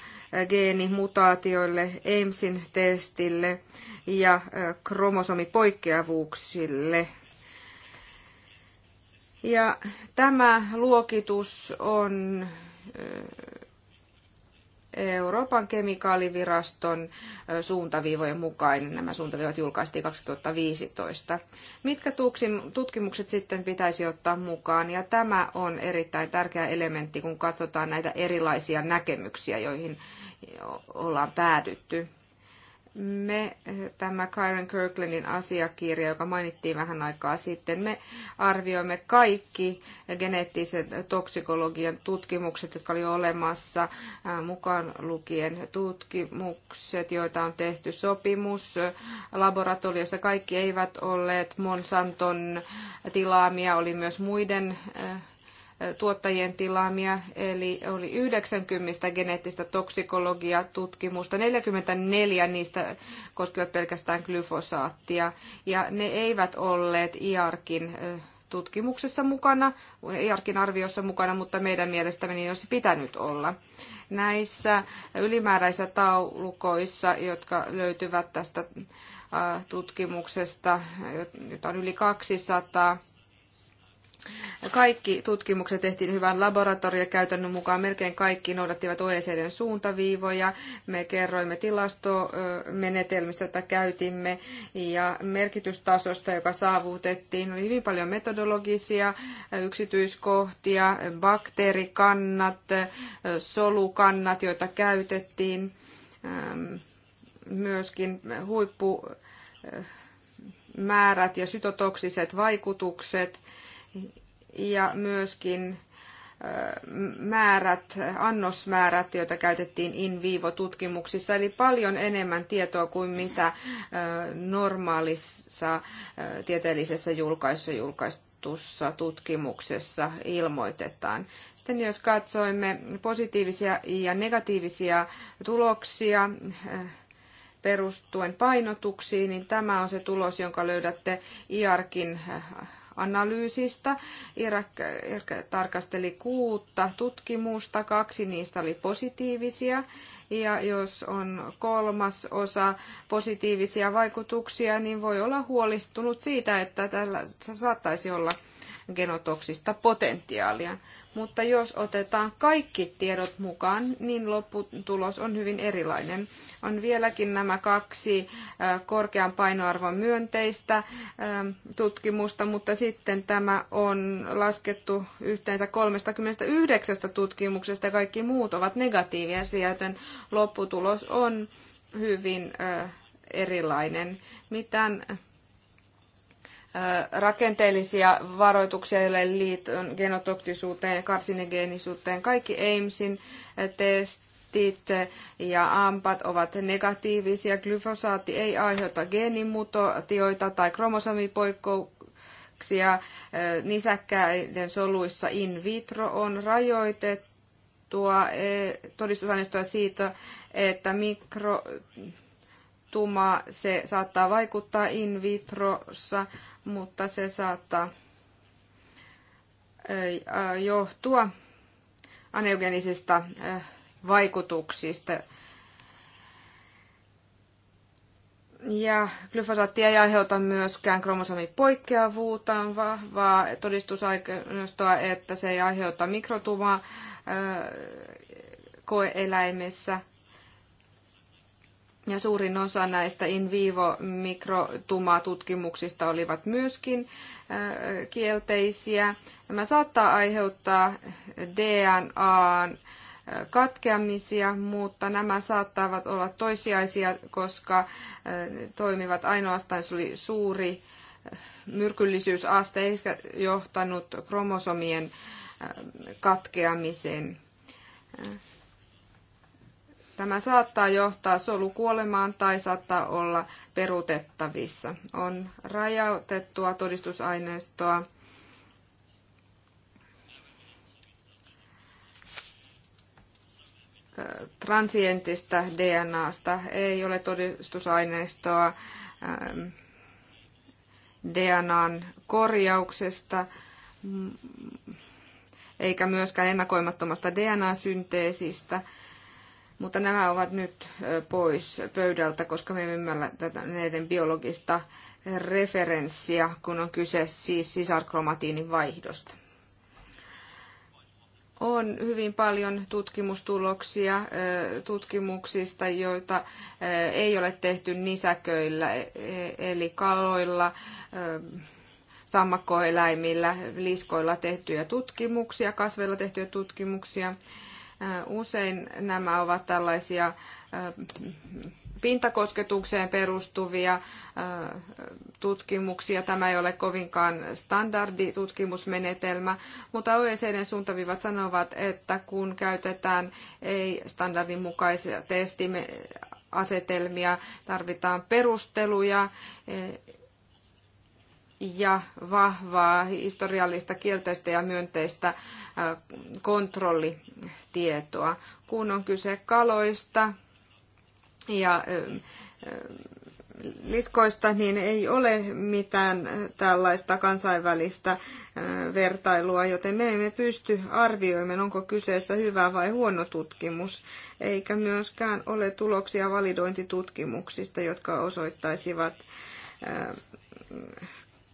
geenimutaatioille, EIMSin testille ja kromosomipoikkeavuuksille – ja tämä luokitus on Euroopan kemikaaliviraston suuntaviivojen mukainen. Nämä suuntaviivat julkaistiin 2015. Mitkä tutkimukset sitten pitäisi ottaa mukaan? Ja tämä on erittäin tärkeä elementti, kun katsotaan näitä erilaisia näkemyksiä, joihin ollaan päädytty me eh, tämä Kyron Kirklandin asiakirja, joka mainittiin vähän aikaa sitten, me arvioimme kaikki geneettiset toksikologian tutkimukset, jotka oli olemassa, mukaan lukien tutkimukset, joita on tehty sopimus laboratoriossa. Kaikki eivät olleet Monsanton tilaamia, oli myös muiden tuottajien tilaamia, eli oli 90 geneettistä toksikologiatutkimusta, 44 niistä koskivat pelkästään glyfosaattia, ja ne eivät olleet IARKin e tutkimuksessa mukana, IARKin e arviossa mukana, mutta meidän mielestämme niin olisi pitänyt olla. Näissä ylimääräisissä taulukoissa, jotka löytyvät tästä tutkimuksesta, jota on yli 200, kaikki tutkimukset tehtiin hyvän laboratoriokäytännön mukaan. Melkein kaikki noudattivat OECDn suuntaviivoja. Me kerroimme tilastomenetelmistä, joita käytimme ja merkitystasosta, joka saavutettiin. Oli hyvin paljon metodologisia yksityiskohtia, bakteerikannat, solukannat, joita käytettiin. Ähm, myöskin huippumäärät äh, ja sytotoksiset vaikutukset ja myöskin määrät, annosmäärät, joita käytettiin in vivo tutkimuksissa, eli paljon enemmän tietoa kuin mitä normaalissa tieteellisessä julkaisussa julkaistussa tutkimuksessa ilmoitetaan. Sitten jos katsoimme positiivisia ja negatiivisia tuloksia perustuen painotuksiin, niin tämä on se tulos, jonka löydätte IARKin analyysistä. Irak tarkasteli kuutta tutkimusta, kaksi niistä oli positiivisia. Ja jos on kolmas osa positiivisia vaikutuksia, niin voi olla huolestunut siitä, että tällä saattaisi olla genotoksista potentiaalia mutta jos otetaan kaikki tiedot mukaan, niin lopputulos on hyvin erilainen. On vieläkin nämä kaksi korkean painoarvon myönteistä tutkimusta, mutta sitten tämä on laskettu yhteensä 39 tutkimuksesta ja kaikki muut ovat negatiivisia, joten lopputulos on hyvin erilainen. Mitään rakenteellisia varoituksia, joille liittyy genotoktisuuteen, karsinegeenisuuteen. Kaikki Amesin testit ja AMPAT ovat negatiivisia. Glyfosaatti ei aiheuta geenimutoitioita tai kromosomipoikkouksia. Nisäkkäiden soluissa in vitro on rajoitettua e, todistusaineistoa siitä, että mikro tuma, se saattaa vaikuttaa in vitrossa, mutta se saattaa johtua aneugenisista vaikutuksista. Ja glyfosaatti ei aiheuta myöskään kromosomipoikkeavuutta, on vahvaa todistusaineistoa, että se ei aiheuta mikrotumaa koeeläimessä – ja suurin osa näistä in vivo mikrotumatutkimuksista olivat myöskin äh, kielteisiä. Nämä saattaa aiheuttaa DNAn äh, katkeamisia, mutta nämä saattavat olla toisiaisia, koska äh, toimivat ainoastaan, jos oli suuri myrkyllisyysaste, eikä johtanut kromosomien katkeamiseen. Tämä saattaa johtaa solukuolemaan tai saattaa olla peruutettavissa. On rajautettua todistusaineistoa. transientista DNAsta, ei ole todistusaineistoa ähm, DNAn korjauksesta, mm, eikä myöskään ennakoimattomasta DNA-synteesistä. Mutta nämä ovat nyt pois pöydältä, koska me emme ymmärrä tätä näiden biologista referenssiä, kun on kyse siis sisarkromatiinin vaihdosta. On hyvin paljon tutkimustuloksia tutkimuksista, joita ei ole tehty nisäköillä, e, e, eli kaloilla, sammakkoeläimillä, liskoilla tehtyjä tutkimuksia, kasveilla tehtyjä tutkimuksia. Usein nämä ovat tällaisia pintakosketukseen perustuvia tutkimuksia. Tämä ei ole kovinkaan standarditutkimusmenetelmä, mutta OECDn suuntaviivat sanovat, että kun käytetään ei-standardin mukaisia testiasetelmia, tarvitaan perusteluja ja vahvaa historiallista kielteistä ja myönteistä äh, kontrollitietoa. Kun on kyse kaloista ja liskoista, niin ei ole mitään tällaista kansainvälistä vertailua, joten me emme pysty arvioimaan, onko kyseessä hyvä vai huono tutkimus, eikä myöskään ole tuloksia validointitutkimuksista, jotka osoittaisivat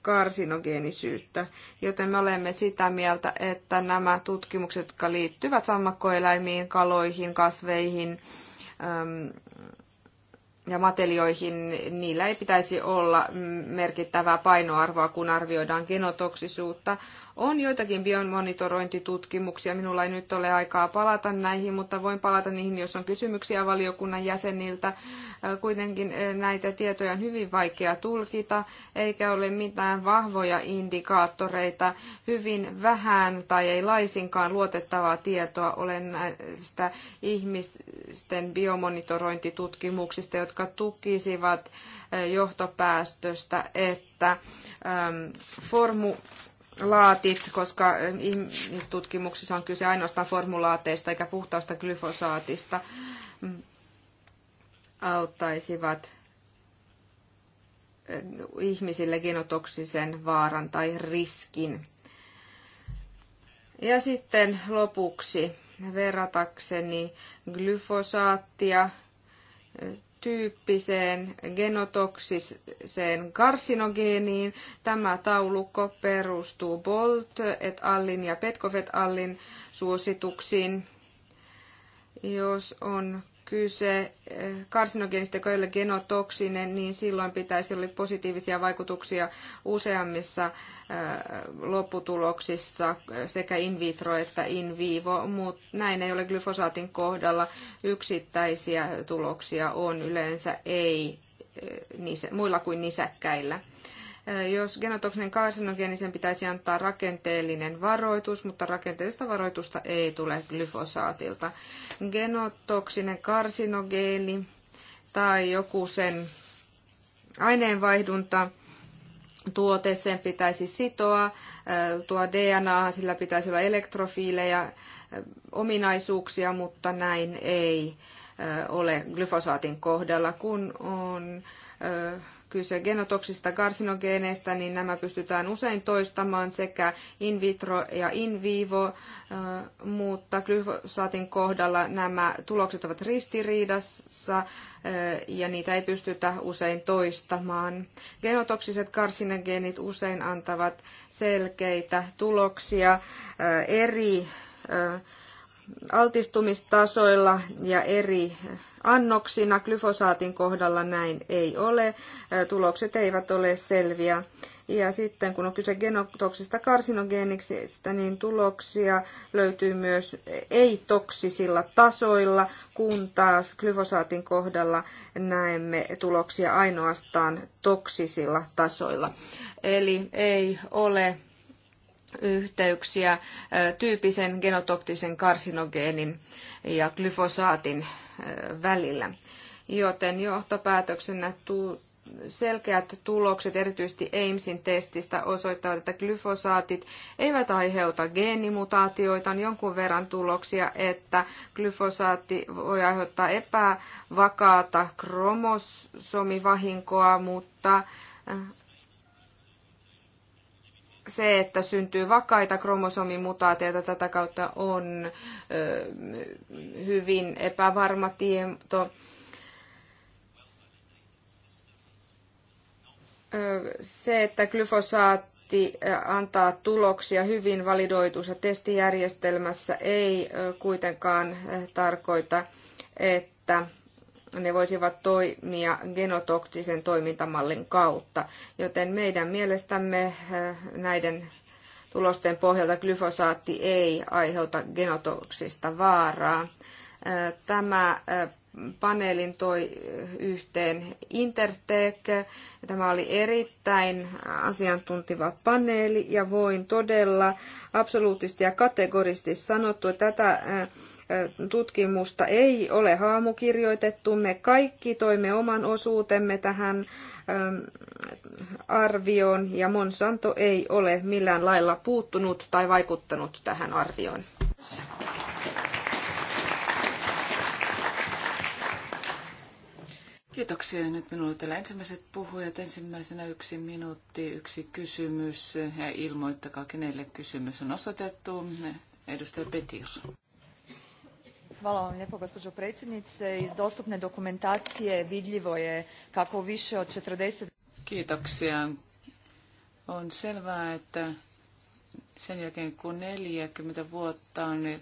karsinogeenisyyttä, joten me olemme sitä mieltä, että nämä tutkimukset, jotka liittyvät sammakkoeläimiin, kaloihin, kasveihin ja matelioihin, niillä ei pitäisi olla merkittävää painoarvoa, kun arvioidaan genotoksisuutta. On joitakin biomonitorointitutkimuksia, minulla ei nyt ole aikaa palata näihin, mutta voin palata niihin, jos on kysymyksiä valiokunnan jäseniltä. Äh, kuitenkin äh, näitä tietoja on hyvin vaikea tulkita, eikä ole mitään vahvoja indikaattoreita, hyvin vähän tai ei laisinkaan luotettavaa tietoa ole näistä ihmisten biomonitorointitutkimuksista, jotka tukisivat äh, johtopäästöstä, että ähm, formu laatit, koska eh, ihmistutkimuksissa on kyse ainoastaan formulaateista eikä puhtaasta glyfosaatista, mm, auttaisivat eh, ihmisille genotoksisen vaaran tai riskin. Ja sitten lopuksi verratakseni glyfosaattia eh, tyyppiseen genotoksiseen karsinogeeniin. Tämä taulukko perustuu Bolt et Allin ja Petkovet Allin suosituksiin. Jos on kyse eh, karsinogenista, joka on genotoksinen, niin silloin pitäisi olla positiivisia vaikutuksia useammissa eh, lopputuloksissa eh, sekä in vitro että in vivo, mutta näin ei ole glyfosaatin kohdalla. Yksittäisiä tuloksia on yleensä ei muilla kuin nisäkkäillä. Jos genotoksinen karsinogeeni, sen pitäisi antaa rakenteellinen varoitus, mutta rakenteellista varoitusta ei tule glyfosaatilta. Genotoksinen karsinogeeni tai joku sen aineenvaihdunta, tuote, sen pitäisi sitoa, tuo DNA, sillä pitäisi olla elektrofiileja, ominaisuuksia, mutta näin ei ole glyfosaatin kohdalla, kun on kyse genotoksista karsinogeeneistä, niin nämä pystytään usein toistamaan sekä in vitro ja in vivo, mutta glyfosaatin kohdalla nämä tulokset ovat ristiriidassa ja niitä ei pystytä usein toistamaan. Genotoksiset karsinogeenit usein antavat selkeitä tuloksia eri altistumistasoilla ja eri annoksina. Glyfosaatin kohdalla näin ei ole. Tulokset eivät ole selviä. Ja sitten kun on kyse genotoksista karsinogeeniksistä, niin tuloksia löytyy myös ei-toksisilla tasoilla, kun taas glyfosaatin kohdalla näemme tuloksia ainoastaan toksisilla tasoilla. Eli ei ole yhteyksiä tyypisen genotoktisen karsinogeenin ja glyfosaatin välillä. Joten johtopäätöksenä selkeät tulokset erityisesti Amesin testistä osoittavat, että glyfosaatit eivät aiheuta geenimutaatioita. On jonkun verran tuloksia, että glyfosaatti voi aiheuttaa epävakaata kromosomivahinkoa, mutta se, että syntyy vakaita kromosomimutaatioita, tätä kautta on hyvin epävarma tieto. Se, että glyfosaatti antaa tuloksia hyvin validoitussa testijärjestelmässä, ei kuitenkaan tarkoita, että ne voisivat toimia genotoksisen toimintamallin kautta. Joten meidän mielestämme eh, näiden tulosten pohjalta glyfosaatti ei aiheuta genotoksista vaaraa. Eh, tämä eh, paneelin toi yhteen Intertek. Tämä oli erittäin asiantuntiva paneeli ja voin todella absoluuttisesti ja kategorisesti sanottua, että tätä tutkimusta ei ole haamukirjoitettu. Me kaikki toimme oman osuutemme tähän ähm, arvioon ja Monsanto ei ole millään lailla puuttunut tai vaikuttanut tähän arvioon. Kiitoksia. Nyt minulla täällä ensimmäiset puhujat. Ensimmäisenä yksi minuutti, yksi kysymys. Ja ilmoittakaa, kenelle kysymys on osoitettu. Edustaja Petir gospođo predsjednice iz dostupne dokumentacije vidljivo je kako u više od 40... Kiitoksia. On selvää, että sen jälkeen kun 40 vuotta on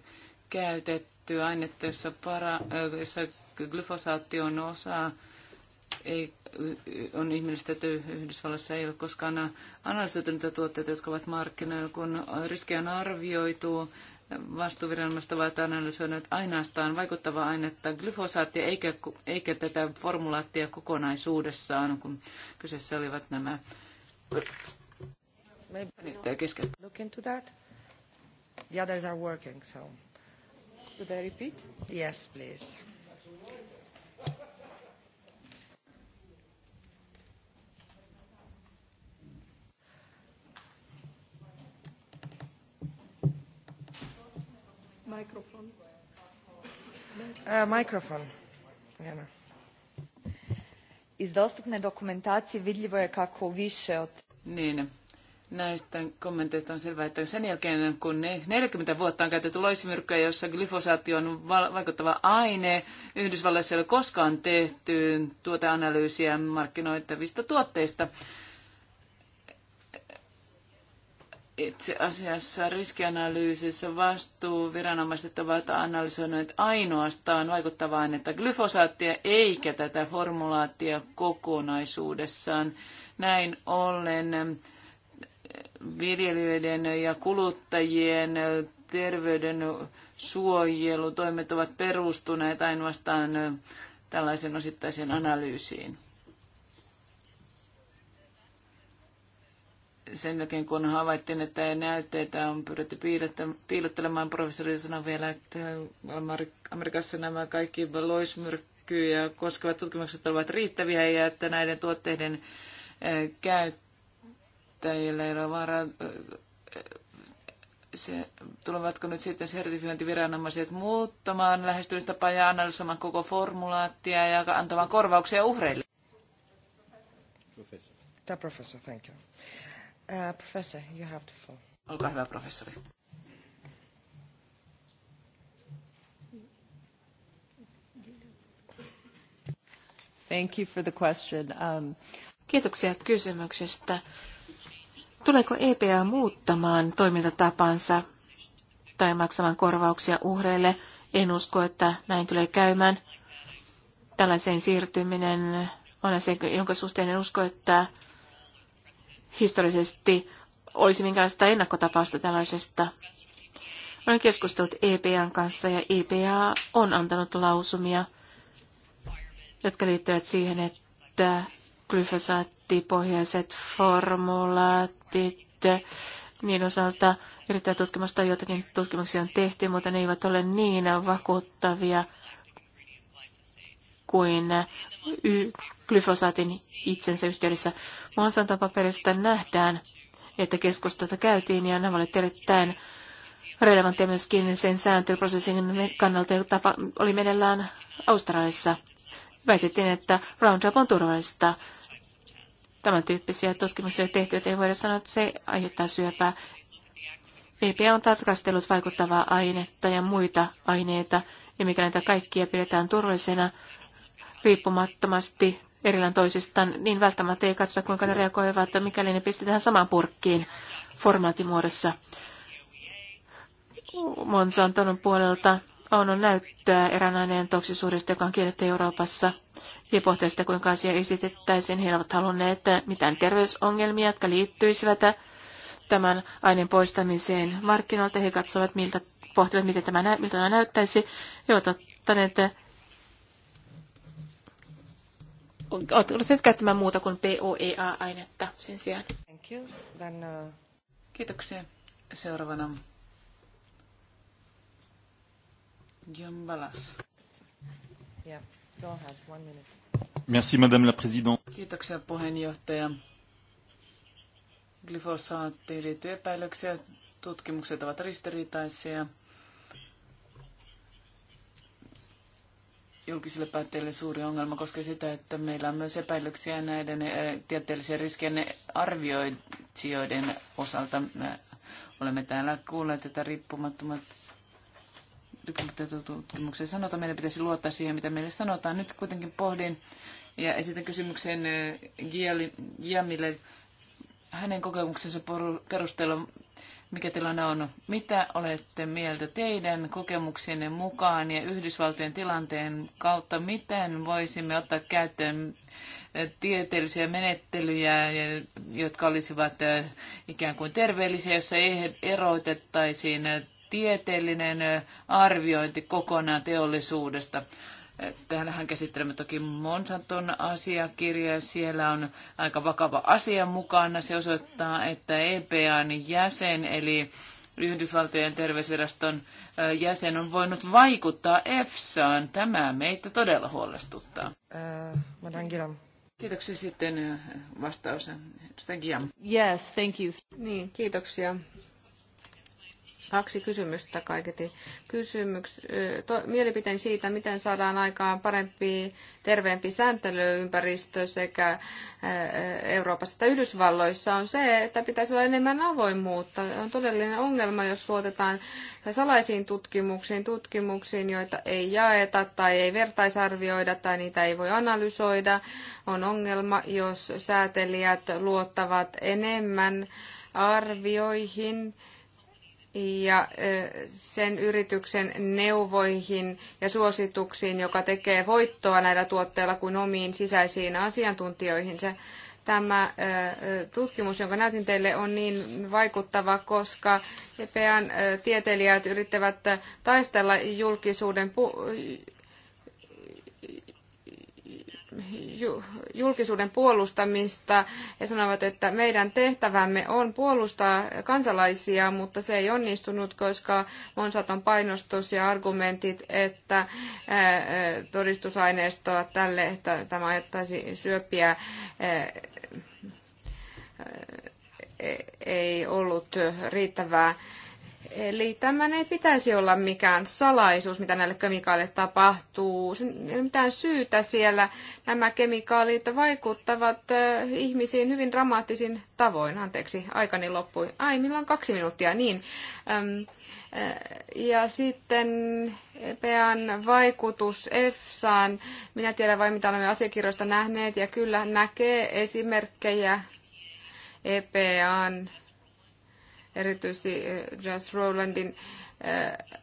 käytetty ainetta, jossa, para, äh, jossa glyfosaatti on osa, ei, on ihmillistä, Yhdysvalloissa ei ole koskaan analysoitu niitä tuotteita, jotka ovat markkinoilla, kun riskejä on arvioitu vastuuviranomaiset ovat analysoineet ainoastaan vaikuttavaa ainetta glyfosaattia, eikä, eikä tätä formulaattia kokonaisuudessaan, kun kyseessä olivat nämä kesken. Look into that. The others are working, so. Should I repeat? Yes, please. E, no. Iz dostupne dokumentacije vidljivo je kako više od... Niin, näistä kommenteista on selvää, että sen jälkeen kun 40 vuotta on käytetty loisimyrkkyä, jossa glyfosaatio on vaikuttava aine, Yhdysvalloissa ei ole koskaan tehty tuoteanalyysiä analyysiä markkinoittavista tuotteista itse asiassa riskianalyysissä vastuu viranomaiset ovat analysoineet ainoastaan vaikuttavaa ainetta glyfosaattia eikä tätä formulaattia kokonaisuudessaan. Näin ollen eh, viljelijöiden ja kuluttajien terveyden suojelutoimet ovat perustuneet ainoastaan eh, tällaisen osittaisen analyysiin. sen jälkeen, kun havaittiin, että näytteitä on pyritty piilottelemaan, professori sanoi vielä, että Amerikassa nämä kaikki loismyrkkyjä koskevat tutkimukset ovat riittäviä ja että näiden tuotteiden eh, käyttäjillä ei ole varaa. Eh, se, tulevatko nyt sitten sertifiointiviranomaiset muuttamaan lähestymistapaa ja analysoimaan koko formulaattia ja antamaan korvauksia uhreille? Professor. Professor, thank you. Uh, professor, you have the floor. Olkaa hyvä, professori. Thank you for the question. Um... Kiitoksia kysymyksestä. Tuleeko EPA muuttamaan toimintatapansa tai maksamaan korvauksia uhreille? En usko, että näin tulee käymään. Tällaiseen siirtyminen on se, jonka suhteen en usko, että historiallisesti olisi minkälaista ennakkotapausta tällaisesta. Olen keskustellut EPAn kanssa ja EPA on antanut lausumia, jotka liittyvät siihen, että glyfosaattipohjaiset formulaatit niin osalta yrittää tutkimusta, joitakin tutkimuksia on tehty, mutta ne eivät ole niin vakuuttavia kuin glyfosaatin itsensä yhteydessä. Monsanton paperista nähdään, että keskustelta käytiin ja nämä olivat erittäin relevantteja myöskin sen sääntelyprosessin kannalta, joka oli meneillään Australiassa. Väitettiin, että Roundup on turvallista. Tämän tyyppisiä tutkimuksia ei tehty, ei voida sanoa, että se aiheuttaa syöpää. EPA on tarkastellut vaikuttavaa ainetta ja muita aineita, ja mikä näitä kaikkia pidetään turvallisena riippumattomasti erillään toisistaan, niin välttämättä ei katsota, kuinka ne reagoivat, mikäli ne pistetään samaan purkkiin formaatimuodossa. Monsanton puolelta on näyttöä eräänlainen toksisuudesta, joka on kielletty Euroopassa, ja pohtia sitä, kuinka asia esitettäisiin. He ovat halunneet mitään terveysongelmia, jotka liittyisivät tämän aineen poistamiseen markkinoilta. He katsovat, miltä, pohtivat, miten tämä, miltä tämä näyttäisi. He ovat ottaneet Oletko nyt käyttämään muuta kuin POEA-ainetta sen sijaan. Thank you. Then, uh... Kiitoksia. Seuraavana Jambalas. Yeah. Merci, Madame la Présidente. Kiitoksia puheenjohtaja. Glyfosaattiin liittyy epäilyksiä. Tutkimukset ovat ristiriitaisia julkisille päättäjille suuri ongelma koskee sitä, että meillä on myös epäilyksiä näiden eh, tieteellisen riskien arvioitsijoiden osalta. Me olemme täällä kuulleet, että riippumattomat tutkimuksen sanotaan, meidän pitäisi luottaa siihen, mitä meille sanotaan. Nyt kuitenkin pohdin ja esitän kysymyksen eh, Giamille hänen kokemuksensa perusteella mikä tilanne on. Mitä olette mieltä teidän kokemuksienne mukaan ja Yhdysvaltojen tilanteen kautta, miten voisimme ottaa käyttöön eh, tieteellisiä menettelyjä, jotka olisivat eh, ikään kuin terveellisiä, jossa erotettaisiin eh, tieteellinen arviointi kokonaan teollisuudesta. Täällähän käsittelemme toki Monsanton asiakirjaa. Siellä on aika vakava asia mukana. Se osoittaa, että EPAn jäsen, eli Yhdysvaltojen terveysviraston jäsen, on voinut vaikuttaa EFSAan. Tämä meitä todella huolestuttaa. Ää, äh, Kiitoksia sitten vastaus. Yes, thank you. Niin, kiitoksia kaksi kysymystä kaiketi. Kysymyks, to, mielipiteen siitä, miten saadaan aikaan parempi, terveempi sääntelyympäristö sekä Euroopassa että Yhdysvalloissa on se, että pitäisi olla enemmän avoimuutta. On todellinen ongelma, jos luotetaan salaisiin tutkimuksiin, tutkimuksiin, joita ei jaeta tai ei vertaisarvioida tai niitä ei voi analysoida. On ongelma, jos säätelijät luottavat enemmän arvioihin ja sen yrityksen neuvoihin ja suosituksiin, joka tekee voittoa näillä tuotteilla kuin omiin sisäisiin asiantuntijoihinsa. Tämä tutkimus, jonka näytin teille, on niin vaikuttava, koska EPEAN tieteilijät yrittävät taistella julkisuuden julkisuuden puolustamista ja sanovat, että meidän tehtävämme on puolustaa kansalaisia, mutta se ei onnistunut, koska Monsanton painostus ja argumentit, että todistusaineistoa tälle, että tämä aiheuttaisi syöpiä, ei ollut riittävää. Eli tämän ei pitäisi olla mikään salaisuus, mitä näille kemikaaleille tapahtuu. Ei ole mitään syytä siellä. Nämä kemikaalit vaikuttavat ihmisiin hyvin dramaattisin tavoin. Anteeksi, aikani loppui. Ai, milloin kaksi minuuttia, niin. Ja sitten EPAn vaikutus EFSAan. Minä tiedän vain, mitä olemme asiakirjoista nähneet, ja kyllä näkee esimerkkejä EPAn erityisesti eh, Jazz Rowlandin eh,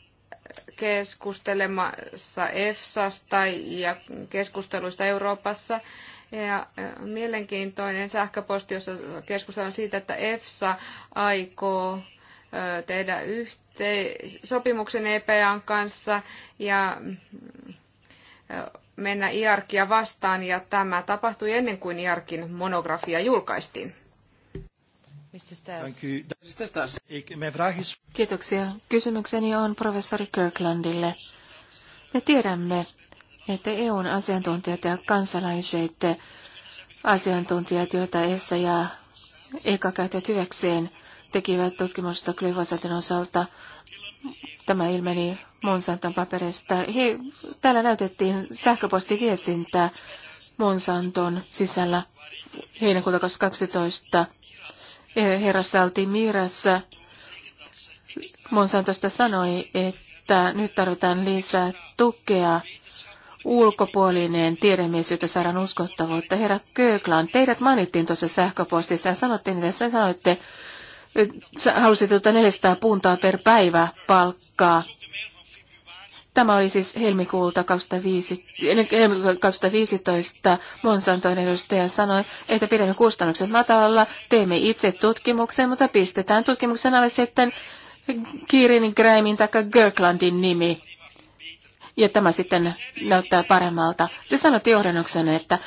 keskustelemassa EFSAsta ja keskusteluista Euroopassa. Ja eh, mielenkiintoinen sähköposti, jossa keskustellaan siitä, että EFSA aikoo tehdä yhte- sopimuksen EPAn kanssa ja mennä IARKia vastaan, ja tämä tapahtui ennen kuin IARKin monografia julkaistiin. Kiitoksia. Kysymykseni on professori Kirklandille. Me tiedämme, että EUn asiantuntijat ja kansalaiset, asiantuntijat, joita Essa ja Eka käytät hyväkseen, tekivät tutkimusta glyfosatin osalta. Tämä ilmeni Monsanton paperista. He, täällä näytettiin sähköpostiviestintää Monsanton sisällä heinäkuuta 2012 herra Salti Miras Monsantosta sanoi, että nyt tarvitaan lisää tukea ulkopuolinen jota saadaan uskottavuutta. Herra Köklan, teidät mainittiin tuossa sähköpostissa ja sanotte, että sanoitte, halusitte 400 puntaa per päivä palkkaa Tämä oli siis helmikuulta 2015. Monsanton edustaja sanoi, että pidämme kustannukset matalalla, teemme itse tutkimuksen, mutta pistetään tutkimuksen alle sitten Kirin, Graimin tai Görklandin nimi. Ja tämä sitten näyttää paremmalta. Se sanoi johdannuksen, että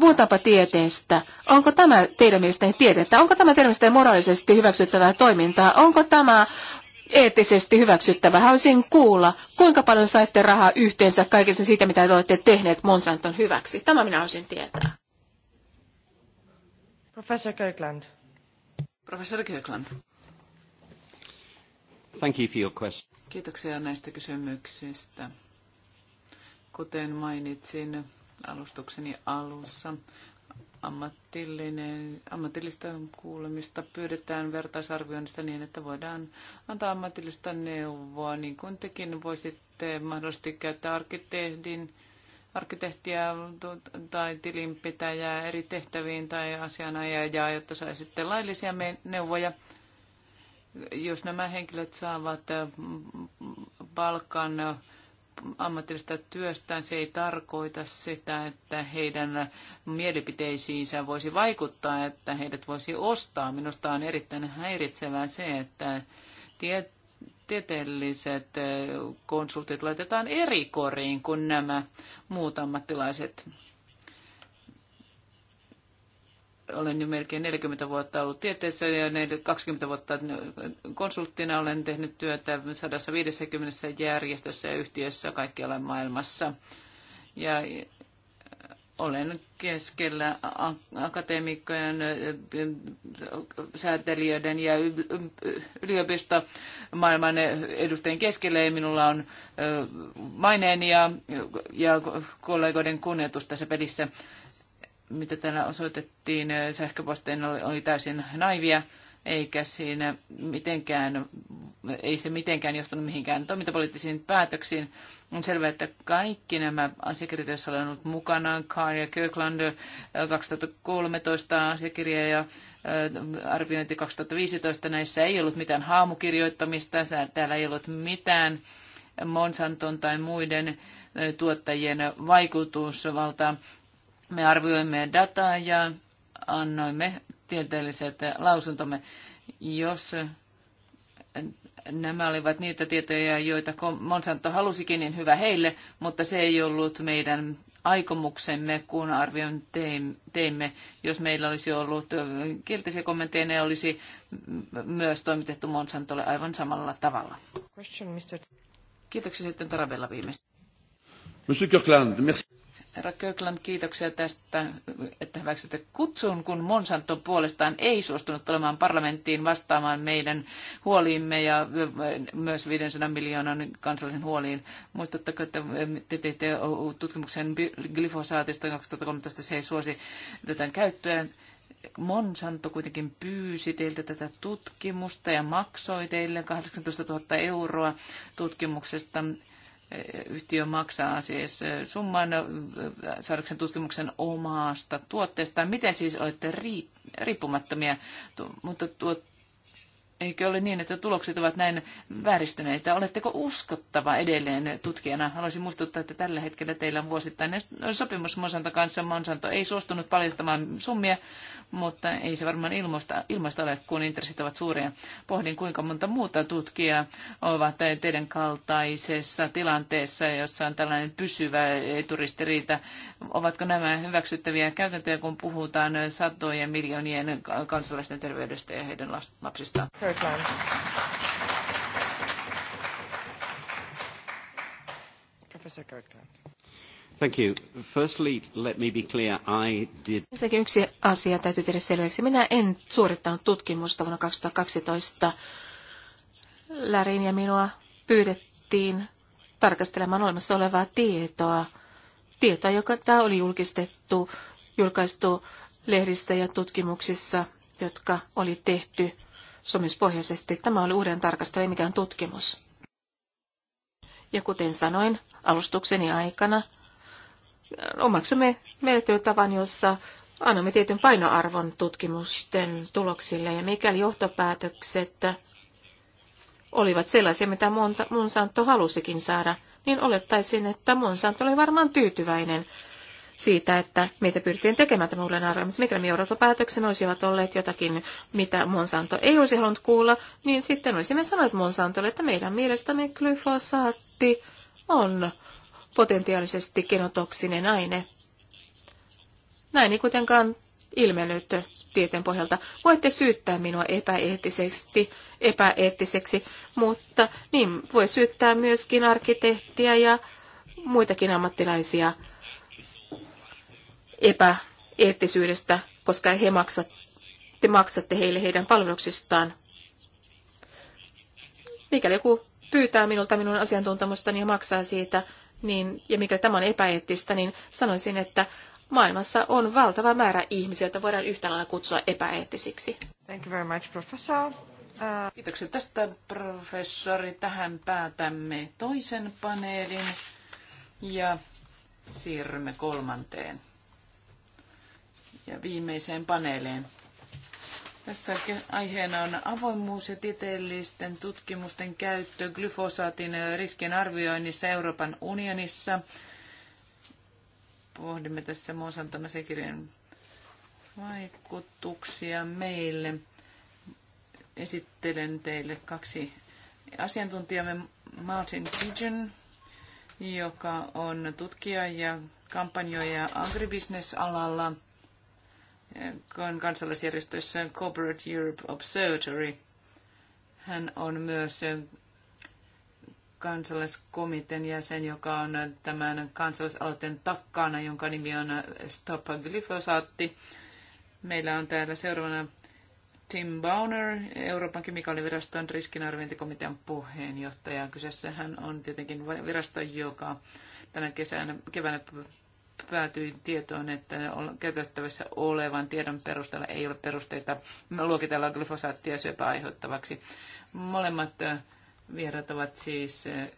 puhutaanpa tieteestä. Onko tämä teidän mielestänne tiedettä? Onko tämä teidän mielestänne moraalisesti hyväksyttävää toimintaa? Onko tämä eettisesti hyväksyttävä. Haluaisin kuulla, kuinka paljon saitte rahaa yhteensä kaikessa siitä, mitä te olette tehneet Monsanton hyväksi. Tämä minä haluaisin tietää. Professor Kirkland. Professor Kirkland. Thank you for your question. Kiitoksia näistä kysymyksistä. Kuten mainitsin alustukseni alussa, ammatillinen, ammatillista kuulemista pyydetään vertaisarvioinnista niin, että voidaan antaa ammatillista neuvoa, niin kuin tekin voisitte mahdollisesti käyttää arkkitehdin, arkkitehtiä tai tilinpitäjää eri tehtäviin tai asianajajaa, jotta saisitte laillisia neuvoja. Jos nämä henkilöt saavat mm, palkan ammatillisesta työstään, se ei tarkoita sitä, että heidän mielipiteisiinsä voisi vaikuttaa, että heidät voisi ostaa. Minusta on erittäin häiritsevää se, että tieteelliset eh, konsultit laitetaan eri koriin kuin nämä muut ammattilaiset olen jo melkein 40 vuotta ollut tieteessä ja 20 vuotta konsulttina olen tehnyt työtä 150 järjestössä ja yhtiössä kaikkialla maailmassa. Ja olen keskellä akateemikkojen, säätelijöiden ja yliopistomaailman edustajien keskellä ja minulla on maineen ja, ja kollegoiden kunnioitus tässä pelissä mitä täällä osoitettiin sähköposteina oli, oli täysin naivia, eikä siinä mitenkään, ei se mitenkään johtunut mihinkään toimintapoliittisiin päätöksiin. On selvää, että kaikki nämä asiakirjat, joissa olen ollut mukana, Carr ja Kirkland 2013 äh, asiakirja ja äh, arviointi 2015, näissä ei ollut mitään haamukirjoittamista, täällä ei ollut mitään Monsanton tai muiden äh, tuottajien vaikutusvaltaa. Me arvioimme dataa ja annoimme tieteelliset lausuntomme. Jos nämä olivat niitä tietoja, joita Monsanto halusikin, niin hyvä heille, mutta se ei ollut meidän aikomuksemme, kun arvion teimme. Jos meillä olisi ollut kielteisiä kommentteja, ne olisi myös toimitettu Monsantolle aivan samalla tavalla. Question, Kiitoksia sitten Tarabella viimeistä. Monsieur Kirkland, merci. Herra Kökland, kiitoksia tästä, että hyväksytte kutsun, kun Monsanto puolestaan ei suostunut olemaan parlamenttiin vastaamaan meidän huoliimme ja myös 500 miljoonan kansallisen huoliin. Muistatteko, että te teitte tutkimuksen glyfosaatista 2013, se ei suosi tätä käyttöä. Monsanto kuitenkin pyysi teiltä tätä tutkimusta ja maksoi teille 18 000 euroa tutkimuksesta yhtiö maksaa siis summan saadakseen tutkimuksen omasta tuotteestaan. Miten siis olette riippumattomia, mutta tuot, Eikö ole niin, että tulokset ovat näin vääristyneitä? Oletteko uskottava edelleen tutkijana? Haluaisin muistuttaa, että tällä hetkellä teillä on vuosittainen sopimus Monsanto kanssa. Monsanto ei suostunut paljastamaan summia, mutta ei se varmaan ilmoista, ilmoista ole, kun intressit ovat suuria. Pohdin, kuinka monta muuta tutkijaa ovat teidän kaltaisessa tilanteessa, jossa on tällainen pysyvä turistiriita. Ovatko nämä hyväksyttäviä käytäntöjä, kun puhutaan satojen miljoonien kansalaisten terveydestä ja heidän lapsistaan? Kirkland. Professor Kirkland. Thank you. Firstly, let me be clear, I did... Sekin yksi asia täytyy tehdä selväksi. Minä en suorittanut tutkimusta vuonna 2012. Lärin ja minua pyydettiin tarkastelemaan olemassa olevaa tietoa. Tietoa, joka tämä oli julkistettu, julkaistu lehdistä ja tutkimuksissa, jotka oli tehty sopimuspohjaisesti. Tämä oli uuden tarkastelu, ei mikään tutkimus. Ja kuten sanoin alustukseni aikana, omaksumme menettelytavan, jossa annamme tietyn painoarvon tutkimusten tuloksille ja mikäli johtopäätökset olivat sellaisia, mitä Monsanto halusikin saada, niin olettaisin, että Monsanto oli varmaan tyytyväinen siitä, että mitä pyrittiin tekemään tämä uuden arvio. Mutta mikäli johtopäätöksen olisivat olleet jotakin, mitä Monsanto ei olisi halunnut kuulla, niin sitten olisimme sanoneet Monsantolle, että meidän mielestämme glyfosaatti on potentiaalisesti genotoksinen aine. Näin ei kuitenkaan ilmennyt tieteen pohjalta. Voitte syyttää minua epäeettiseksi, epäeettiseksi, mutta niin voi syyttää myöskin arkkitehtiä ja muitakin ammattilaisia epäeettisyydestä, koska he maksat, te maksatte heille heidän palveluksistaan. Mikäli joku pyytää minulta minun asiantuntemustani ja maksaa siitä, niin, ja mikä tämä on epäeettistä, niin sanoisin, että maailmassa on valtava määrä ihmisiä, joita voidaan yhtä lailla kutsua epäeettisiksi. Thank you very much, professor. Uh... Kiitokset tästä, professori. Tähän päätämme toisen paneelin ja siirrymme kolmanteen ja viimeiseen paneeliin. Tässä aiheena on avoimuus ja tieteellisten tutkimusten käyttö glyfosaatin riskien arvioinnissa Euroopan unionissa. Pohdimme tässä Monsanton sekirjan vaikutuksia meille. Esittelen teille kaksi asiantuntijamme Martin Pigeon, joka on tutkija ja kampanjoija agribusiness-alalla – kansalaisjärjestössä Corporate Europe Observatory. Hän on myös kansalaiskomitean jäsen, joka on tämän kansalaisaloitteen takkana, jonka nimi on Stop Glyfosaatti. Meillä on täällä seuraavana Tim Bauner, Euroopan kemikaaliviraston riskinarviointikomitean puheenjohtaja. Kyseessä hän on tietenkin virasto, joka tänä kesänä, keväänä päätyi tietoon, että käytettävissä olevan tiedon perusteella ei ole perusteita luokitella glyfosaattia syöpäaiheuttavaksi. Molemmat äh, vierat ovat siis äh,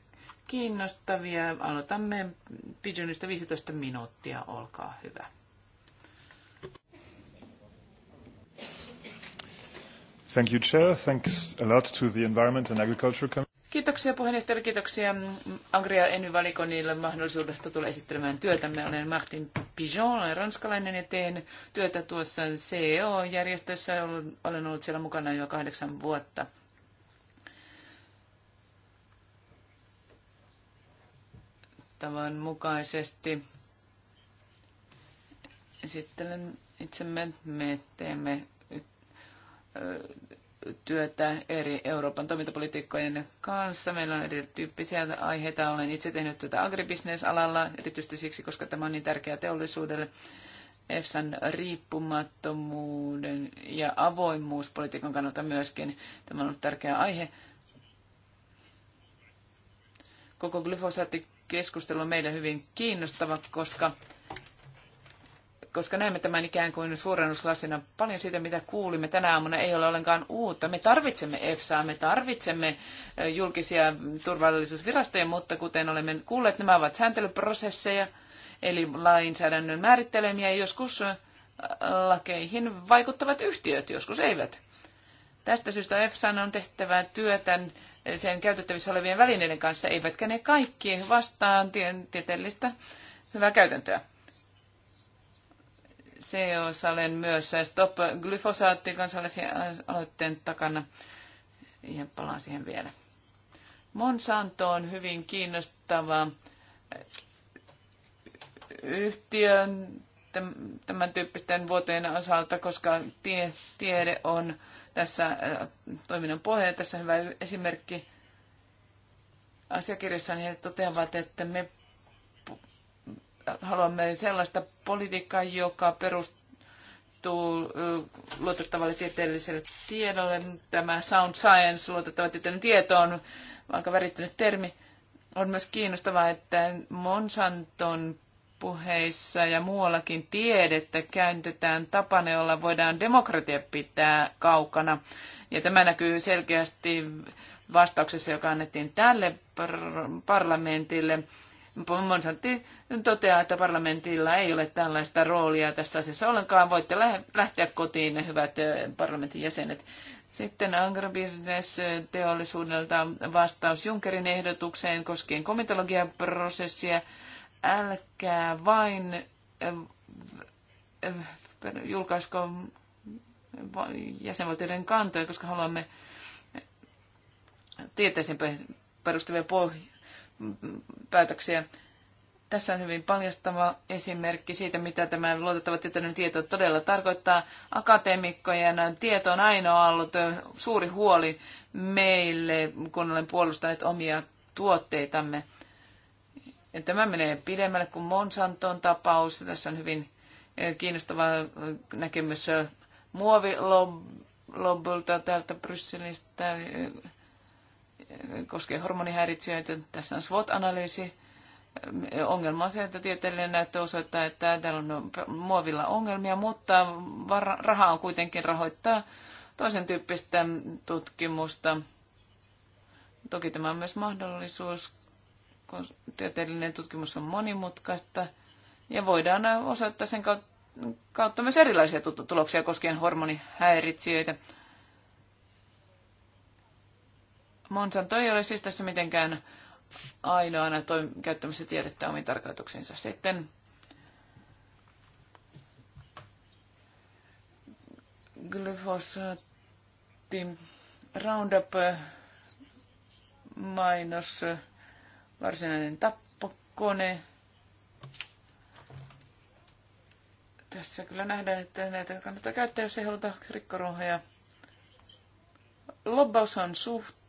kiinnostavia. Aloitamme Pigeonista 15 minuuttia, olkaa hyvä. Thank you, Chair. Thanks a lot to the Environment and Agriculture Committee. Kiitoksia puheenjohtajalle, kiitoksia Angria Envy-valikonille mahdollisuudesta tulla esittelemään työtämme. Olen Martin Pigeon, olen ranskalainen ja teen työtä tuossa CEO-järjestössä. Olen ollut siellä mukana jo kahdeksan vuotta. Tavan mukaisesti esittelen itsemme. Me teemme työtä eri Euroopan toimintapolitiikkojen kanssa. Meillä on erityyppisiä aiheita. Olen itse tehnyt tätä agribisnesalalla, erityisesti siksi, koska tämä on niin tärkeä teollisuudelle. EFSAn riippumattomuuden ja avoimuuspolitiikan kannalta myöskin. Tämä on ollut tärkeä aihe. Koko glyfosaattikeskustelu on meille hyvin kiinnostava, koska koska näemme tämän ikään kuin suurennuslasina. Paljon siitä, mitä kuulimme tänä aamuna, ei ole ollenkaan uutta. Me tarvitsemme EFSAa, me tarvitsemme julkisia turvallisuusvirastoja, mutta kuten olemme kuulleet, nämä ovat sääntelyprosesseja, eli lainsäädännön määrittelemiä, joskus lakeihin vaikuttavat yhtiöt, joskus eivät. Tästä syystä EFSA on tehtävä työtä sen käytettävissä olevien välineiden kanssa, eivätkä ne kaikki vastaan tieteellistä hyvää käytäntöä. CEO-salen myös Stop Glyfosaatti kansallisen aloitteen takana. Ja palaan siihen vielä. Monsanto on hyvin kiinnostava eh, yhtiö tämän tyyppisten vuoteen osalta, koska tie, tiede on tässä eh, toiminnan pohja. Tässä hyvä esimerkki asiakirjassa he toteavat, että me haluamme sellaista politiikkaa, joka perustuu luotettavalle tieteelliselle tiedolle. Tämä sound science, luotettava tieteellinen tieto on aika värittynyt termi. On myös kiinnostavaa, että Monsanton puheissa ja muuallakin tiedettä käytetään tapana, jolla voidaan demokratia pitää kaukana. Ja tämä näkyy selkeästi vastauksessa, joka annettiin tälle parlamentille Monsanti toteaa, että parlamentilla ei ole tällaista roolia tässä asiassa ollenkaan. Voitte lähteä kotiin, ne hyvät parlamentin jäsenet. Sitten agrobusiness-teollisuudelta vastaus Junckerin ehdotukseen koskien komitologiaprosessia. Älkää vain julkaisko jäsenvaltioiden kantoja, koska haluamme tieteeseen perustuvia pohjia päätöksiä. Tässä on hyvin paljastava esimerkki siitä, mitä tämä luotettava tietoinen tieto todella tarkoittaa. Akateemikkojen tieto on ainoa ollut suuri huoli meille, kun olen puolustanut omia tuotteitamme. Ja tämä menee pidemmälle kuin Monsanton tapaus. Tässä on hyvin eh, kiinnostava eh, näkemys eh, muovilobulta täältä Brysselistä koskee hormonihäiritsijöitä. Tässä on SWOT-analyysi. Ongelma on se, että tieteellinen näyttö osoittaa, että täällä on muovilla ongelmia, mutta raha on kuitenkin rahoittaa toisen tyyppistä tutkimusta. Toki tämä on myös mahdollisuus, kun tieteellinen tutkimus on monimutkaista ja voidaan osoittaa sen kautta myös erilaisia tuloksia koskien hormonihäiritsijöitä. Monsanto ei ole siis tässä mitenkään ainoana toim- käyttämässä tiedettä omiin tarkoituksiinsa. Sitten glyfosaatti Roundup mainos, varsinainen tappokone. Tässä kyllä nähdään, että näitä kannattaa käyttää, jos ei haluta rikkoruohoja. Lobbaus on suht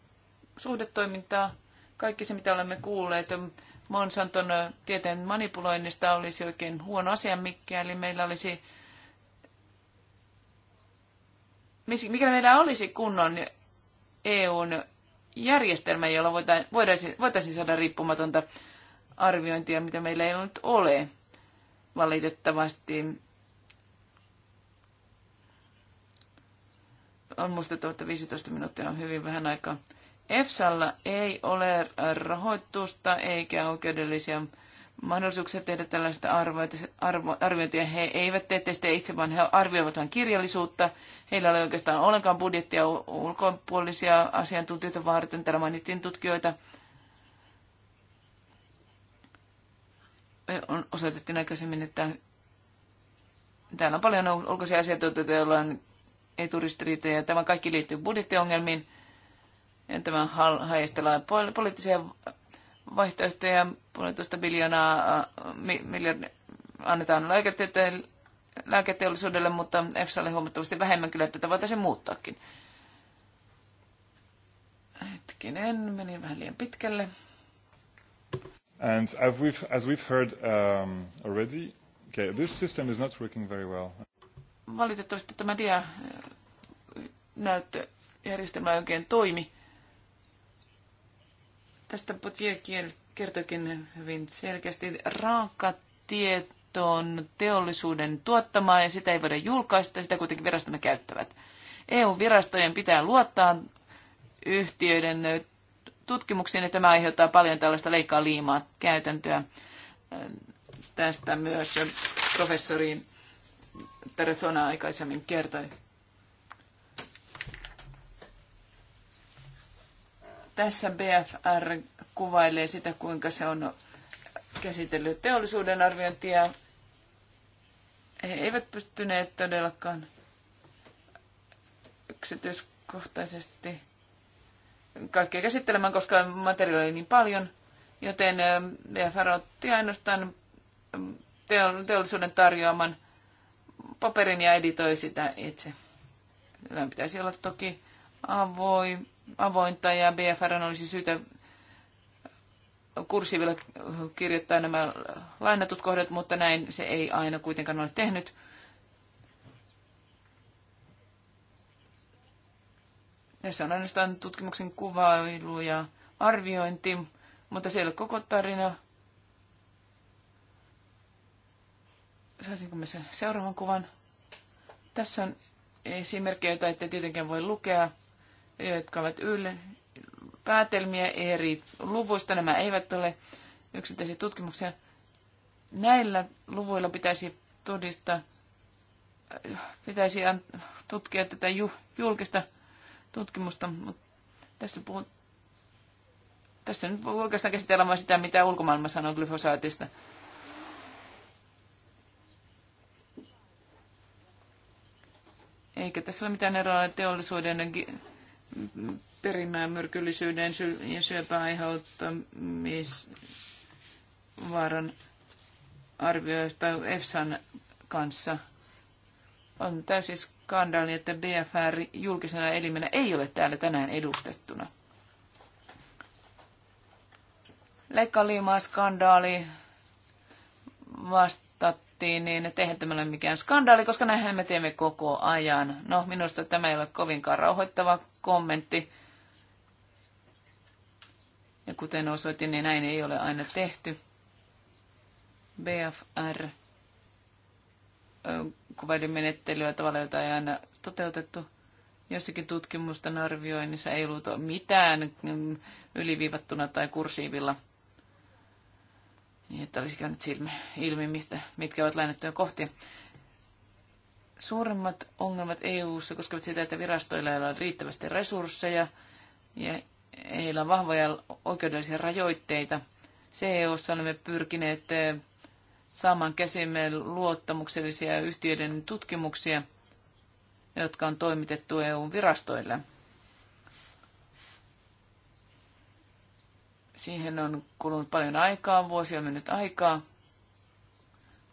suhdetoimintaa. Kaikki se, mitä olemme kuulleet Monsanton tieteen manipuloinnista, olisi oikein huono asia, mikäli meillä olisi Mikä meillä olisi kunnon EUn järjestelmä, jolla voitaisiin, voitaisiin saada riippumatonta arviointia, mitä meillä ei nyt ole valitettavasti. On muistettava, että 15 minuuttia on hyvin vähän aikaa. EFSAlla ei ole rahoitusta eikä oikeudellisia mahdollisuuksia tehdä tällaista arviointia. He eivät tee testejä itse, vaan he arvioivat vain kirjallisuutta. Heillä ei ole oikeastaan ollenkaan budjettia ulkopuolisia asiantuntijoita varten. Täällä mainittiin tutkijoita. Osoitettiin aikaisemmin, että täällä on paljon ulkoisia asiantuntijoita, joilla on eturistiriitoja. Tämä kaikki liittyy budjettiongelmiin tämä haistellaan poliittisia vaihtoehtoja, puolitoista biljoonaa miljardia annetaan lääketeollisuudelle, mutta EFSAlle huomattavasti vähemmän kyllä, että tätä voitaisiin muuttaakin. Hetkinen, menin vähän liian pitkälle. And as we've, as we've heard um, already, okay, this system is not working very well. Valitettavasti tämä dia näyttö järjestelmä ei oikein toimi. Tästä Potier kertokin hyvin selkeästi. Raaka tieto on teollisuuden tuottamaa ja sitä ei voida julkaista, sitä kuitenkin virastomme käyttävät. EU-virastojen pitää luottaa yhtiöiden tutkimuksiin että tämä aiheuttaa paljon tällaista leikkaa liimaa käytäntöä. Tästä myös professori Teresona aikaisemmin kertoi. Tässä BFR kuvailee sitä, kuinka se on käsitellyt teollisuuden arviointia. He eivät pystyneet todellakaan yksityiskohtaisesti kaikkea käsittelemään, koska materiaalia oli niin paljon, joten BFR otti ainoastaan teollisuuden tarjoaman paperin ja editoi sitä itse. Tämän pitäisi olla toki avoin, avointa ja BFR olisi syytä kurssivilla kirjoittaa nämä lainatut kohdat, mutta näin se ei aina kuitenkaan ole tehnyt. Tässä on ainoastaan tutkimuksen kuvailu ja arviointi, mutta siellä koko tarina. Saisinko me sen seuraavan kuvan? Tässä on esimerkkejä, joita ette tietenkään voi lukea jotka ovat yllä päätelmiä eri luvuista. Nämä eivät ole yksittäisiä tutkimuksia. Näillä luvuilla pitäisi todistaa, pitäisi tutkia tätä julkista tutkimusta, mutta tässä puhut, tässä nyt voi oikeastaan käsitellä vain sitä, mitä ulkomaailma sanoo glyfosaatista. Eikä tässä ole mitään eroa teollisuuden perimään myrkyllisyyden ja syöpää aiheuttamisvaaran arvioista EFSAn kanssa. On täysin skandaali, että BFR julkisena elimenä ei ole täällä tänään edustettuna. Leikkaliimaa skandaali vasta tehtiin, niin eihän tämä ole mikään skandaali, koska näinhän me teemme koko ajan. No, minusta tämä ei ole kovinkaan rauhoittava kommentti. Ja kuten osoitin, niin näin ei ole aina tehty. BFR kuvaili menettelyä tavalla, jota ei aina toteutettu. Jossakin tutkimusten arvioinnissa ei ollut mitään mm, yliviivattuna tai kursiivilla – niin että olisi käynyt ilmi, mistä, mitkä ovat lainattuja kohtia. Suurimmat ongelmat EU-ssa koskevat sitä, että virastoilla ei ole riittävästi resursseja ja heillä on vahvoja oikeudellisia rajoitteita. CEOssa olemme pyrkineet eh, saamaan käsimme luottamuksellisia yhtiöiden tutkimuksia, jotka on toimitettu eu virastoille. Siihen on kulunut paljon aikaa, vuosia on mennyt aikaa.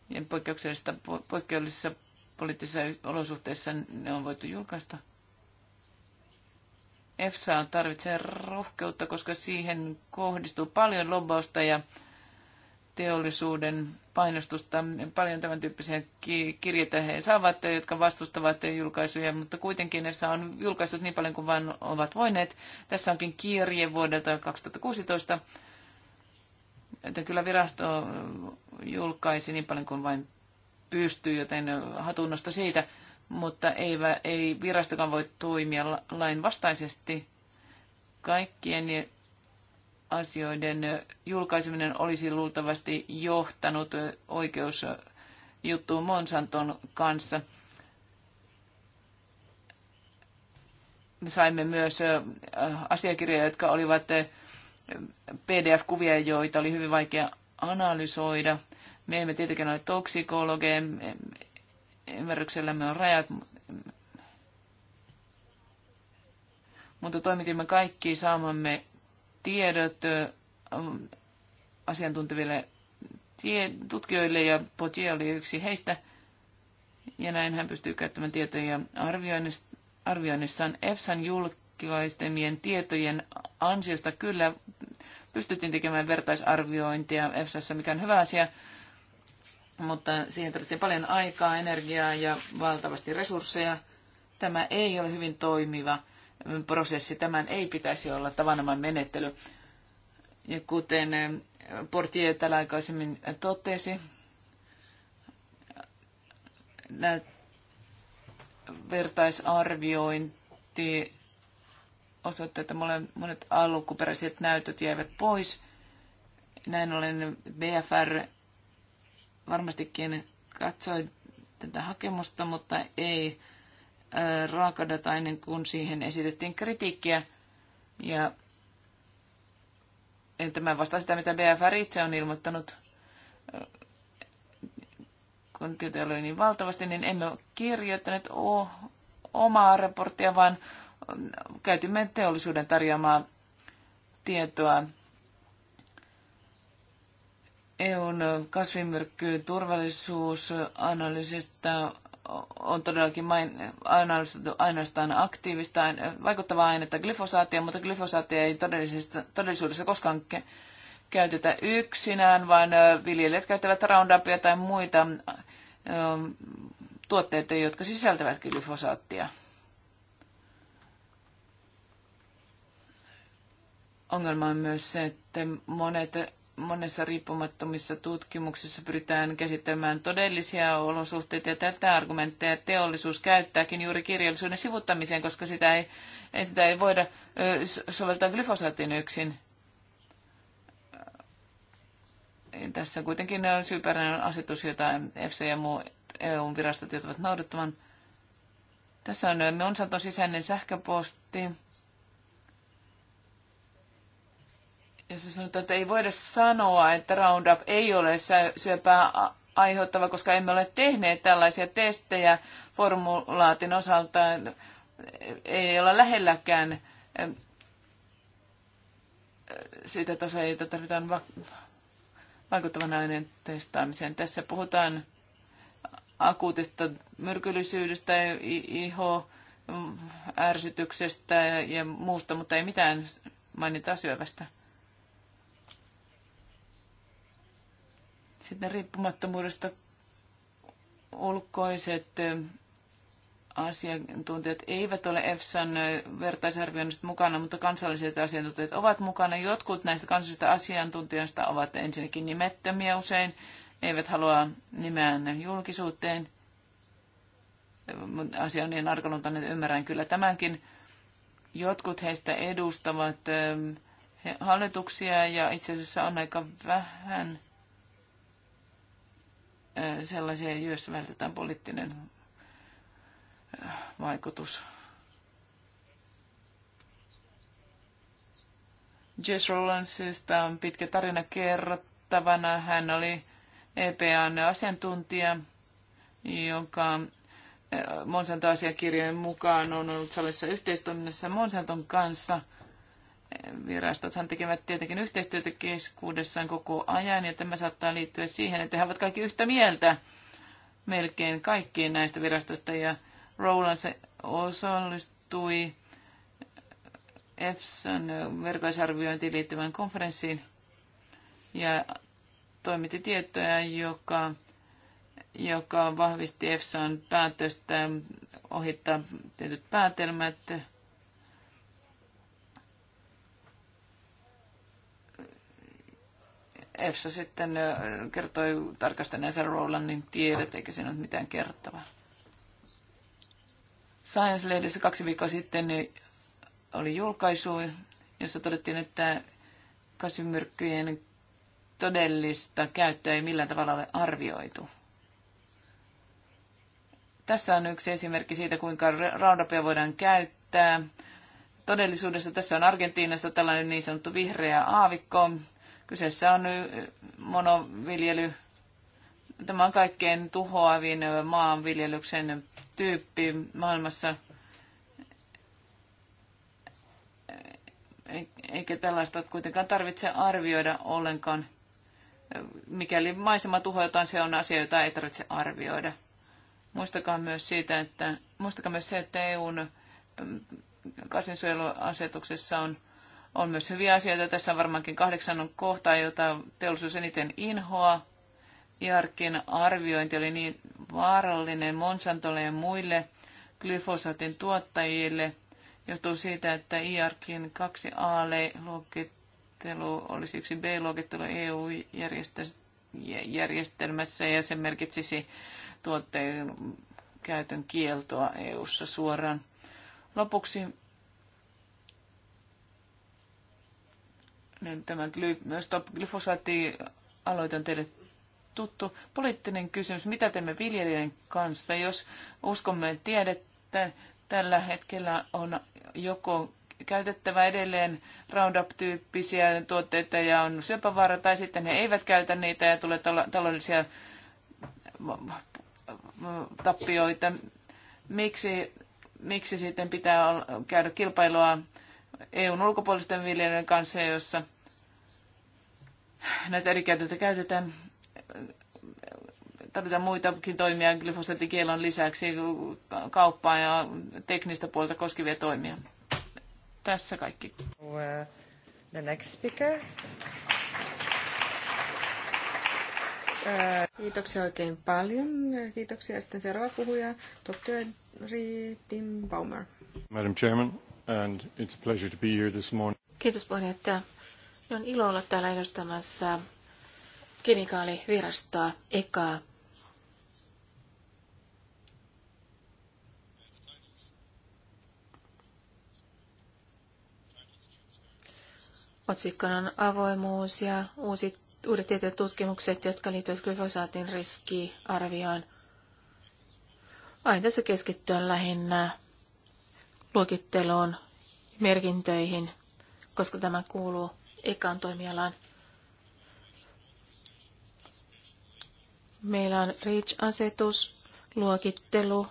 Ja poikkeuksellisissa, poikkeuksellisissa poliittisissa olosuhteissa ne on voitu julkaista. EFSA tarvitsee rohkeutta, koska siihen kohdistuu paljon lobbausta ja teollisuuden painostusta. Paljon tämän tyyppisiä kirjeitä he saavat, jotka vastustavat julkaisuja, mutta kuitenkin ne on julkaissut niin paljon kuin vain ovat voineet. Tässä onkin kirje vuodelta 2016, että kyllä virasto julkaisi niin paljon kuin vain pystyy, joten hatunnosta siitä, mutta ei, ei virastokaan voi toimia lain vastaisesti kaikkien asioiden julkaiseminen olisi luultavasti johtanut oikeusjuttuun Monsanton kanssa. Me saimme myös asiakirjoja, jotka olivat PDF-kuvia, joita oli hyvin vaikea analysoida. Me emme tietenkään ole toksikologeja, ymmärryksellämme on rajat, mutta toimitimme kaikki saamamme tiedot asiantunteville tie- tutkijoille ja Potier oli yksi heistä. Ja näin hän pystyy käyttämään tietoja arvioinnissaan EFSAn julkaistemien tietojen ansiosta. Kyllä pystyttiin tekemään vertaisarviointia EFSAssa, mikä on hyvä asia, mutta siihen tarvittiin paljon aikaa, energiaa ja valtavasti resursseja. Tämä ei ole hyvin toimiva prosessi. Tämän ei pitäisi olla tavanomainen menettely. Ja kuten eh, Portier täällä aikaisemmin totesi, nä- vertaisarviointi osoittaa, että monet alkuperäiset näytöt jäivät pois. Näin ollen BFR varmastikin katsoi tätä hakemusta, mutta ei Äh, raakadata ennen kuin siihen esitettiin kritiikkiä. Ja tämä vastaa sitä, mitä BFR itse on ilmoittanut, äh, kun tietoja oli niin valtavasti, niin emme ole kirjoittaneet omaa raporttia, vaan käytimme teollisuuden tarjoamaa tietoa EUn kasvimyrkkyyn turvallisuusanalyysistä on todellakin main, ainoastaan aktiivista vaikuttavaa ainetta glyfosaatia, mutta glyfosaatia ei todellisuudessa koskaan ke- käytetä yksinään, vaan viljelijät käyttävät Roundupia tai muita ö, tuotteita, jotka sisältävät glyfosaattia. Ongelma on myös se, että monet monessa riippumattomissa tutkimuksissa pyritään käsittelemään todellisia olosuhteita ja tätä argumentteja teollisuus käyttääkin juuri kirjallisuuden sivuttamiseen, koska sitä ei, sitä ei voida soveltaa glyfosaatin yksin. Tässä kuitenkin on syyperäinen asetus, jota FC ja muu EU-virastot joutuvat noudattamaan. Tässä on Monsanton sisäinen sähköposti jos sanotaan, että ei voida sanoa, että Roundup ei ole syöpää aiheuttava, koska emme ole tehneet tällaisia testejä formulaatin osalta, ei olla lähelläkään sitä tasoa, jota tarvitaan vaikuttavan aineen testaamiseen. Tässä puhutaan akuutista myrkyllisyydestä, iho, ärsytyksestä ja muusta, mutta ei mitään mainita syövästä. Sitten riippumattomuudesta ulkoiset asiantuntijat eivät ole EFSAn vertaisarvioinnista mukana, mutta kansalliset asiantuntijat ovat mukana. Jotkut näistä kansallisista asiantuntijoista ovat ensinnäkin nimettömiä usein, eivät halua nimeään julkisuuteen. Asia on niin arkaluntainen, että ymmärrän kyllä tämänkin. Jotkut heistä edustavat hallituksia ja itse asiassa on aika vähän sellaisia, joissa vältetään poliittinen vaikutus. Jess Rowlandsista on pitkä tarina kerrottavana. Hän oli EPAn asiantuntija, joka Monsanto-asiakirjojen mukaan on ollut salissa yhteistoiminnassa Monsanton kanssa – virastothan tekevät tietenkin yhteistyötä keskuudessaan koko ajan, ja tämä saattaa liittyä siihen, että he ovat kaikki yhtä mieltä melkein kaikkiin näistä virastoista, ja Roland se osallistui EFSAn vertaisarviointiin liittyvään konferenssiin ja toimitti tietoja, joka, joka vahvisti EFSAn päätöstä ohittaa tietyt päätelmät, EFSA sitten kertoi tarkastaneensa Rolandin tiedet, eikä siinä ole mitään kertavaa. Science-lehdessä kaksi viikkoa sitten niin oli julkaisu, jossa todettiin, että kasvimyrkkyjen todellista käyttöä ei millään tavalla ole arvioitu. Tässä on yksi esimerkki siitä, kuinka Roundupia voidaan käyttää. Todellisuudessa tässä on Argentiinassa tällainen niin sanottu vihreä aavikko, Kyseessä on monoviljely. Tämä on kaikkein tuhoavin maanviljelyksen tyyppi maailmassa. Eikä tällaista kuitenkaan tarvitse arvioida ollenkaan. Mikäli maisema tuhoitaan, se on asia, jota ei tarvitse arvioida. Muistakaa myös, siitä, että, muistakaa myös se, että EUn kasvinsuojeluasetuksessa on on myös hyviä asioita. Tässä on varmaankin kahdeksan on kohtaa, jota teollisuus eniten inhoa. Jarkin arviointi oli niin vaarallinen Monsantolle ja muille glyfosaatin tuottajille. Johtuu siitä, että IARKin 2A-luokittelu olisi yksi B-luokittelu EU-järjestelmässä ja se merkitsisi tuotteen käytön kieltoa EU-ssa suoraan. Lopuksi Nyt niin tämä Stop glyfosaatti aloite on teille tuttu poliittinen kysymys. Mitä teemme viljelijöiden kanssa, jos uskomme tiedettä? Tällä hetkellä on joko käytettävä edelleen Roundup-tyyppisiä tuotteita ja on syöpävaara, tai sitten he eivät käytä niitä ja tulee taloudellisia tappioita. Miksi, miksi sitten pitää käydä kilpailua EUn ulkopuolisten viljelijöiden kanssa, jossa näitä eri käytäntöjä käytetään. Tarvitaan muitakin toimia glyfosaattikielon lisäksi kauppaa ja teknistä puolta koskevia toimia. Tässä kaikki. Uh, the next speaker. Uh, Kiitoksia oikein paljon. Kiitoksia. Sitten seuraava puhuja, Dr. Tim Baumer. Madam Chairman and it's a pleasure to be here this morning. Kiitos puheenjohtaja. On ilo olla täällä edustamassa kemikaalivirastoa ekaa. Otsikkona on avoimuus ja uusi, uudet tieteen tutkimukset, jotka liittyvät glyfosaatin riskiarvioon. Aion tässä keskittyä lähinnä luokitteluun, merkintöihin, koska tämä kuuluu ekaan toimialaan. Meillä on REACH-asetus, luokittelu,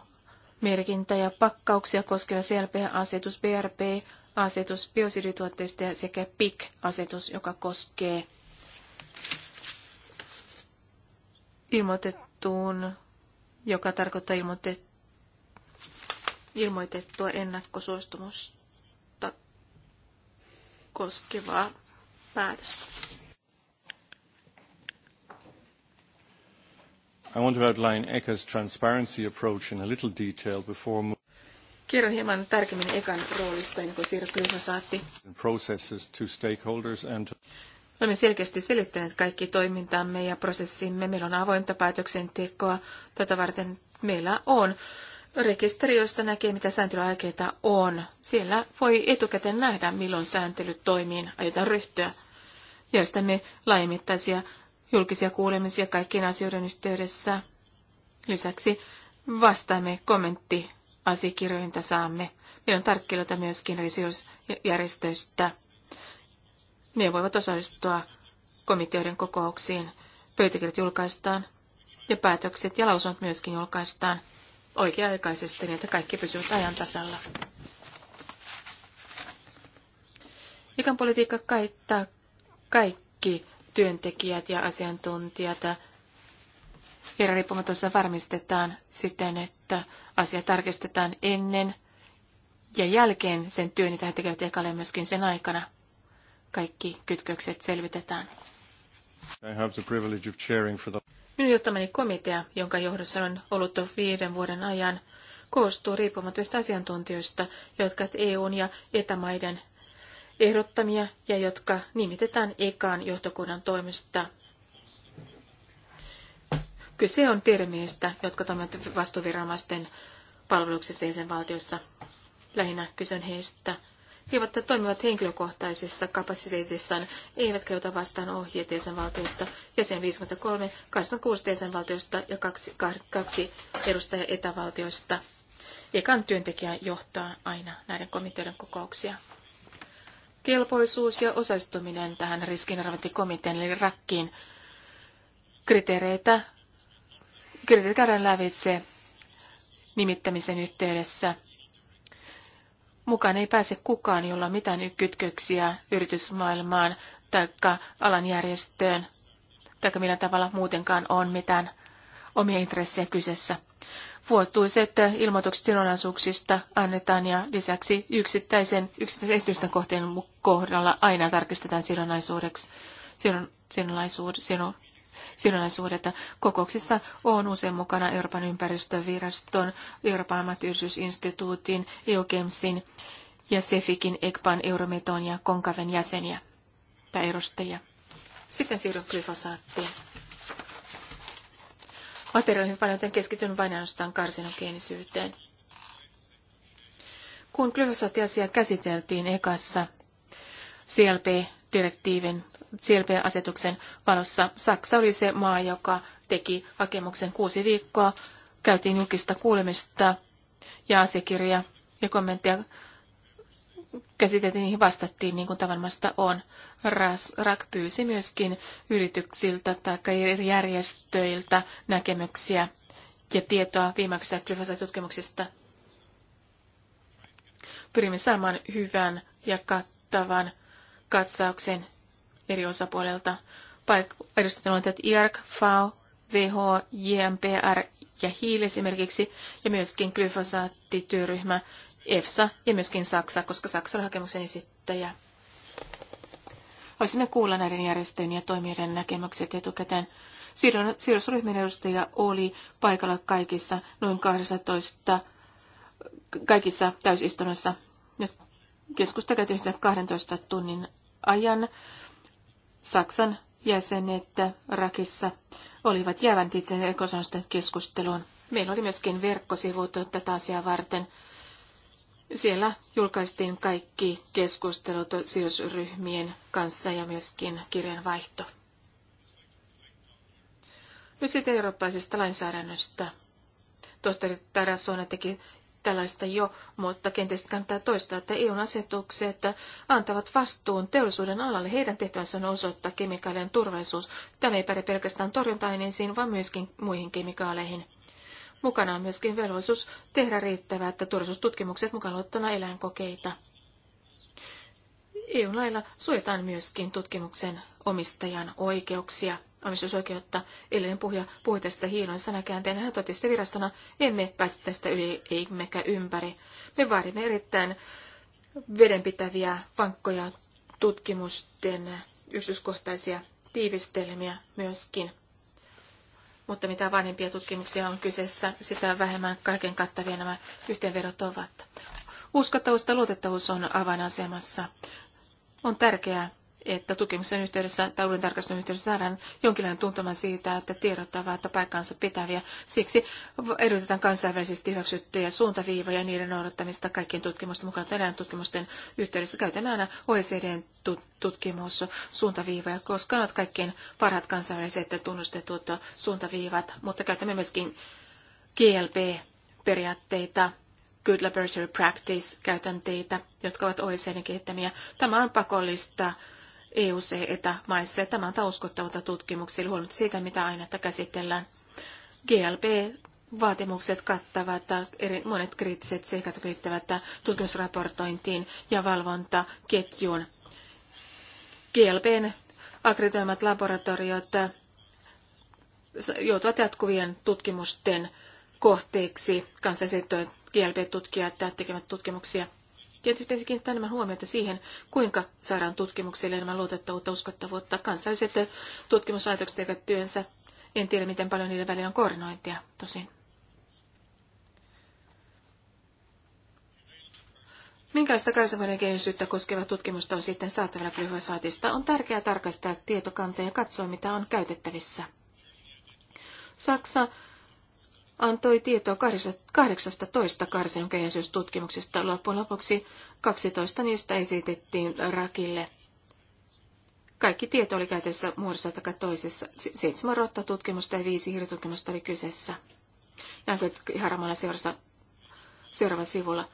merkintä ja pakkauksia koskeva CLP-asetus, BRP-asetus biosidituotteista sekä PIC-asetus, joka koskee ilmoitettuun, joka tarkoittaa ilmoitettuun ilmoitettua ennakkosuostumusta koskevaa päätöstä. I want to outline ECA's transparency approach in a little detail before moving. Kerro hieman tarkemmin ekan roolista, ennen kuin Siirro saatti. Processes to stakeholders and Olemme selkeästi selittäneet kaikki toimintamme ja prosessimme. Meillä on avointa päätöksentekoa. Tätä varten meillä on rekisteri, josta näkee, mitä sääntelyaikeita on. Siellä voi etukäteen nähdä, milloin sääntelytoimiin aiotaan ryhtyä. Järjestämme laajemittaisia julkisia kuulemisia kaikkien asioiden yhteydessä. Lisäksi vastaamme kommentti asiakirjoihin, saamme. Meillä on tarkkiloita myöskin järjestöistä. Ne voivat osallistua komiteoiden kokouksiin. Pöytäkirjat julkaistaan ja päätökset ja lausunnot myöskin julkaistaan oikea-aikaisesti niin, että kaikki pysyvät ajan tasalla. Ikan politiikka kaittaa kaikki työntekijät ja asiantuntijat. Heidän riippumatonsa varmistetaan siten, että asia tarkistetaan ennen ja jälkeen sen työn, mitä he tekevät ekalle myöskin sen aikana. Kaikki kytkökset selvitetään. I have the privilege of chairing for the... Minun johtamani komitea, jonka johdossa on ollut viiden vuoden ajan, koostuu riippumattomista asiantuntijoista, jotka ovat EUn ja etämaiden ehdottamia ja jotka nimitetään ekaan johtokunnan toimesta. Kyse on termiistä, jotka toimivat vastuuviranomaisten palveluksessa jäsenvaltiossa. Lähinnä kyse on heistä. He ovat toimivat henkilökohtaisessa kapasiteetissaan, eivätkä ota vastaan ohjeet jäsenvaltioista, jäsen 53, 26 jäsenvaltioista ja kaksi, kaksi edustajaa etävaltioista. Ekan työntekijä johtaa aina näiden komiteoiden kokouksia. Kelpoisuus ja osallistuminen tähän riskinarviointikomitean eli rakkiin kriteereitä, kriteerit käydään lävitse nimittämisen yhteydessä – mukaan ei pääse kukaan, jolla on mitään kytköksiä yritysmaailmaan tai alan järjestöön, tai millä tavalla muutenkaan on mitään omia intressejä kyseessä. Vuotuiset ilmoitukset sidonnaisuuksista annetaan ja lisäksi yksittäisen, yksittäisen esitysten kohteen kohdalla aina tarkistetaan sidonnaisuudeksi, sidon, sidonnaisuud, sidon, sidonnaisuudet. Kokouksissa on usein mukana Euroopan ympäristöviraston, Euroopan ammattiyhdistysinstituutin, EUGEMSin ja SEFIKin, EGPAN, Eurometon ja Konkaven jäseniä tai edustajia. Sitten siirryn glyfosaattiin. Materiaalin paljon keskityn vain ainoastaan karsinogeenisyyteen. Kun glyfosaattiasia käsiteltiin ekassa CLP direktiivin CLP-asetuksen valossa. Saksa oli se maa, joka teki hakemuksen kuusi viikkoa. Käytiin julkista kuulemista ja asiakirja ja kommentteja käsiteltiin, niihin vastattiin niin kuin tavallista on. RAS, RAK pyysi myöskin yrityksiltä tai eri järjestöiltä näkemyksiä ja tietoa viimeksi tutkimuksista. Pyrimme saamaan hyvän ja kattavan katsauksen eri osapuolelta. Paik- edustajat IARC, FAO, WHO, JMPR ja HIIL esimerkiksi, ja myöskin glyfosaattityöryhmä, EFSA ja myöskin Saksa, koska Saksa oli hakemuksen esittäjä. Voisimme kuulla näiden järjestöjen ja toimijoiden näkemykset etukäteen. Siirrosryhmän edustaja oli paikalla kaikissa noin 12 kaikissa täysistunnoissa. Nyt keskusta käytiin 12 tunnin ajan Saksan jäsenet Rakissa olivat jäävän itse ekosanosten keskusteluun. Meillä oli myöskin verkkosivut tätä asiaa varten. Siellä julkaistiin kaikki keskustelut sijoitusryhmien kanssa ja myöskin kirjanvaihto. Nyt sitten eurooppalaisesta lainsäädännöstä. Tohtori Tarasona teki tällaista jo, mutta kenties kannattaa toistaa, että EUn asetukset antavat vastuun teollisuuden alalle. Heidän tehtävänsä on osoittaa kemikaalien turvallisuus. Tämä ei päde pelkästään torjunta-aineisiin, vaan myöskin muihin kemikaaleihin. Mukana on myöskin velvollisuus tehdä että turvallisuustutkimukset mukaan luottuna eläinkokeita. EUn lailla suojataan myöskin tutkimuksen omistajan oikeuksia omistusoikeutta. Edellinen puhuja puhui tästä hiilon sanakäänteenä. ja totesi virastona, emme pääse tästä yli eikä ympäri. Me vaadimme erittäin vedenpitäviä, vankkoja tutkimusten yksityiskohtaisia tiivistelmiä myöskin. Mutta mitä vanhempia tutkimuksia on kyseessä, sitä vähemmän kaiken kattavia nämä yhteenverot ovat. Uskottavuus ja luotettavuus on avainasemassa. On tärkeää, että tutkimuksen yhteydessä, taulun tarkastelun yhteydessä saadaan jonkinlainen tuntuma siitä, että tiedot ovat paikkaansa pitäviä. Siksi edellytetään kansainvälisesti hyväksyttyjä suuntaviivoja ja niiden noudattamista kaikkien tutkimusten mukaan tänään tutkimusten yhteydessä. käytetään aina OECDn tutkimus suuntaviivoja, koska ne ovat kaikkien parhaat kansainväliset tunnustetut suuntaviivat, mutta käytämme myöskin GLP-periaatteita, Good Laboratory Practice-käytänteitä, jotka ovat OECDn kehittämiä. Tämä on pakollista EUC eta maissa Tämä antaa uskottavuutta tutkimuksille huolimatta siitä, mitä ainetta käsitellään. GLP Vaatimukset kattavat eri, monet kriittiset seikat, jotka liittyvät tutkimusraportointiin ja valvontaketjuun. GLBn akkreditoimat laboratoriot joutuvat jatkuvien tutkimusten kohteeksi. Kansalliset GLB-tutkijat tekevät tutkimuksia. Tietysti pitäisi kiinnittää enemmän huomiota siihen, kuinka saadaan tutkimukselle enemmän luotettavuutta, uskottavuutta. Kansalliset tutkimuslaitokset tekevät työnsä. En tiedä, miten paljon niiden välillä on koordinointia, tosin. Minkälaista kansainvälinen geenisyyttä koskeva tutkimusta on sitten saatavilla glyfosaatista, on tärkeää tarkastaa tietokanta ja katsoa, mitä on käytettävissä. Saksa antoi tietoa 18 karsinogeenisyystutkimuksista. Loppujen lopuksi 12 niistä esitettiin rakille. Kaikki tieto oli käytössä muodossa tai toisessa. Seitsemän rottatutkimusta ja viisi hirtutkimusta oli kyseessä. Jankets Haramalla seurassa seuraavalla sivulla.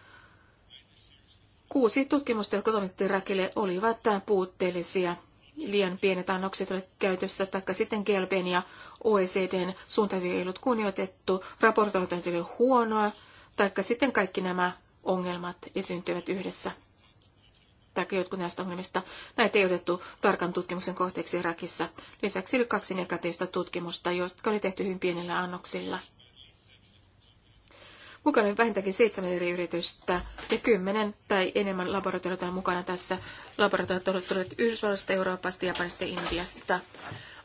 Kuusi tutkimusta, jotka toimitettiin rakille, olivat puutteellisia. Liian pienet annokset olivat käytössä, taikka sitten gelben ja OECDn suuntaviin ei ollut kunnioitettu, raportointi oli huonoa, taikka sitten kaikki nämä ongelmat esiintyivät yhdessä Taikka jotkut näistä ongelmista. Näitä ei otettu tarkan tutkimuksen kohteeksi Irakissa. Lisäksi oli kaksi negatiivista tutkimusta, jotka oli tehty hyvin pienillä annoksilla. Mukana oli vähintäänkin seitsemän eri yritystä ja kymmenen tai enemmän laboratorioita mukana tässä. Laboratoriot olivat Yhdysvalloista, Euroopasta, Japanista ja Intiasta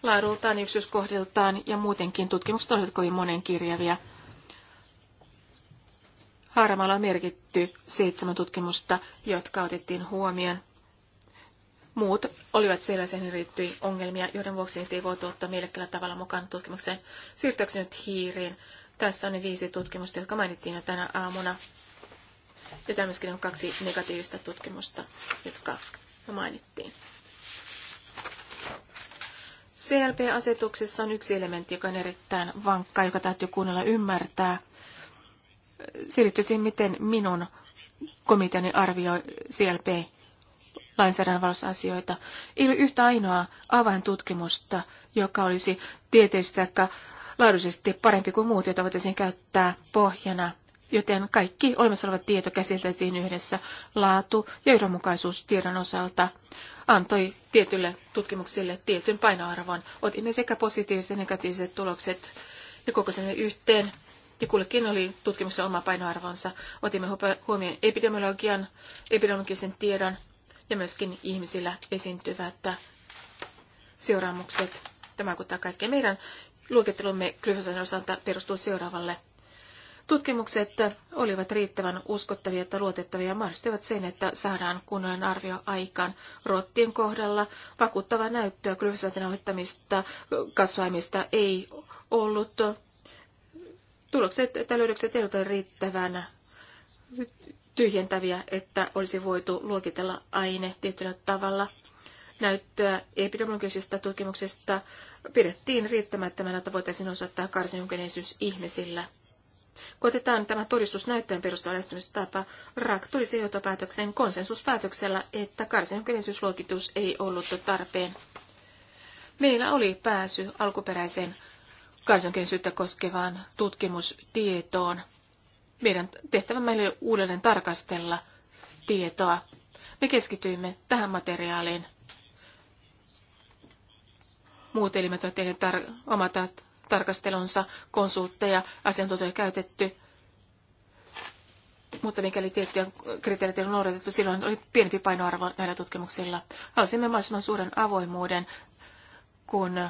laadultaan, yksityiskohdiltaan ja muutenkin tutkimukset olivat kovin monenkirjavia. Harmaalla on merkitty seitsemän tutkimusta, jotka otettiin huomioon. Muut olivat sellaisen niin ongelmia, joiden vuoksi niitä ei voitu ottaa mielekkäällä tavalla mukaan tutkimukseen. Siirtyäkseni nyt hiiriin. Tässä on ne viisi tutkimusta, jotka mainittiin jo tänä aamuna. Ja myöskin on kaksi negatiivista tutkimusta, jotka mainittiin. CLP-asetuksessa on yksi elementti, joka on erittäin vankka, joka täytyy kuunnella ymmärtää. Se liittyy siihen, miten minun komiteani arvioi CLP lainsäädännön valossa asioita. Ei ole yhtä ainoaa avaintutkimusta, joka olisi tieteellisesti tai laadullisesti parempi kuin muut, joita voitaisiin käyttää pohjana. Joten kaikki olemassa oleva tieto käsiteltiin yhdessä laatu- ja yhdenmukaisuus tiedon osalta antoi tietylle tutkimuksille tietyn painoarvon. Otimme sekä positiiviset että negatiiviset tulokset ja kokosimme yhteen. Ja kullekin oli tutkimuksessa oma painoarvonsa. Otimme huomioon epidemiologian, epidemiologisen tiedon ja myöskin ihmisillä esiintyvät seuraamukset. Tämä kuttaa kaikkea meidän luokittelumme glyfosatin osalta perustuu seuraavalle Tutkimukset olivat riittävän uskottavia ja luotettavia ja mahdollistivat sen, että saadaan kunnollinen arvio aikaan rottien kohdalla. Vakuuttavaa näyttöä glyfosatin ohittamista kasvaimista ei ollut. Tulokset tai löydökset eivät ole riittävän tyhjentäviä, että olisi voitu luokitella aine tietyllä tavalla. Näyttöä epidemiologisista tutkimuksista pidettiin riittämättömänä, että voitaisiin osoittaa karsinogenisyys ihmisillä – kun otetaan tämä näyttöön perustuva lähestymistapa, RAK tulisi johtopäätöksen konsensuspäätöksellä, että karsinogenisuusluokitus ei ollut tarpeen. Meillä oli pääsy alkuperäiseen karsinogeenisyyttä koskevaan tutkimustietoon. Meidän tehtävämme oli uudelleen tarkastella tietoa. Me keskityimme tähän materiaaliin muut elimet ovat tehneet tar- tarkastelunsa, konsultteja, asiantuntijoita käytetty. Mutta mikäli tiettyjä kriteereitä on noudatettu, silloin oli pienempi painoarvo näillä tutkimuksilla. Halusimme mahdollisimman suuren avoimuuden, kun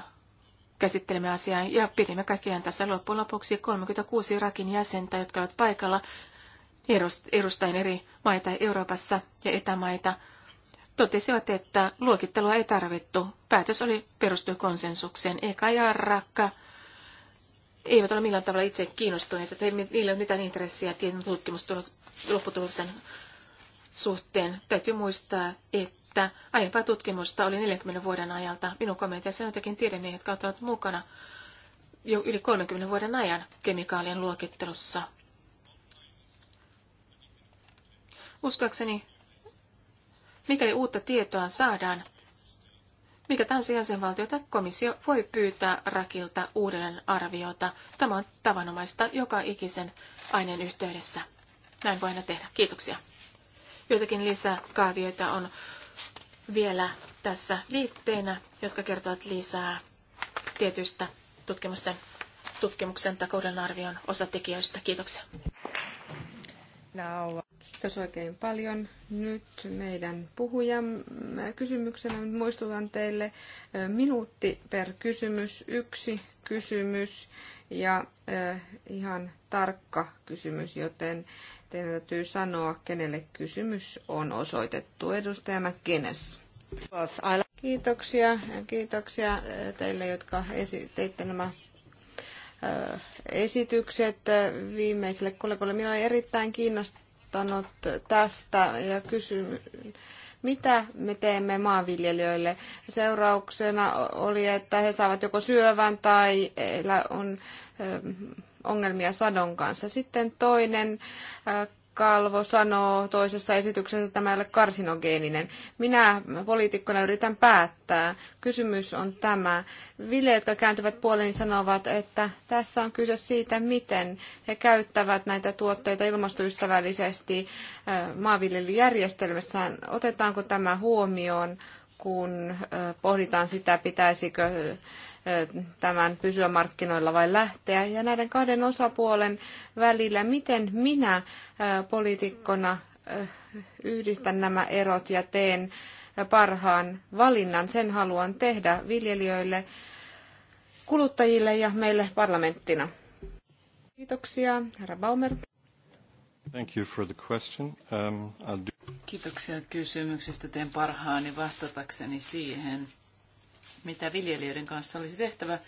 käsittelemme asiaa ja pidimme kaikkiaan tässä loppujen lopuksi 36 Irakin jäsentä, jotka ovat paikalla edustaen eri maita Euroopassa ja etämaita, totesivat, että luokittelua ei tarvittu. Päätös oli perustui konsensukseen. Eka ja Rakka eivät ole millään tavalla itse kiinnostuneita, että niillä ei ole mitään intressiä tietyn tutkimuslopputulokseen suhteen. Täytyy muistaa, että aiempaa tutkimusta oli 40 vuoden ajalta. Minun kommenteissa on jotakin tiedemiehet, jotka ovat mukana jo yli 30 vuoden ajan kemikaalien luokittelussa. Uskoakseni, mikäli uutta tietoa saadaan, mikä tahansa jäsenvaltiota komissio voi pyytää rakilta uudelleen arviota. Tämä on tavanomaista joka ikisen aineen yhteydessä. Näin voi aina tehdä. Kiitoksia. Joitakin lisäkaavioita on vielä tässä liitteenä, jotka kertovat lisää tietyistä tutkimusten, tutkimuksen tai arvion osatekijöistä. Kiitoksia. Now. Kiitos oikein paljon. Nyt meidän puhujan kysymyksenä muistutan teille minuutti per kysymys, yksi kysymys ja ihan tarkka kysymys, joten teidän täytyy sanoa, kenelle kysymys on osoitettu. Edustaja McGuinness. Kiitoksia, kiitoksia teille, jotka teitte nämä esitykset viimeiselle kollegoille. Minä olen erittäin kiinnostunut aloittanut tästä ja kysynyt, mitä me teemme maanviljelijöille. Seurauksena oli, että he saavat joko syövän tai on ongelmia sadon kanssa. Sitten toinen Kalvo sanoo toisessa esityksessä, että tämä ei ole karsinogeeninen. Minä poliitikkona yritän päättää. Kysymys on tämä. Ville, jotka kääntyvät puoleen, sanovat, että tässä on kyse siitä, miten he käyttävät näitä tuotteita ilmastoystävällisesti äh, maanviljelyjärjestelmässään. Otetaanko tämä huomioon, kun äh, pohditaan sitä, pitäisikö tämän pysyä markkinoilla vai lähteä. Ja näiden kahden osapuolen välillä, miten minä poliitikkona yhdistän nämä erot ja teen parhaan valinnan. Sen haluan tehdä viljelijöille, kuluttajille ja meille parlamenttina. Kiitoksia, herra Baumer. Thank you for the question. Um, I'll do... Kiitoksia kysymyksestä. Teen parhaani vastatakseni siihen mitä viljelijöiden kanssa olisi tehtävä.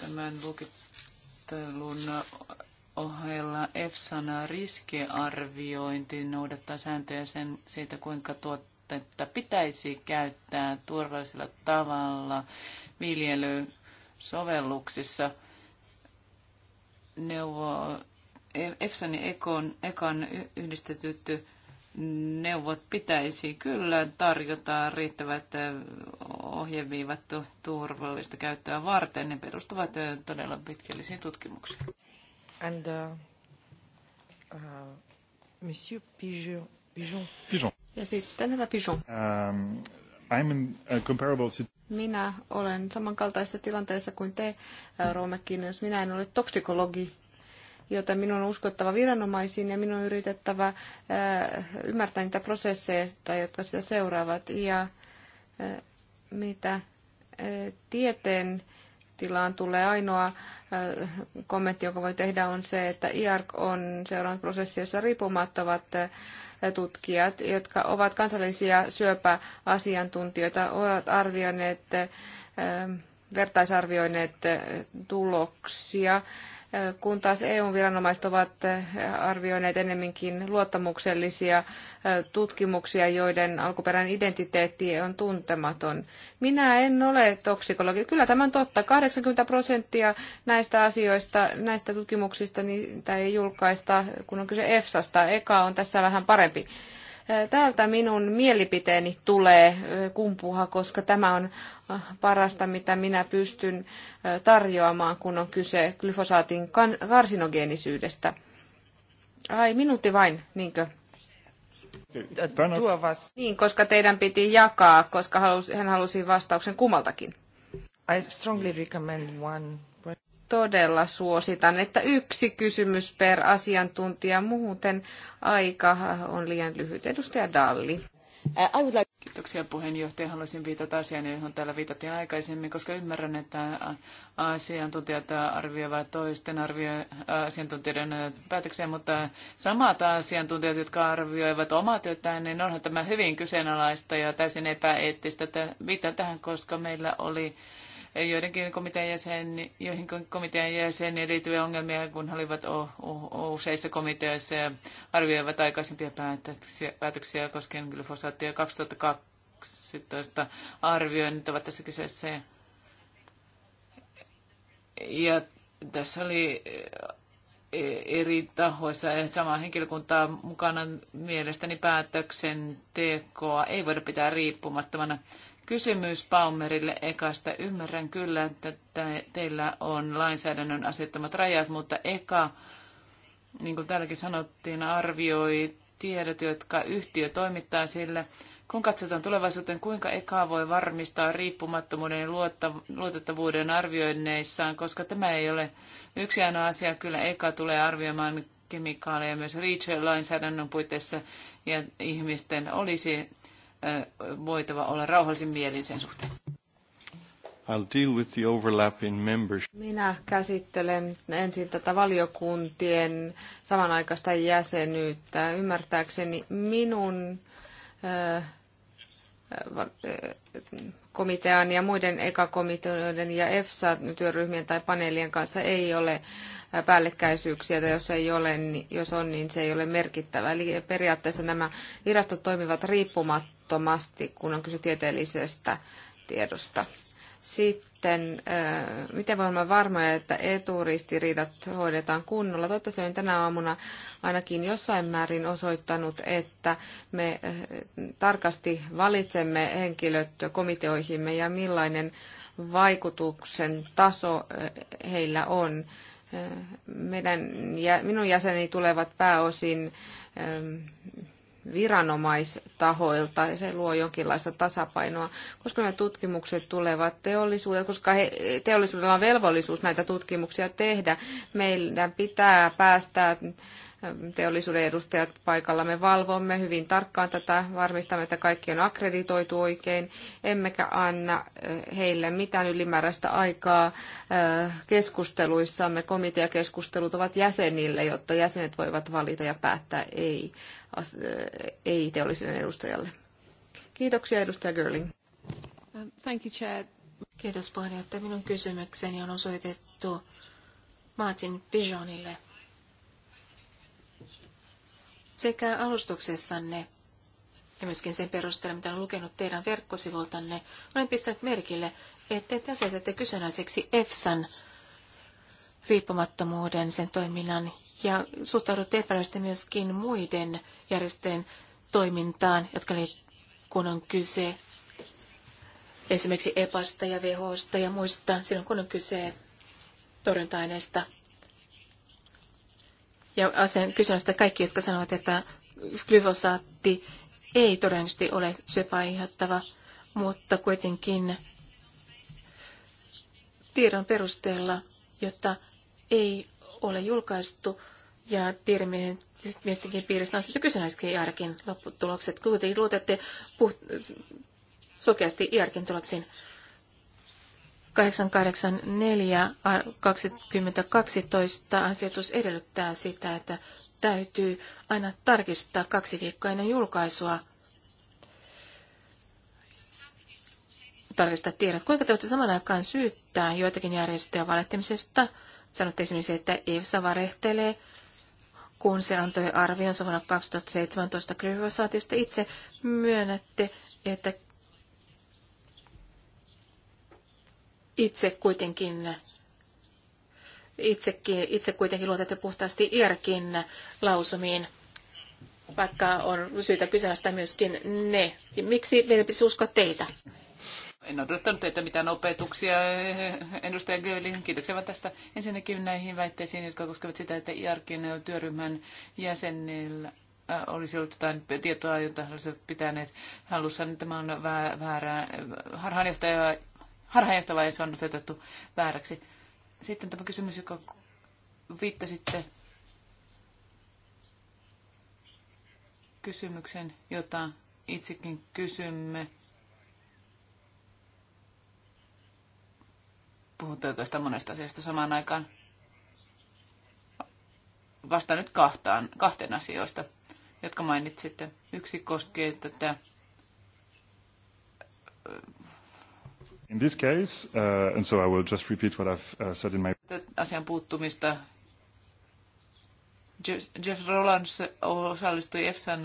Tämän luokittelun ohella EFSAna riskiarviointi noudattaa sääntöjä sen, siitä, kuinka tuotetta pitäisi käyttää turvallisella tavalla viljelysovelluksissa. Neuvo e- EFSAn Ekon, Ekan yhdistetyt neuvot pitäisi kyllä tarjota riittävät ohjeviivat turvallista käyttöä varten. Ne perustuvat todella pitkällisiin tutkimuksiin. And, uh, uh, Monsieur Pigeon. Pigeon. Pigeon. Ja sitten herra Pigeon. Um, I'm in a comparable Minä olen samankaltaisessa tilanteessa kuin te, Roomekin, jos minä en ole toksikologi, joten minun on uskottava viranomaisiin ja minun on yritettävä äh, ymmärtää niitä prosesseja, jotka sitä seuraavat ja äh, mitä äh, tieteen tilaan tulee. Ainoa kommentti, joka voi tehdä, on se, että IARC on seurannut prosessi, jossa riippumattomat tutkijat, jotka ovat kansallisia syöpäasiantuntijoita, ovat arvioineet, vertaisarvioineet tuloksia kun taas EU-viranomaiset ovat eh, arvioineet ennemminkin luottamuksellisia eh, tutkimuksia, joiden alkuperäinen identiteetti on tuntematon. Minä en ole toksikologi. Kyllä tämä on totta. 80 prosenttia näistä asioista, näistä tutkimuksista, niitä ei julkaista, kun on kyse EFSAsta. Eka on tässä vähän parempi Täältä minun mielipiteeni tulee kumpuha, koska tämä on parasta, mitä minä pystyn tarjoamaan, kun on kyse glyfosaatin karsinogeenisyydestä. Ai, minuutti vain, niinkö? Tuo vasta. Niin, koska teidän piti jakaa, koska hän halusi vastauksen kummaltakin. I strongly recommend one todella suositan, että yksi kysymys per asiantuntija, muuten aika on liian lyhyt. Edustaja Dalli. Kiitoksia puheenjohtaja. Haluaisin viitata asiaan, johon täällä viitattiin aikaisemmin, koska ymmärrän, että asiantuntijat arvioivat toisten arvio, asiantuntijoiden päätöksiä, mutta samat asiantuntijat, jotka arvioivat omaa työtään, niin onhan tämä hyvin kyseenalaista ja täysin epäeettistä. Viitan tähän, koska meillä oli joidenkin komitean jäsen, joihin komitean jäseniä liittyviä ongelmia, kun he olivat useissa komiteoissa ja arvioivat aikaisempia päätöksiä, päätöksiä koskien glyfosaattia 2012 arvioinnit ovat tässä kyseessä. Ja tässä oli e, eri tahoissa ja samaa henkilökuntaa mukana mielestäni tekoa ei voida pitää riippumattomana Kysymys Palmerille ekasta. Ymmärrän kyllä, että teillä on lainsäädännön asettamat rajat, mutta eka, niin kuin täälläkin sanottiin, arvioi tiedot, jotka yhtiö toimittaa sille. Kun katsotaan tulevaisuuteen, kuinka EKA voi varmistaa riippumattomuuden ja luotettavuuden arvioinneissaan, koska tämä ei ole yksi aina asia. Kyllä EKA tulee arvioimaan kemikaaleja myös REACH-lainsäädännön puitteissa ja ihmisten olisi voitava olla rauhallisin mielin sen suhteen. I'll deal with the overlap in membership. Minä käsittelen ensin tätä valiokuntien samanaikaista jäsenyyttä. Ymmärtääkseni minun komitean ja muiden ekakomiteoiden ja EFSA-työryhmien tai paneelien kanssa ei ole päällekkäisyyksiä, tai jos ei ole, niin jos on, niin se ei ole merkittävä. Eli periaatteessa nämä virastot toimivat riippumatta ehdottomasti, kun on kyse tieteellisestä tiedosta. Sitten, miten voimme olla varmoja, että eturistiriidat hoidetaan kunnolla? Toivottavasti olen tänä aamuna ainakin jossain määrin osoittanut, että me tarkasti valitsemme henkilöt komiteoihimme ja millainen vaikutuksen taso heillä on. Meidän, minun jäseni tulevat pääosin viranomaistahoilta ja se luo jonkinlaista tasapainoa, koska nämä tutkimukset tulevat teollisuudelta, koska he, teollisuudella on velvollisuus näitä tutkimuksia tehdä. Meidän pitää päästää ähm, teollisuuden edustajat paikalla. Me valvomme hyvin tarkkaan tätä, varmistamme, että kaikki on akkreditoitu oikein, emmekä anna äh, heille mitään ylimääräistä aikaa äh, keskusteluissamme. Komiteakeskustelut ovat jäsenille, jotta jäsenet voivat valita ja päättää ei ei-teollisuuden edustajalle. Kiitoksia edustaja Görling. Thank you, Chair. Kiitos puheenjohtaja. Minun kysymykseni on osoitettu Martin Pijonille. Sekä alustuksessanne ja myöskin sen perusteella, mitä olen lukenut teidän verkkosivultanne, olen pistänyt merkille, että te asetatte kyseenalaiseksi EFSAn riippumattomuuden, sen toiminnan ja suhtaudutte epäilystä myöskin muiden järjestöjen toimintaan, jotka kun on kyse esimerkiksi EPAsta ja WHOsta ja muista, silloin kun on kyse torjunta-aineista. Ja asian kysymystä kaikki, jotka sanovat, että glyfosaatti ei todennäköisesti ole syöpäaiheuttava, mutta kuitenkin tiedon perusteella, jotta ei ole julkaistu ja tiedemiestenkin piirissä on sitten kyseenalaiskin IARKin lopputulokset. Kuitenkin luotatte puht- sokeasti IARKin tuloksiin. 884-2012 asetus edellyttää sitä, että täytyy aina tarkistaa kaksi viikkoa ennen julkaisua tarkistaa tiedot. Kuinka te voitte saman aikaan syyttää joitakin järjestöjä valehtamisesta – Sanotte esimerkiksi, että Evsa varehtelee, kun se antoi arvionsa vuonna 2017 glyfosaatista. Itse myönnätte, että itse kuitenkin itsekin, itse kuitenkin luotatte puhtaasti IRKin lausumiin, vaikka on syytä kyseenalaistaa myöskin ne. Miksi meidän pitäisi uskoa teitä? En odottanut teitä mitään opetuksia, eh, edustaja Göling. Kiitoksia vaan tästä ensinnäkin näihin väitteisiin, jotka koskevat sitä, että IARKin työryhmän jäsenillä äh, olisi ollut jotain tietoa, jota olisivat pitäneet halussa. tämä on väärää, harhaanjohtava, harhaanjohtava ja se on otettu vääräksi. Sitten tämä kysymys, joka viittasitte kysymyksen, jota itsekin kysymme puhuttu sitä monesta asiasta samaan aikaan. Vasta nyt kahtaan, kahteen asioista, jotka mainitsitte. Yksi koskee tätä... Äh, in this case, uh, and so I will just repeat what I've uh, said in my... Asian puuttumista. Jeff Rollins osallistui EFSAn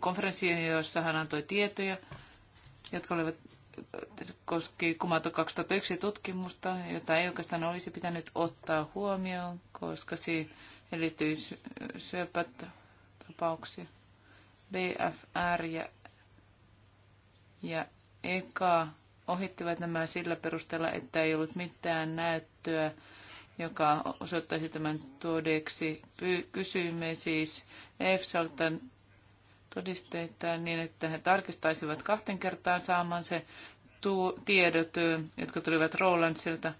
konferenssiin, jossa hän antoi tietoja, jotka olivat koski Kumato 2001 tutkimusta, jota ei oikeastaan olisi pitänyt ottaa huomioon, koska se liittyy syöpätapauksiin. BFR ja, ja EKA ohittivat nämä sillä perusteella, että ei ollut mitään näyttöä, joka osoittaisi tämän todeksi. Py- kysyimme siis EFSAlta todisteita niin, että he tarkistaisivat kahteen kertaan saamansa tiedot, jotka tulivat Rolandsilta,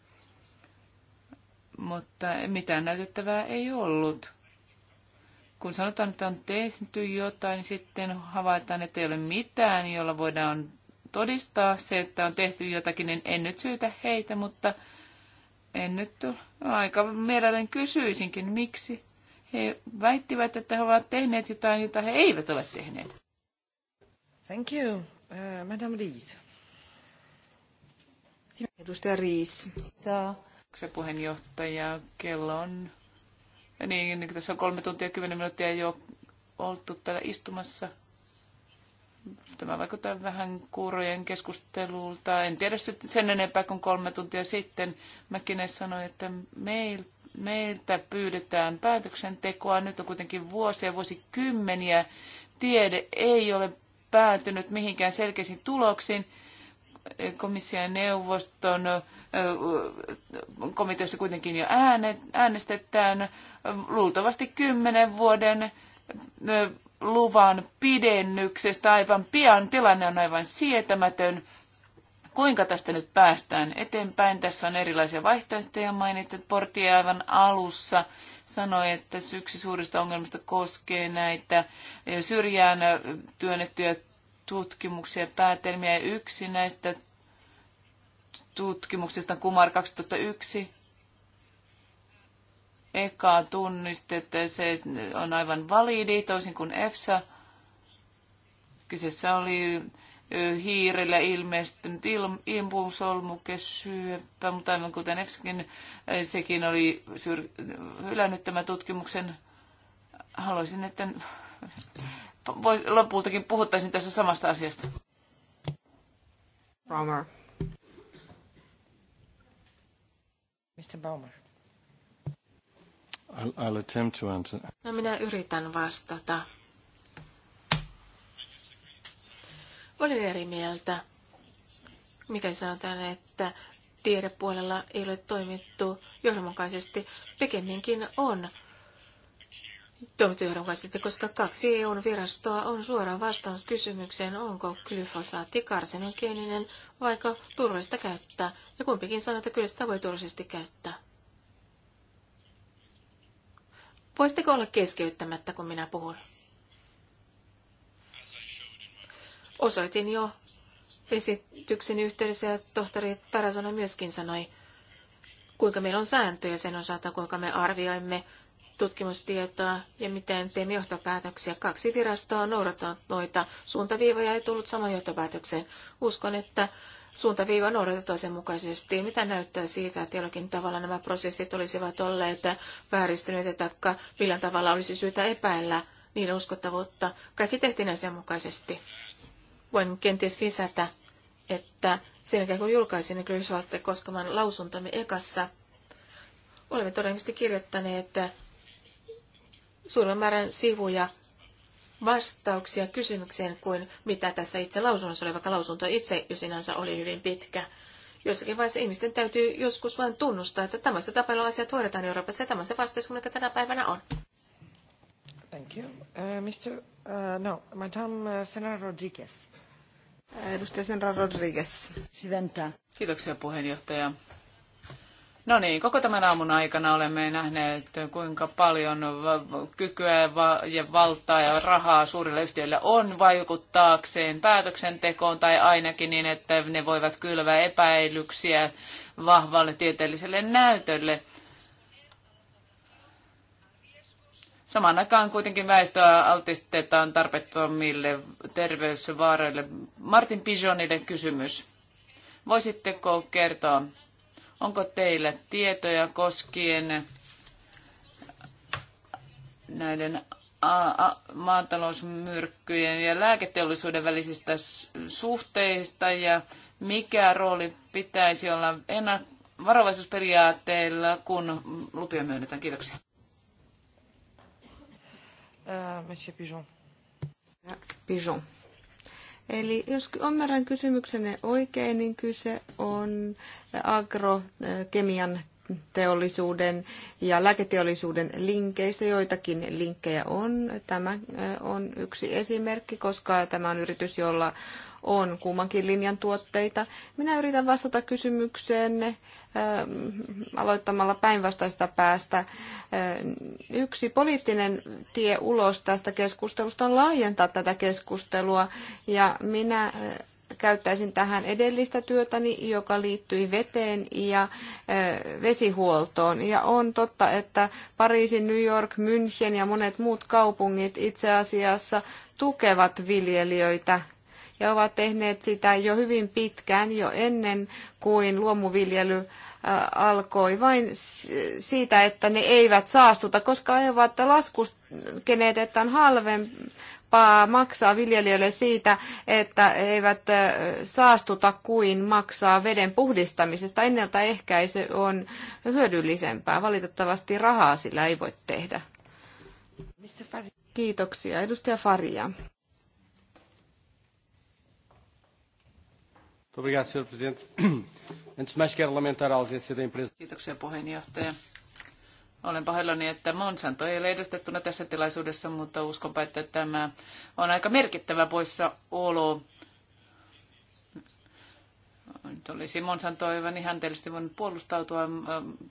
mutta mitään näytettävää ei ollut. Kun sanotaan, että on tehty jotain, niin sitten havaitaan, että ei ole mitään, jolla voidaan todistaa se, että on tehty jotakin, niin en nyt syytä heitä, mutta en nyt aika mielelläni kysyisinkin, miksi he väittivät, että he ovat tehneet jotain, jota he eivät ole tehneet. Thank you. Uh, Madame Riis. Edustaja Riis. Se puheenjohtaja, kello on... Niin, niin, tässä on kolme tuntia kymmenen minuuttia jo oltu täällä istumassa. Tämä vaikuttaa vähän kuurojen keskustelulta. En tiedä sen enempää kuin kolme tuntia sitten. Mäkin sanoi, että meiltä meiltä pyydetään päätöksentekoa. Nyt on kuitenkin vuosia, vuosikymmeniä. Tiede ei ole päätynyt mihinkään selkeisiin tuloksiin. Komission neuvoston komiteassa kuitenkin jo äänestetään luultavasti kymmenen vuoden luvan pidennyksestä aivan pian. Tilanne on aivan sietämätön kuinka tästä nyt päästään eteenpäin. Tässä on erilaisia vaihtoehtoja mainittu. Portti aivan alussa sanoi, että yksi suurista ongelmista koskee näitä syrjään työnnettyjä tutkimuksia ja päätelmiä. Yksi näistä tutkimuksista Kumar 2001 Eka tunnistetta ja se on aivan validi, toisin kuin EFSA. Kyseessä oli hiirelle ilmestynyt il, impuusolmukesyöpä, mutta aivan kuten Efskin, sekin oli syr, hylännyt tämän tutkimuksen. Haluaisin, että lopultakin puhuttaisiin tässä samasta asiasta. Romer. Mr. Baumer. I'll, I'll attempt to answer. No minä yritän vastata. Olen eri mieltä. Mikä sanotaan, että tiedepuolella ei ole toimittu johdonmukaisesti. Pikemminkin on toimittu johdonmukaisesti, koska kaksi eu virastoa on suoraan vastannut kysymykseen, onko glyfosaatti karsinogeeninen, vaikka turvallista käyttää. Ja kumpikin sanoo, että kyllä sitä voi turvallisesti käyttää. Voisitteko olla keskeyttämättä, kun minä puhun? Osoitin jo esityksen yhteydessä ja tohtori Tarasona myöskin sanoi, kuinka meillä on sääntöjä sen osalta, kuinka me arvioimme tutkimustietoa ja miten teemme johtopäätöksiä. Kaksi virastoa on noudattanut noita suuntaviivoja ei tullut saman johtopäätökseen. Uskon, että suuntaviiva on odotettu sen mukaisesti. Mitä näyttää siitä, että jollakin tavalla nämä prosessit olisivat olleet vääristyneitä tai millä tavalla olisi syytä epäillä niiden uskottavuutta. Kaikki tehtiin sen mukaisesti. Voin kenties lisätä, että sen jälkeen kun julkaisimme Grysvalta koskevan lausuntomme ekassa, olemme todennäköisesti kirjoittaneet suuren määrän sivuja vastauksia kysymykseen kuin mitä tässä itse lausunnossa oli, vaikka lausunto itse jo sinänsä oli hyvin pitkä. Joissakin vaiheessa ihmisten täytyy joskus vain tunnustaa, että tämmöistä tapailla asiat hoidetaan Euroopassa ja se vastaus, mikä tänä päivänä on. Thank you. Uh, Mr. Uh, no, Madame uh, senator Rodriguez. Edustaja Senra Rodriguez. Siventää. Kiitoksia puheenjohtaja. No niin, koko tämän aamun aikana olemme nähneet, kuinka paljon kykyä ja valtaa ja rahaa suurilla yhtiöillä on vaikuttaakseen päätöksentekoon, tai ainakin niin, että ne voivat kylvää epäilyksiä vahvalle tieteelliselle näytölle. Samaan aikaan kuitenkin väestöä altistetaan tarpeettomille terveysvaaroille. Martin Pijonille kysymys. Voisitteko kertoa, onko teillä tietoja koskien näiden maatalousmyrkkyjen ja lääketeollisuuden välisistä suhteista ja mikä rooli pitäisi olla ennak- varovaisuusperiaatteella, kun lupia myönnetään. Kiitoksia. Äh, Monsieur Pigeon. Pigeon. Eli jos ymmärrän kysymyksenne oikein, niin kyse on äh, agrokemian teollisuuden ja lääketeollisuuden linkeistä. Joitakin linkkejä on. Tämä äh, on yksi esimerkki, koska tämä on yritys, jolla on kummankin linjan tuotteita. Minä yritän vastata kysymykseenne eh, aloittamalla päinvastaista päästä. Eh, yksi poliittinen tie ulos tästä keskustelusta on laajentaa tätä keskustelua ja minä eh, käyttäisin tähän edellistä työtäni, joka liittyi veteen ja vesihuoltoon. Ja on totta, että Pariisi, New York, München ja monet muut kaupungit itse asiassa tukevat viljelijöitä ja ovat tehneet sitä jo hyvin pitkään, jo ennen kuin luomuviljely äh, alkoi vain siitä, että ne eivät saastuta, koska he ovat laskuskeneet, että on halvempaa maksaa viljelijöille siitä, että he eivät äh, saastuta kuin maksaa veden puhdistamisesta. Ennaltaehkäisy on hyödyllisempää. Valitettavasti rahaa sillä ei voi tehdä. Kiitoksia. Edustaja Faria. Obrigado, Sr. Presidente. Antes de mais, quero lamentar a ausência da empresa. Kiitoksia puheenjohtaja. Olen pahoillani, että Monsanto ei ole edustettuna tässä tilaisuudessa, mutta uskonpa, että tämä on aika merkittävä poissaolo. Nyt olisi Monsanto aivan ihanteellisesti voinut puolustautua.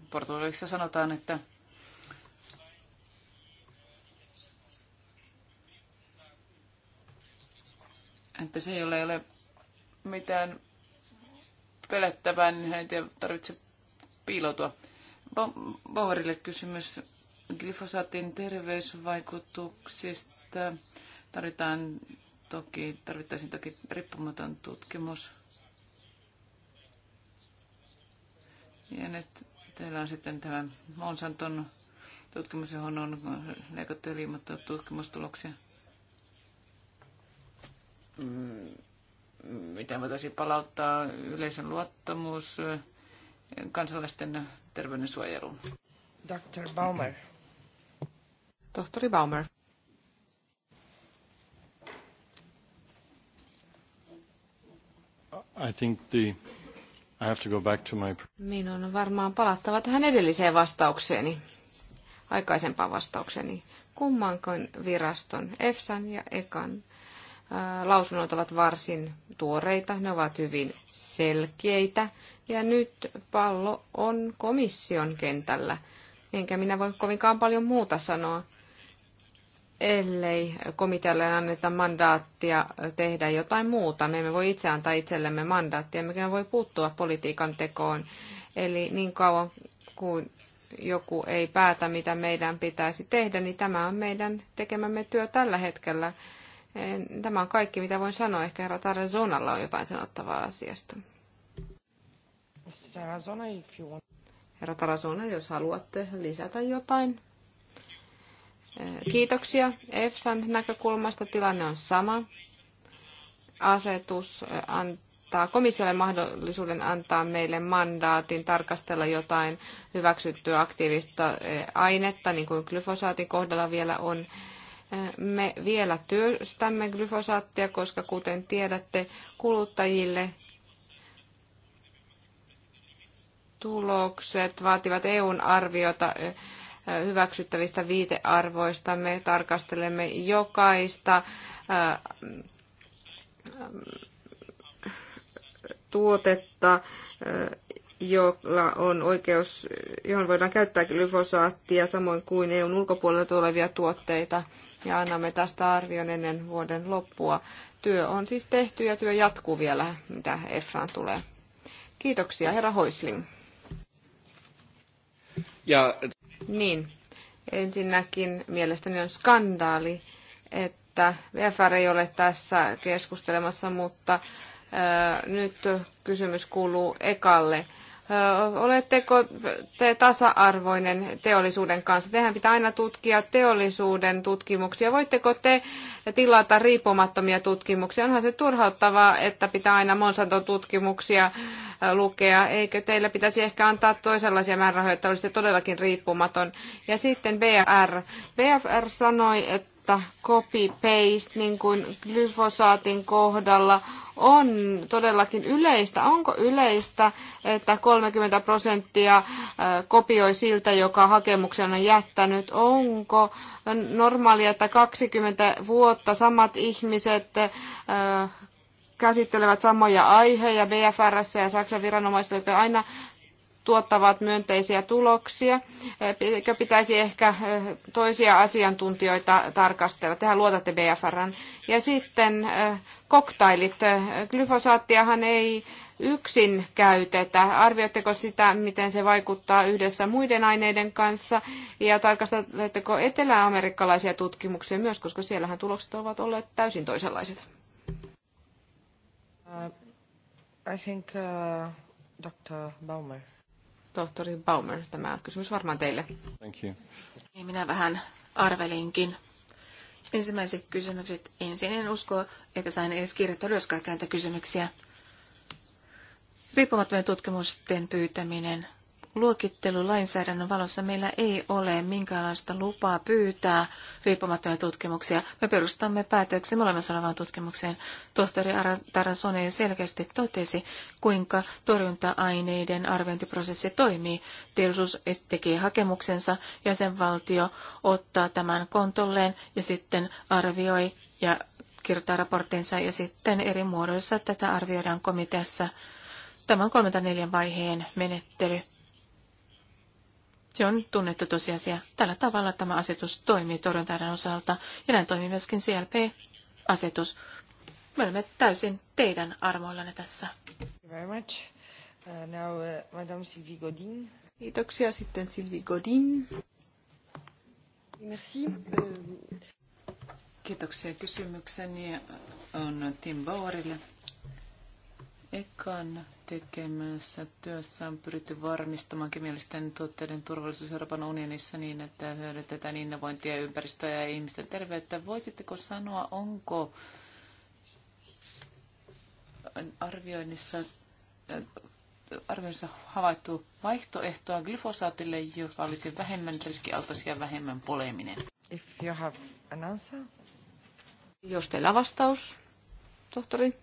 Portugalissa sanotaan, että että se ei ole mitään pelättävää, niin hän ei tarvitse piiloutua. Bauerille kysymys glyfosaatin terveysvaikutuksista. Tarvitaan toki, tarvittaisiin toki riippumaton tutkimus. Ja nyt teillä on sitten tämä Monsanton tutkimus, johon on leikattu ja liimattu tutkimustuloksia. Mm, miten voitaisiin palauttaa yleisen luottamus kansalaisten suojeluun. Dr. Baumer. Tohtori Baumer. I think the, I have to go back to my... Minun on varmaan palattava tähän edelliseen vastaukseeni, aikaisempaan vastaukseeni, kummankin viraston, EFSAn ja EKAN lausunnot ovat varsin tuoreita, ne ovat hyvin selkeitä ja nyt pallo on komission kentällä. Enkä minä voi kovinkaan paljon muuta sanoa, ellei komitealle anneta mandaattia tehdä jotain muuta. Me emme voi itse antaa itsellemme mandaattia, mikä voi puuttua politiikan tekoon. Eli niin kauan kuin joku ei päätä, mitä meidän pitäisi tehdä, niin tämä on meidän tekemämme työ tällä hetkellä. Tämä on kaikki, mitä voin sanoa. Ehkä herra Tarazonalla on jotain sanottavaa asiasta. Herra Tarazona, jos haluatte lisätä jotain. Kiitoksia. EFSAn näkökulmasta tilanne on sama. Asetus antaa komissiolle mahdollisuuden antaa meille mandaatin tarkastella jotain hyväksyttyä aktiivista ainetta, niin kuin glyfosaatin kohdalla vielä on. Me vielä työstämme glyfosaattia, koska kuten tiedätte, kuluttajille tulokset vaativat EUn arviota hyväksyttävistä viitearvoista. Me tarkastelemme jokaista tuotetta jolla on oikeus, johon voidaan käyttää glyfosaattia samoin kuin EUn ulkopuolelta tulevia tuotteita. Ja annamme tästä arvion ennen vuoden loppua. Työ on siis tehty ja työ jatkuu vielä, mitä EFRAan tulee. Kiitoksia, herra Hoisling. Ja... Niin, ensinnäkin mielestäni on skandaali, että VFR ei ole tässä keskustelemassa, mutta nyt kysymys kuuluu Ekalle. Oletteko te tasa-arvoinen teollisuuden kanssa? Tehän pitää aina tutkia teollisuuden tutkimuksia. Voitteko te tilata riippumattomia tutkimuksia? Onhan se turhauttavaa, että pitää aina Monsanto tutkimuksia lukea. Eikö teillä pitäisi ehkä antaa toisenlaisia määrärahoja, että olisitte todellakin riippumaton? Ja sitten BFR. BFR sanoi, että mutta copy-paste, niin kuin glyfosaatin kohdalla, on todellakin yleistä. Onko yleistä, että 30 prosenttia kopioi siltä, joka hakemuksen on jättänyt? Onko normaalia, että 20 vuotta samat ihmiset käsittelevät samoja aiheja BFRS ja Saksan viranomaiset, aina tuottavat myönteisiä tuloksia. Pitäisi ehkä toisia asiantuntijoita tarkastella. Tehän luotatte BFRn. Ja sitten koktailit. Glyfosaattiahan ei yksin käytetä? Arvioitteko sitä, miten se vaikuttaa yhdessä muiden aineiden kanssa? Ja tarkastatteko eteläamerikkalaisia tutkimuksia myös, koska siellähän tulokset ovat olleet täysin toisenlaiset? Uh, I think uh, Dr. Baumer tohtori Baumer, tämä kysymys varmaan teille. Thank you. Niin minä vähän arvelinkin. Ensimmäiset kysymykset. Ensin en usko, että sain edes kirjoittaa ylös kaikkia kysymyksiä. Riippumattomien tutkimusten pyytäminen luokittelulainsäädännön valossa meillä ei ole minkäänlaista lupaa pyytää riippumattomia tutkimuksia. Me perustamme päätöksen olemassa olevaan tutkimukseen. Tohtori Tarasone selkeästi totesi, kuinka torjunta-aineiden arviointiprosessi toimii. Teollisuus tekee hakemuksensa, jäsenvaltio ottaa tämän kontolleen ja sitten arvioi ja kirjoittaa raporttinsa ja sitten eri muodoissa tätä arvioidaan komiteassa. Tämä on 34 vaiheen menettely. Se on tunnettu tosiasia. Tällä tavalla tämä asetus toimii torjuntaiden osalta ja näin toimii myöskin CLP-asetus. Me olemme täysin teidän armoillanne tässä. Very much. Uh, now, uh, Madame Sylvie Godin. Kiitoksia sitten Sylvie Godin. Merci. Kiitoksia kysymykseni on Tim Bauerille. Ekan tekemässä työssä on pyritty varmistamaan kemiallisten tuotteiden turvallisuus Euroopan unionissa niin, että hyödytetään innovointia, ympäristöä ja ihmisten terveyttä. Voisitteko sanoa, onko arvioinnissa, arvioinnissa havaittu vaihtoehtoa glyfosaatille, joka olisi vähemmän riskialtas ja vähemmän poleminen? If you have an answer. Jos teillä on vastaus, tohtori?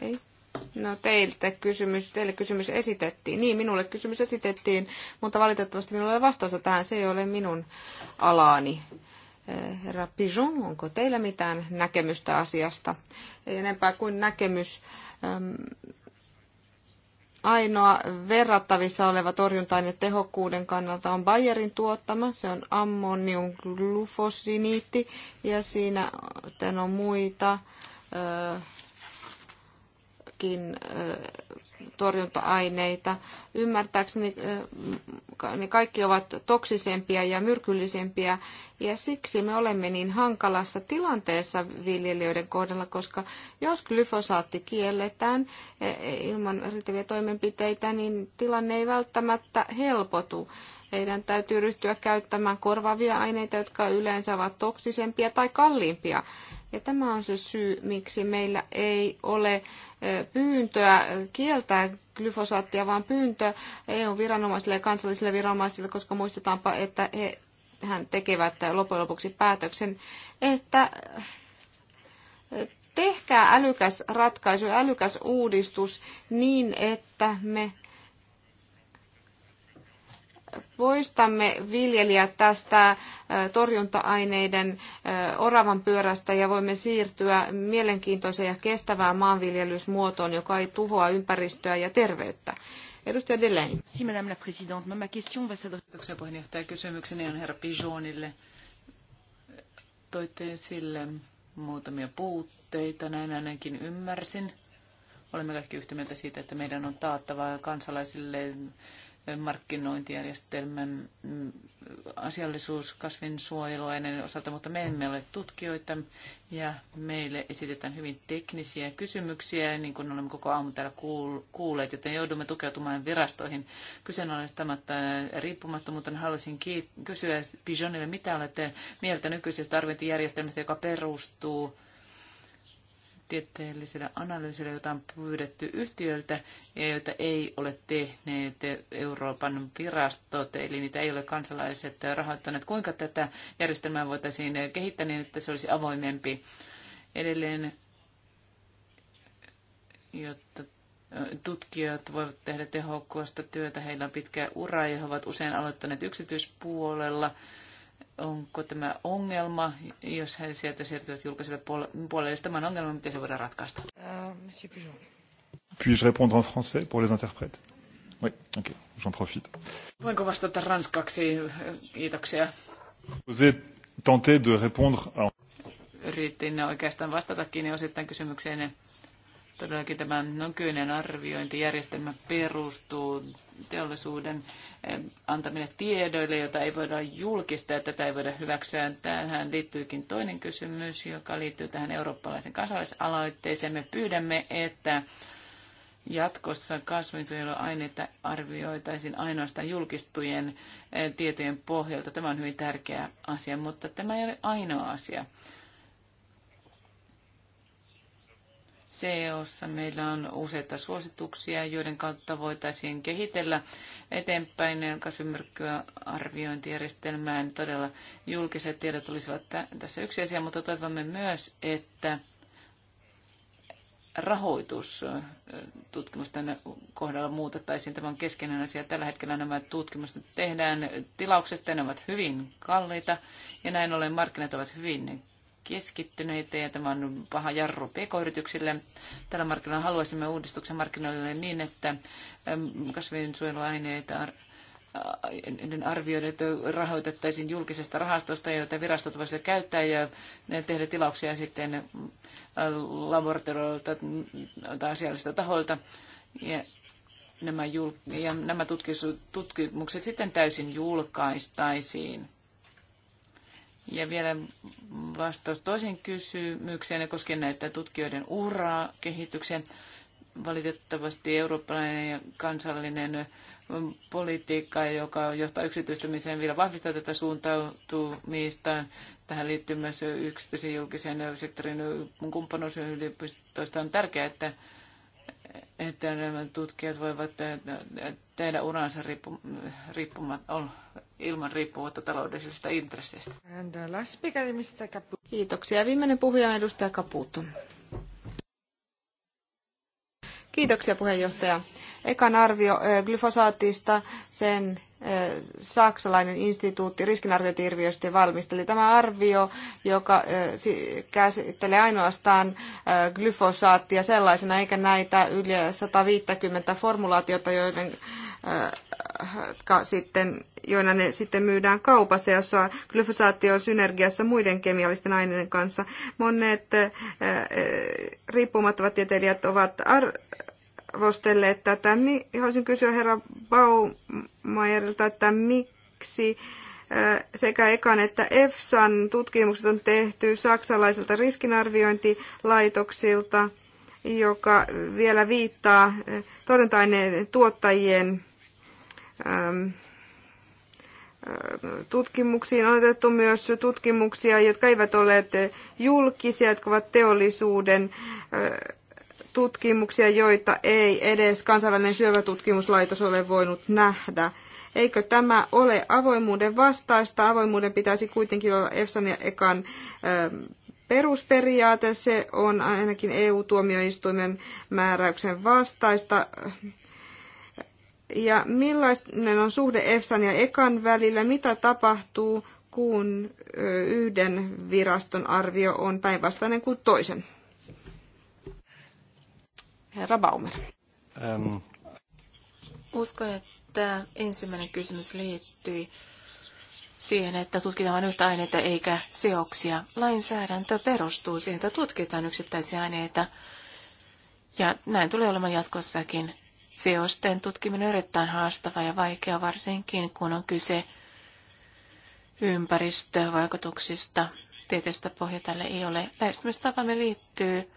Ei. No teiltä kysymys, teille kysymys esitettiin. Niin, minulle kysymys esitettiin, mutta valitettavasti minulla ei ole vastausta tähän. Se ei ole minun alaani. Eh, herra Pijon, onko teillä mitään näkemystä asiasta? Ei enempää kuin näkemys. Ehm, ainoa verrattavissa oleva torjuntainen tehokkuuden kannalta on Bayerin tuottama. Se on ammonium glufosiniitti ja siinä on muita eh, muitakin torjunta-aineita. Ymmärtääkseni ne niin kaikki ovat toksisempia ja myrkyllisempiä ja siksi me olemme niin hankalassa tilanteessa viljelijöiden kohdalla, koska jos glyfosaatti kielletään e, e, ilman riittäviä toimenpiteitä, niin tilanne ei välttämättä helpotu. Heidän täytyy ryhtyä käyttämään korvaavia aineita, jotka yleensä ovat toksisempia tai kalliimpia ja tämä on se syy, miksi meillä ei ole pyyntöä kieltää glyfosaattia, vaan pyyntö EU-viranomaisille ja kansallisille viranomaisille, koska muistetaanpa, että he hän tekevät loppujen lopuksi päätöksen, että tehkää älykäs ratkaisu, älykäs uudistus niin, että me poistamme viljelijät tästä torjunta-aineiden oravan pyörästä ja voimme siirtyä mielenkiintoiseen ja kestävään maanviljelysmuotoon, joka ei tuhoa ympäristöä ja terveyttä. Edustaja Delain. Si, madame la présidente. Ma question va puheenjohtaja. Kysymykseni on herra Pijonille. Toitte esille muutamia puutteita, näin ainakin ymmärsin. Olemme kaikki yhtä mieltä siitä, että meidän on taattava kansalaisille markkinointijärjestelmän asiallisuus kasvinsuojeluaineiden osalta, mutta me emme ole tutkijoita ja meille esitetään hyvin teknisiä kysymyksiä, niin kuin olemme koko aamu täällä kuulleet, joten joudumme tukeutumaan virastoihin kyseenalaistamatta riippumattomuutta. Haluaisin kysyä Pijonille, mitä olette mieltä nykyisestä arviointijärjestelmästä, joka perustuu tieteellisellä analyysillä, jota on pyydetty yhtiöltä ja joita ei ole tehneet Euroopan virastot, eli niitä ei ole kansalaiset rahoittaneet. Kuinka tätä järjestelmää voitaisiin kehittää niin, että se olisi avoimempi edelleen, jotta tutkijat voivat tehdä tehokkuasta työtä. Heillä on pitkä ura ja he ovat usein aloittaneet yksityispuolella onko tämä ongelma, jos he sieltä siirtyvät julkiselle puolelle, jos tämä on ongelma, miten se voidaan ratkaista? Euh, Puis-je répondre en français pour les interprètes? Oui, ok, j'en profite. Voinko vastata ranskaksi? Kiitoksia. Vous avez tenté de répondre à... Yritin oikeastaan vastatakin osittain kysymykseen Todellakin tämä nykyinen arviointijärjestelmä perustuu teollisuuden eh, antamille tiedoille, joita ei voida julkistaa, tätä ei voida hyväksyä. Tähän liittyykin toinen kysymys, joka liittyy tähän eurooppalaisen kansalaisaloitteeseen. Me pyydämme, että jatkossa kasvinsuojeluaineita arvioitaisiin ainoastaan julkistujen eh, tietojen pohjalta. Tämä on hyvin tärkeä asia, mutta tämä ei ole ainoa asia. CEOssa meillä on useita suosituksia, joiden kautta voitaisiin kehitellä eteenpäin kasvimyrkkyä arviointijärjestelmään. Todella julkiset tiedot olisivat tässä yksi asia, mutta toivomme myös, että rahoitus tutkimusten kohdalla muutettaisiin. Tämä on keskeinen asia. Tällä hetkellä nämä tutkimukset tehdään tilauksesta, ne ovat hyvin kalliita ja näin ollen markkinat ovat hyvin keskittyneitä ja tämä on paha jarru pk-yrityksille. Tällä markkinoilla haluaisimme uudistuksen markkinoille niin, että ähm, kasvinsuojeluaineita arvioida, arvioidut rahoitettaisiin julkisesta rahastosta, joita virastot voisivat käyttää ja tehdä tilauksia sitten äh, laboratorioilta tai asiallisilta tahoilta. Ja nämä, ja nämä tutkimukset sitten täysin julkaistaisiin. Ja vielä vastaus toisen kysymykseen koskien näitä tutkijoiden uraa kehityksen. Valitettavasti eurooppalainen ja kansallinen politiikka, joka johtaa yksityistämiseen, vielä vahvistaa tätä suuntautumista. Tähän liittyy myös yksityisen julkisen sektorin kumppanuus yliopistoista. On tärkeää, että, että nämä tutkijat voivat tehdä uransa riippumatta, ilman riippumatta taloudellisista intresseistä. Uh, Kiitoksia. Viimeinen puhuja on edustaja Caputo. Kiitoksia puheenjohtaja. Ekan arvio glyfosaatista sen saksalainen instituutti riskinarviointiirviöstä valmisteli. Tämä arvio, joka käsittelee ainoastaan glyfosaattia sellaisena, eikä näitä yli 150 formulaatiota, joiden jotka äh, äh, sitten, joina ne sitten myydään kaupassa, jossa glyfosaatio on synergiassa muiden kemiallisten aineiden kanssa. Monet äh, riippumattomat tieteilijät ovat arvostelleet tätä. Haluaisin kysyä herra Baumajerilta, että miksi sekä ekan että EFSAn tutkimukset on tehty saksalaiselta riskinarviointilaitoksilta, joka vielä viittaa torjunta-aineen tuottajien Ähm, äh, tutkimuksiin. On otettu myös tutkimuksia, jotka eivät olleet julkisia, jotka ovat teollisuuden äh, tutkimuksia, joita ei edes kansainvälinen syövätutkimuslaitos ole voinut nähdä. Eikö tämä ole avoimuuden vastaista? Avoimuuden pitäisi kuitenkin olla EFSAn ja EKAN ähm, perusperiaate. Se on ainakin EU-tuomioistuimen määräyksen vastaista. Ja millainen on suhde EFSAn ja EKAN välillä? Mitä tapahtuu, kun yhden viraston arvio on päinvastainen kuin toisen? Herra Baumer. Ähm. Uskon, että ensimmäinen kysymys liittyy siihen, että tutkitaan yhtä aineita eikä seoksia. Lainsäädäntö perustuu siihen, että tutkitaan yksittäisiä aineita. Ja näin tulee olemaan jatkossakin seosten tutkiminen on erittäin haastava ja vaikea, varsinkin kun on kyse ympäristövaikutuksista. Tieteestä pohja tälle ei ole. Lähestymistapamme liittyy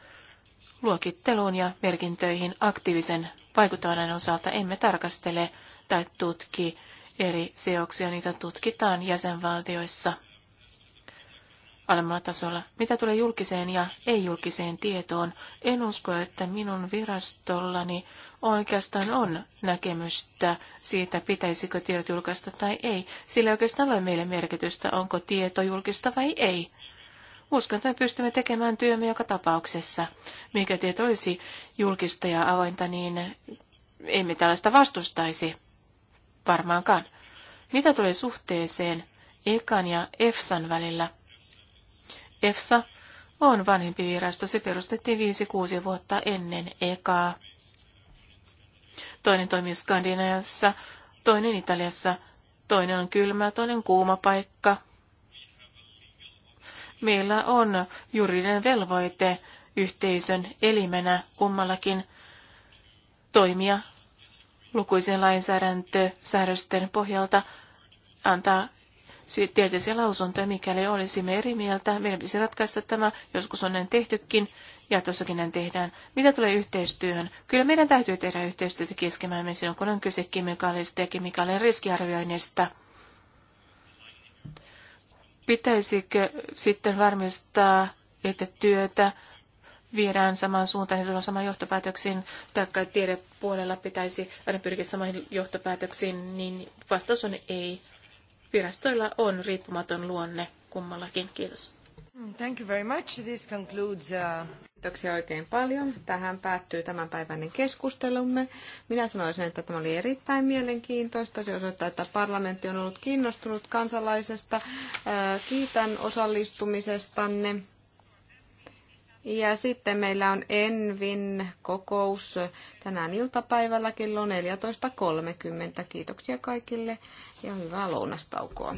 luokitteluun ja merkintöihin aktiivisen vaikuttavan osalta. Emme tarkastele tai tutki eri seoksia, niitä tutkitaan jäsenvaltioissa alemmalla tasolla. Mitä tulee julkiseen ja ei-julkiseen tietoon, en usko, että minun virastollani oikeastaan on näkemystä siitä, pitäisikö tiedot julkaista tai ei. Sillä ei oikeastaan ole meille merkitystä, onko tieto julkista vai ei. Uskon, että me pystymme tekemään työmme joka tapauksessa. Mikä tieto olisi julkista ja avointa, niin emme tällaista vastustaisi varmaankaan. Mitä tulee suhteeseen Ekan ja EFSAn välillä? EFSA on vanhempi virasto. Se perustettiin 5-6 vuotta ennen Ekaa. Toinen toimii Skandinaviassa, toinen Italiassa, toinen on kylmä, toinen kuuma paikka. Meillä on juridinen velvoite yhteisön elimenä kummallakin toimia lukuisen lainsäädäntösäädösten pohjalta antaa se lausunto, mikäli olisimme eri mieltä. Meidän pitäisi ratkaista tämä, joskus on näin tehtykin, tuossakin näin tehdään. Mitä tulee yhteistyöhön? Kyllä meidän täytyy tehdä yhteistyötä keskenämme silloin, kun on kyse kemikaalista ja kemikaalien riskiarvioinnista. Pitäisikö sitten varmistaa, että työtä viedään samaan suuntaan ja tullaan samaan johtopäätöksiin, taikka tiedepuolella pitäisi aina pyrkiä samaan johtopäätöksiin, niin vastaus on ei. Virastoilla on riippumaton luonne kummallakin. Kiitos. Thank you very much. This concludes, uh... Kiitoksia oikein paljon. Tähän päättyy tämänpäiväinen keskustelumme. Minä sanoisin, että tämä oli erittäin mielenkiintoista. Se osoittaa, että parlamentti on ollut kiinnostunut kansalaisesta. Äh, kiitän osallistumisestanne ja sitten meillä on Envin kokous tänään iltapäivällä kello 14.30. Kiitoksia kaikille ja hyvää lounastaukoa.